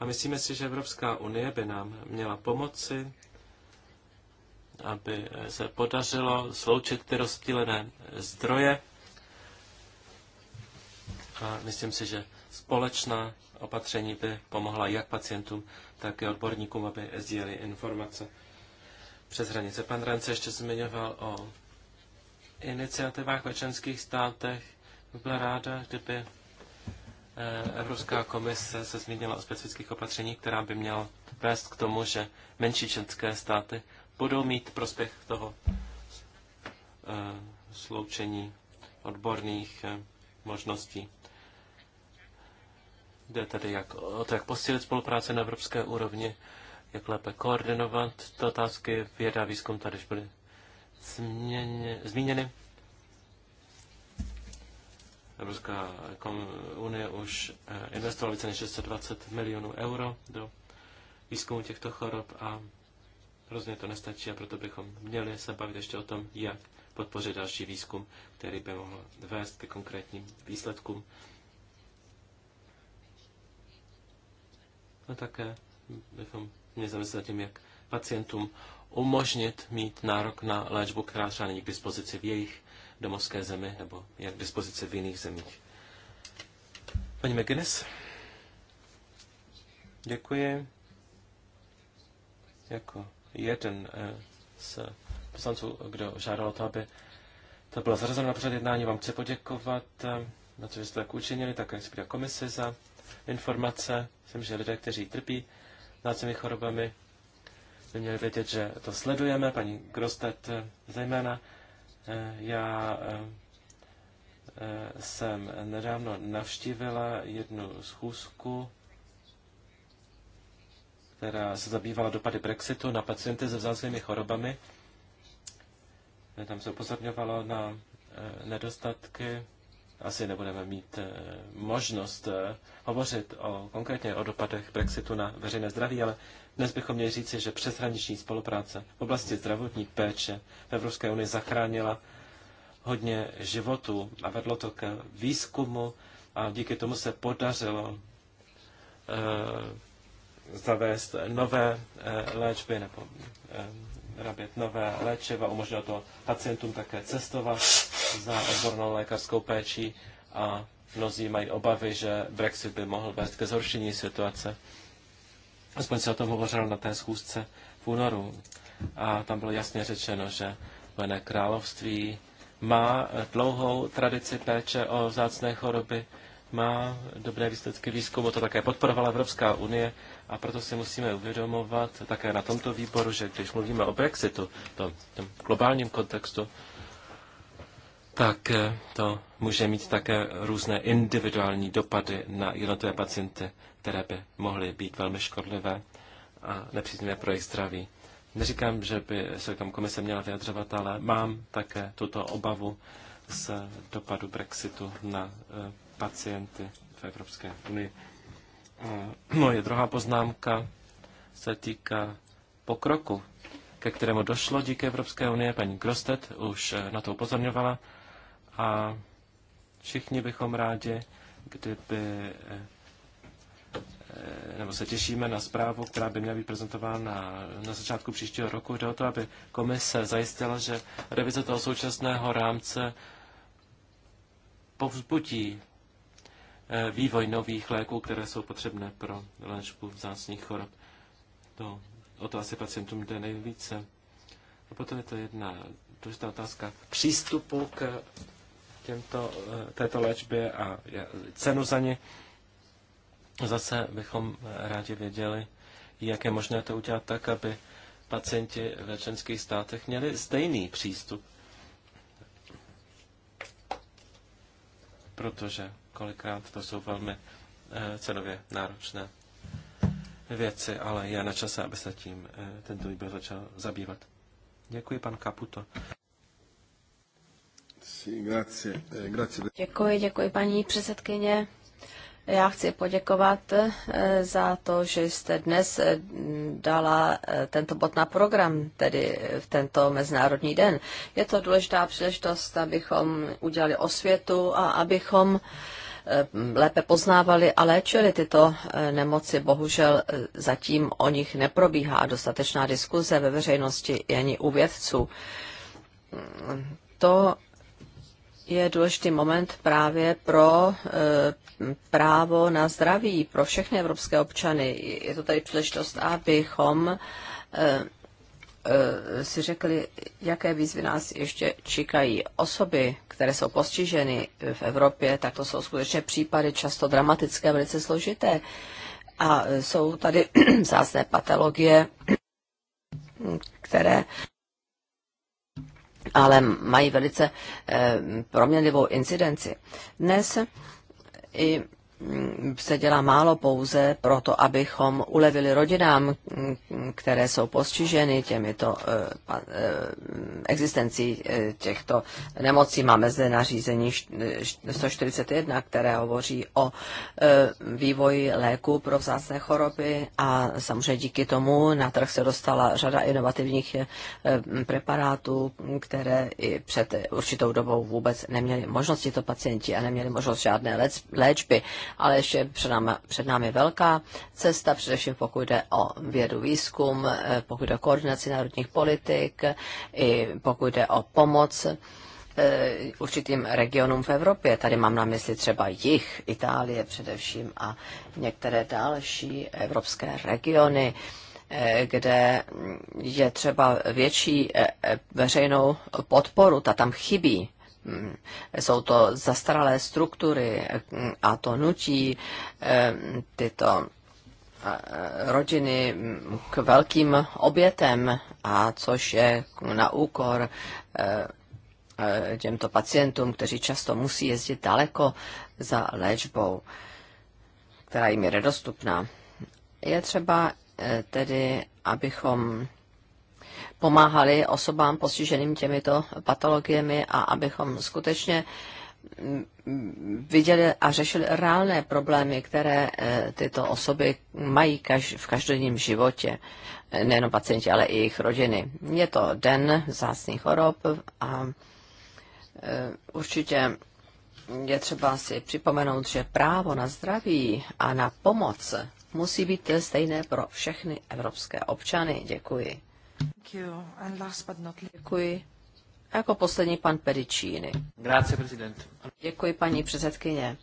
A myslíme si, že Evropská unie by nám měla pomoci aby se podařilo sloučit ty rozptýlené zdroje. A myslím si, že společná opatření by pomohla jak pacientům, tak i odborníkům, aby sdíleli informace přes hranice. Pan Rance ještě zmiňoval o iniciativách ve členských státech. Byla ráda, kdyby eh, Evropská komise se zmínila o specifických opatřeních, která by měla vést k tomu, že menší členské státy budou mít prospěch toho eh, sloučení odborných eh, možností. Jde tedy jak, o to, jak posílit spolupráce na evropské úrovni, jak lépe koordinovat to otázky věda a výzkum tady už byly změně, zmíněny. Evropská unie už eh, investovala více než 620 milionů euro do výzkumu těchto chorob a Rozhodně to nestačí a proto bychom měli se bavit ještě o tom, jak podpořit další výzkum, který by mohl vést ke konkrétním výsledkům. A také bychom měli zamyslet tím, jak pacientům umožnit mít nárok na léčbu, která třeba není k dispozici v jejich domovské zemi nebo je k dispozici v jiných zemích. Paní McGuinness, děkuji. Jako jeden eh, z poslanců, kdo žádal o to, aby to bylo zařazeno na pořad jednání. Vám chci poděkovat eh, na co jste tak učinili, také chci poděkovat komisi za informace. Myslím, že lidé, kteří trpí těmi chorobami, by měli vědět, že to sledujeme, paní Grostet eh, zejména. Já jsem nedávno navštívila jednu schůzku která se zabývala dopady Brexitu na pacienty se vzácnými chorobami. Tam se upozorňovalo na eh, nedostatky. Asi nebudeme mít eh, možnost eh, hovořit o, konkrétně o dopadech Brexitu na veřejné zdraví, ale dnes bychom měli říci, že přeshraniční spolupráce v oblasti zdravotní péče v Evropské unii zachránila hodně životů a vedlo to k výzkumu a díky tomu se podařilo zavést nové eh, léčby nebo eh, vyrábět nové léčiva, umožnilo to pacientům také cestovat za odbornou lékařskou péčí a mnozí mají obavy, že Brexit by mohl vést ke zhoršení situace. Aspoň se o tom hovořilo na té schůzce v únoru. A tam bylo jasně řečeno, že Spojené království má dlouhou tradici péče o vzácné choroby, má dobré výsledky výzkumu, to také podporovala Evropská unie a proto si musíme uvědomovat také na tomto výboru, že když mluvíme o Brexitu, to, tom globálním kontextu, tak eh, to může mít také různé individuální dopady na jednotlivé pacienty, které by mohly být velmi škodlivé a nepříznivé pro jejich zdraví. Neříkám, že by se tam komise měla vyjadřovat, ale mám také tuto obavu z dopadu Brexitu na eh, pacienty v Evropské unii. Eh, moje druhá poznámka se týká pokroku, ke kterému došlo díky Evropské unie. Paní Grostet už eh, na to upozorňovala a všichni bychom rádi, kdyby eh, nebo se těšíme na zprávu, která by měla být prezentována na začátku příštího roku. Jde o to, aby komise zajistila, že revize toho současného rámce povzbudí Eh, vývoj nových léků, které jsou potřebné pro léčbu vzácných chorob. To, o to asi pacientům jde nejvíce. A potom je to jedna důležitá otázka přístupu k těmto, eh, této léčbě a cenu za ně. Zase bychom rádi věděli, jak je možné to udělat tak, aby pacienti ve členských státech měli stejný přístup protože kolikrát to jsou velmi eh, cenově náročné věci, ale je na čase, aby se tím eh, tento výběr začal zabývat. Děkuji, pan Kaputo. Eh,
děkuji, děkuji,
paní předsedkyně. Já chci poděkovat eh, za to, že jste dnes eh, dala eh, tento bod na program, tedy v tento Mezinárodní den. Je to důležitá příležitost, abychom udělali osvětu a abychom lépe poznávali a léčili tyto nemoci. Bohužel zatím o nich neprobíhá dostatečná diskuze ve veřejnosti ani u vědců. To je důležitý moment právě pro eh, právo na zdraví pro všechny evropské občany. Je to tady příležitost, abychom eh, eh, si řekli, jaké výzvy nás ještě čekají. Osoby, které jsou postiženy v Evropě, tak to jsou skutečně případy často dramatické velice složité. A jsou tady zásné patologie, které ale mají velice eh, proměnlivou incidenci. Dnes i se dělá málo pouze proto, abychom ulevili rodinám, které jsou postiženy těmito eh, eh, existencí eh, těchto nemocí. Máme zde nařízení 141, které hovoří o vývoji léku pro vzácné choroby a samozřejmě díky tomu na trh se dostala řada inovativních preparátů, které i před určitou dobou vůbec neměli možnosti to pacienti a neměli možnost žádné léčby ale ještě před námi, před námi velká cesta, především pokud jde o vědu výzkum, eh, pokud jde o koordinaci národních politik, i pokud jde o pomoc eh, určitým regionům v Evropě. Tady mám na mysli třeba jich, Itálie především a některé další evropské regiony, eh, kde je třeba větší veřejnou podporu, ta tam chybí jsou to zastaralé struktury a to nutí eh, tyto eh, rodiny k velkým obětem, a což je na úkor eh, těmto pacientům, kteří často musí jezdit daleko za léčbou, která jim je nedostupná. Je třeba tedy, abychom pomáhali osobám postiženým těmito patologiemi a abychom skutečně mm, viděli a řešili reálné problémy, které eh, tyto osoby mají v každodenním životě. Eh, nejenom pacienti, ale i jejich rodiny. Je to den zásných chorob a eh, určitě je třeba si připomenout, že právo na zdraví a na pomoc musí být stejné pro všechny evropské občany. Děkuji. Děkuji. A jako poslední pan Pericíny. Děkuji, paní předsedkyně.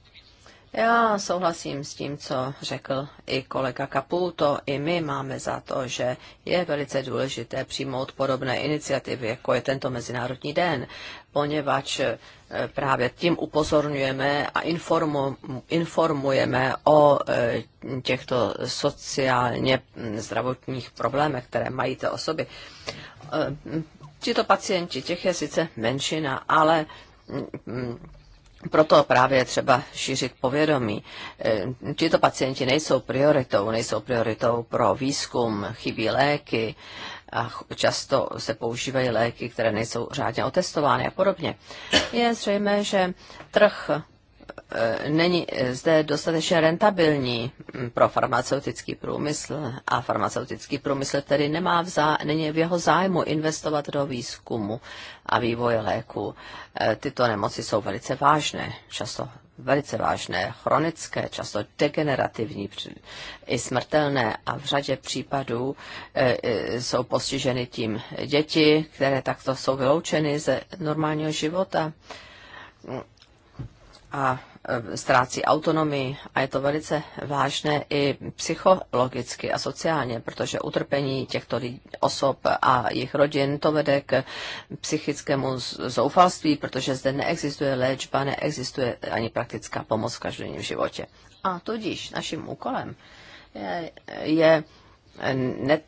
Já souhlasím s tím, co řekl i kolega Caputo. I my máme za to, že je velice důležité přijmout podobné iniciativy, jako je tento Mezinárodní den, poněvadž právě tím upozorňujeme a informujeme o e, těchto sociálně zdravotních problémech, které mají ty osoby. E, tito pacienti, těch je sice menšina, ale mm, proto právě je třeba šířit povědomí. E, tito pacienti nejsou prioritou, nejsou prioritou pro výzkum, chybí léky, a často se používají léky, které nejsou řádně otestovány a podobně. Je zřejmé, že trh e, není zde dostatečně rentabilní pro farmaceutický průmysl a farmaceutický průmysl tedy nemá v zá, není v jeho zájmu investovat do výzkumu a vývoje léku. E, tyto nemoci jsou velice vážné, často velice vážné, chronické, často degenerativní i smrtelné a v řadě případů eh, eh, jsou postiženy tím děti, které takto jsou vyloučeny ze normálního života. A ztrácí autonomii a je to velice vážné i psychologicky a sociálně, protože utrpení těchto osob a jejich rodin to vede k psychickému zoufalství, protože zde neexistuje léčba, neexistuje ani praktická pomoc v každodenním životě. A tudíž naším úkolem je, je ne,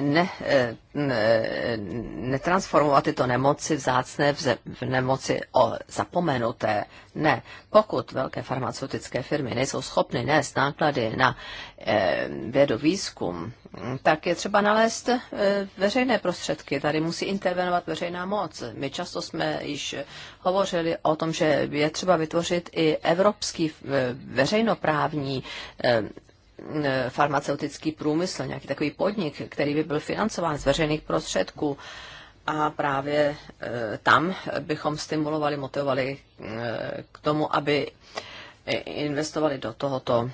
ne, netransformovat tyto nemoci vzácné v, ze, v nemoci o zapomenuté. Ne, pokud velké farmaceutické firmy nejsou schopny nést náklady na eh, vědu výzkum, tak je třeba nalézt eh, veřejné prostředky. Tady musí intervenovat veřejná moc. My často jsme již hovořili o tom, že je třeba vytvořit i evropský eh, veřejnoprávní eh, E, farmaceutický průmysl, nějaký takový podnik, který by byl financován z veřejných prostředků. A právě e, tam bychom stimulovali, motivovali e, k tomu, aby investovali do tohoto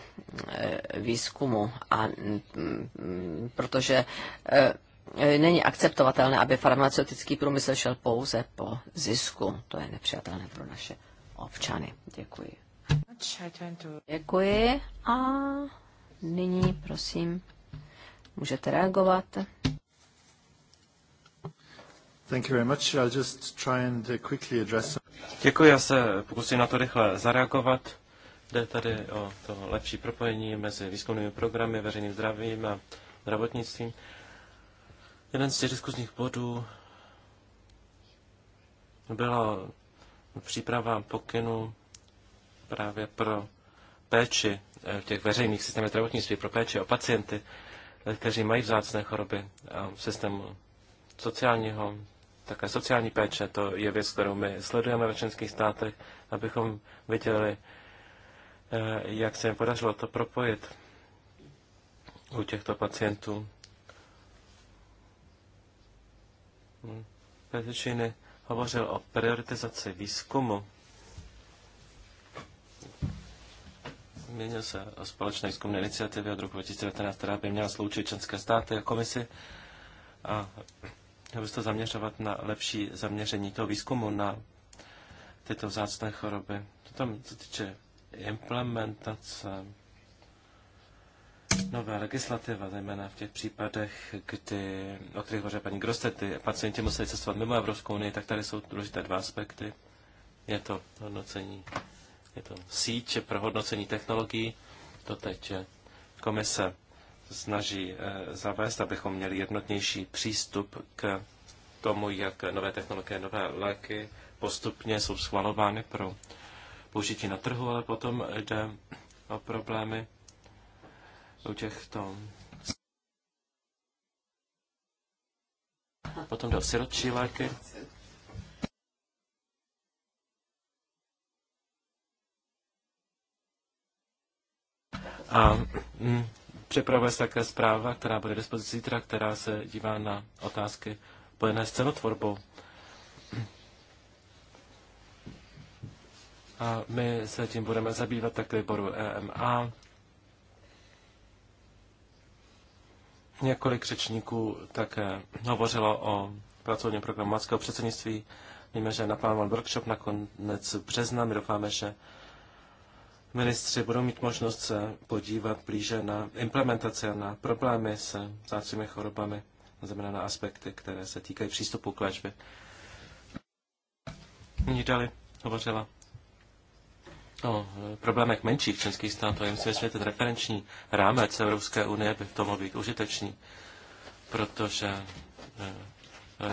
výzkumu. A mm, protože není akceptovatelné, aby farmaceutický průmysl šel pouze po zisku. To je nepřijatelné pro naše občany. Děkuji. Děkuji a nyní, prosím, můžete reagovat.
Thank you very much. I'll just try and uh, quickly address...
Děkuji, já se pokusím na to rychle zareagovat. Jde tady o to lepší propojení mezi výzkumnými programy, veřejným zdravím a zdravotnictvím. Jeden z těch diskuzních bodů byla příprava pokynu právě pro péči Eh, v těch veřejných systémech zdravotnictví pro péči o pacienty, eh, kteří mají vzácné choroby a systému sociálního, také sociální péče, to je věc, kterou my sledujeme ve členských státech, abychom viděli, eh, jak se jim podařilo to propojit u těchto pacientů. Hm. Petr Číny hovořil o prioritizaci výzkumu Změnil se o společné výzkumné iniciativy od roku 2019, která by měla sloučit členské státy a komisi a měl se to zaměřovat na lepší zaměření toho výzkumu na tyto vzácné choroby. To tam se týče implementace nové legislativa, zejména v těch případech, kdy, o kterých hovoří paní Grostety, pacienti museli cestovat mimo Evropskou unii, tak tady jsou důležité dva aspekty. Je to hodnocení je to síť pro hodnocení technologií. To teď eh, komise snaží eh, zavést, abychom měli jednotnější přístup k tomu, jak nové technologie, nové léky postupně jsou schvalovány pro použití na trhu, ale potom jde o problémy u těchto. Potom jde o sirotčí léky. A mm, připravuje se také zpráva, která bude dispozici zítra, která se dívá na otázky spojené s cenotvorbou. A my se tím budeme zabývat také výboru EMA. Několik řečníků také hovořilo o pracovním programu Mackého předsednictví. Víme, že je naplánován workshop na konec března. My doufáme, že ministři budou mít možnost se podívat blíže na implementaci a na problémy se vzácnými chorobami, znamená na aspekty, které se týkají přístupu k léčbě. Nyní dali hovořila o problémech menších členských států. Já myslím, že ten referenční rámec Evropské unie by v tom mohl být užitečný, protože je eh,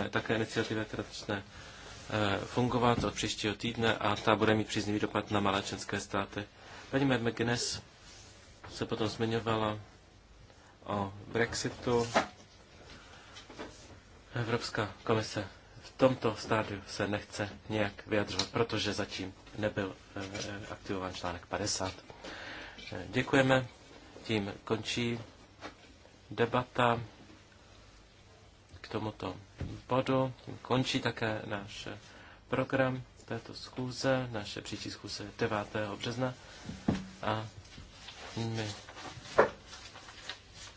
eh, také iniciativa, která začne eh, fungovat od příštího týdne a ta bude mít příznivý dopad na malé členské státy. Paní McGuinness se potom zmiňovala o Brexitu. Evropská komise v tomto stádiu se nechce nějak vyjadřovat, protože zatím nebyl eh, aktivován článek 50. Děkujeme. Tím končí debata k tomuto bodu. Tím končí také náš program této schůze. Naše příští schůze 9. března. A my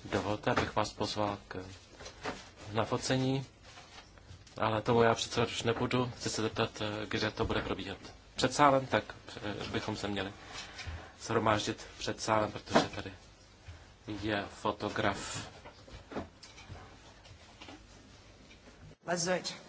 dovolte, abych vás pozval k na ale tomu já přece už nebudu. Chci se zeptat, kde to bude probíhat. Před sálem, tak eh, bychom se měli shromáždit před sálem, protože tady je fotograf.
Let's do it.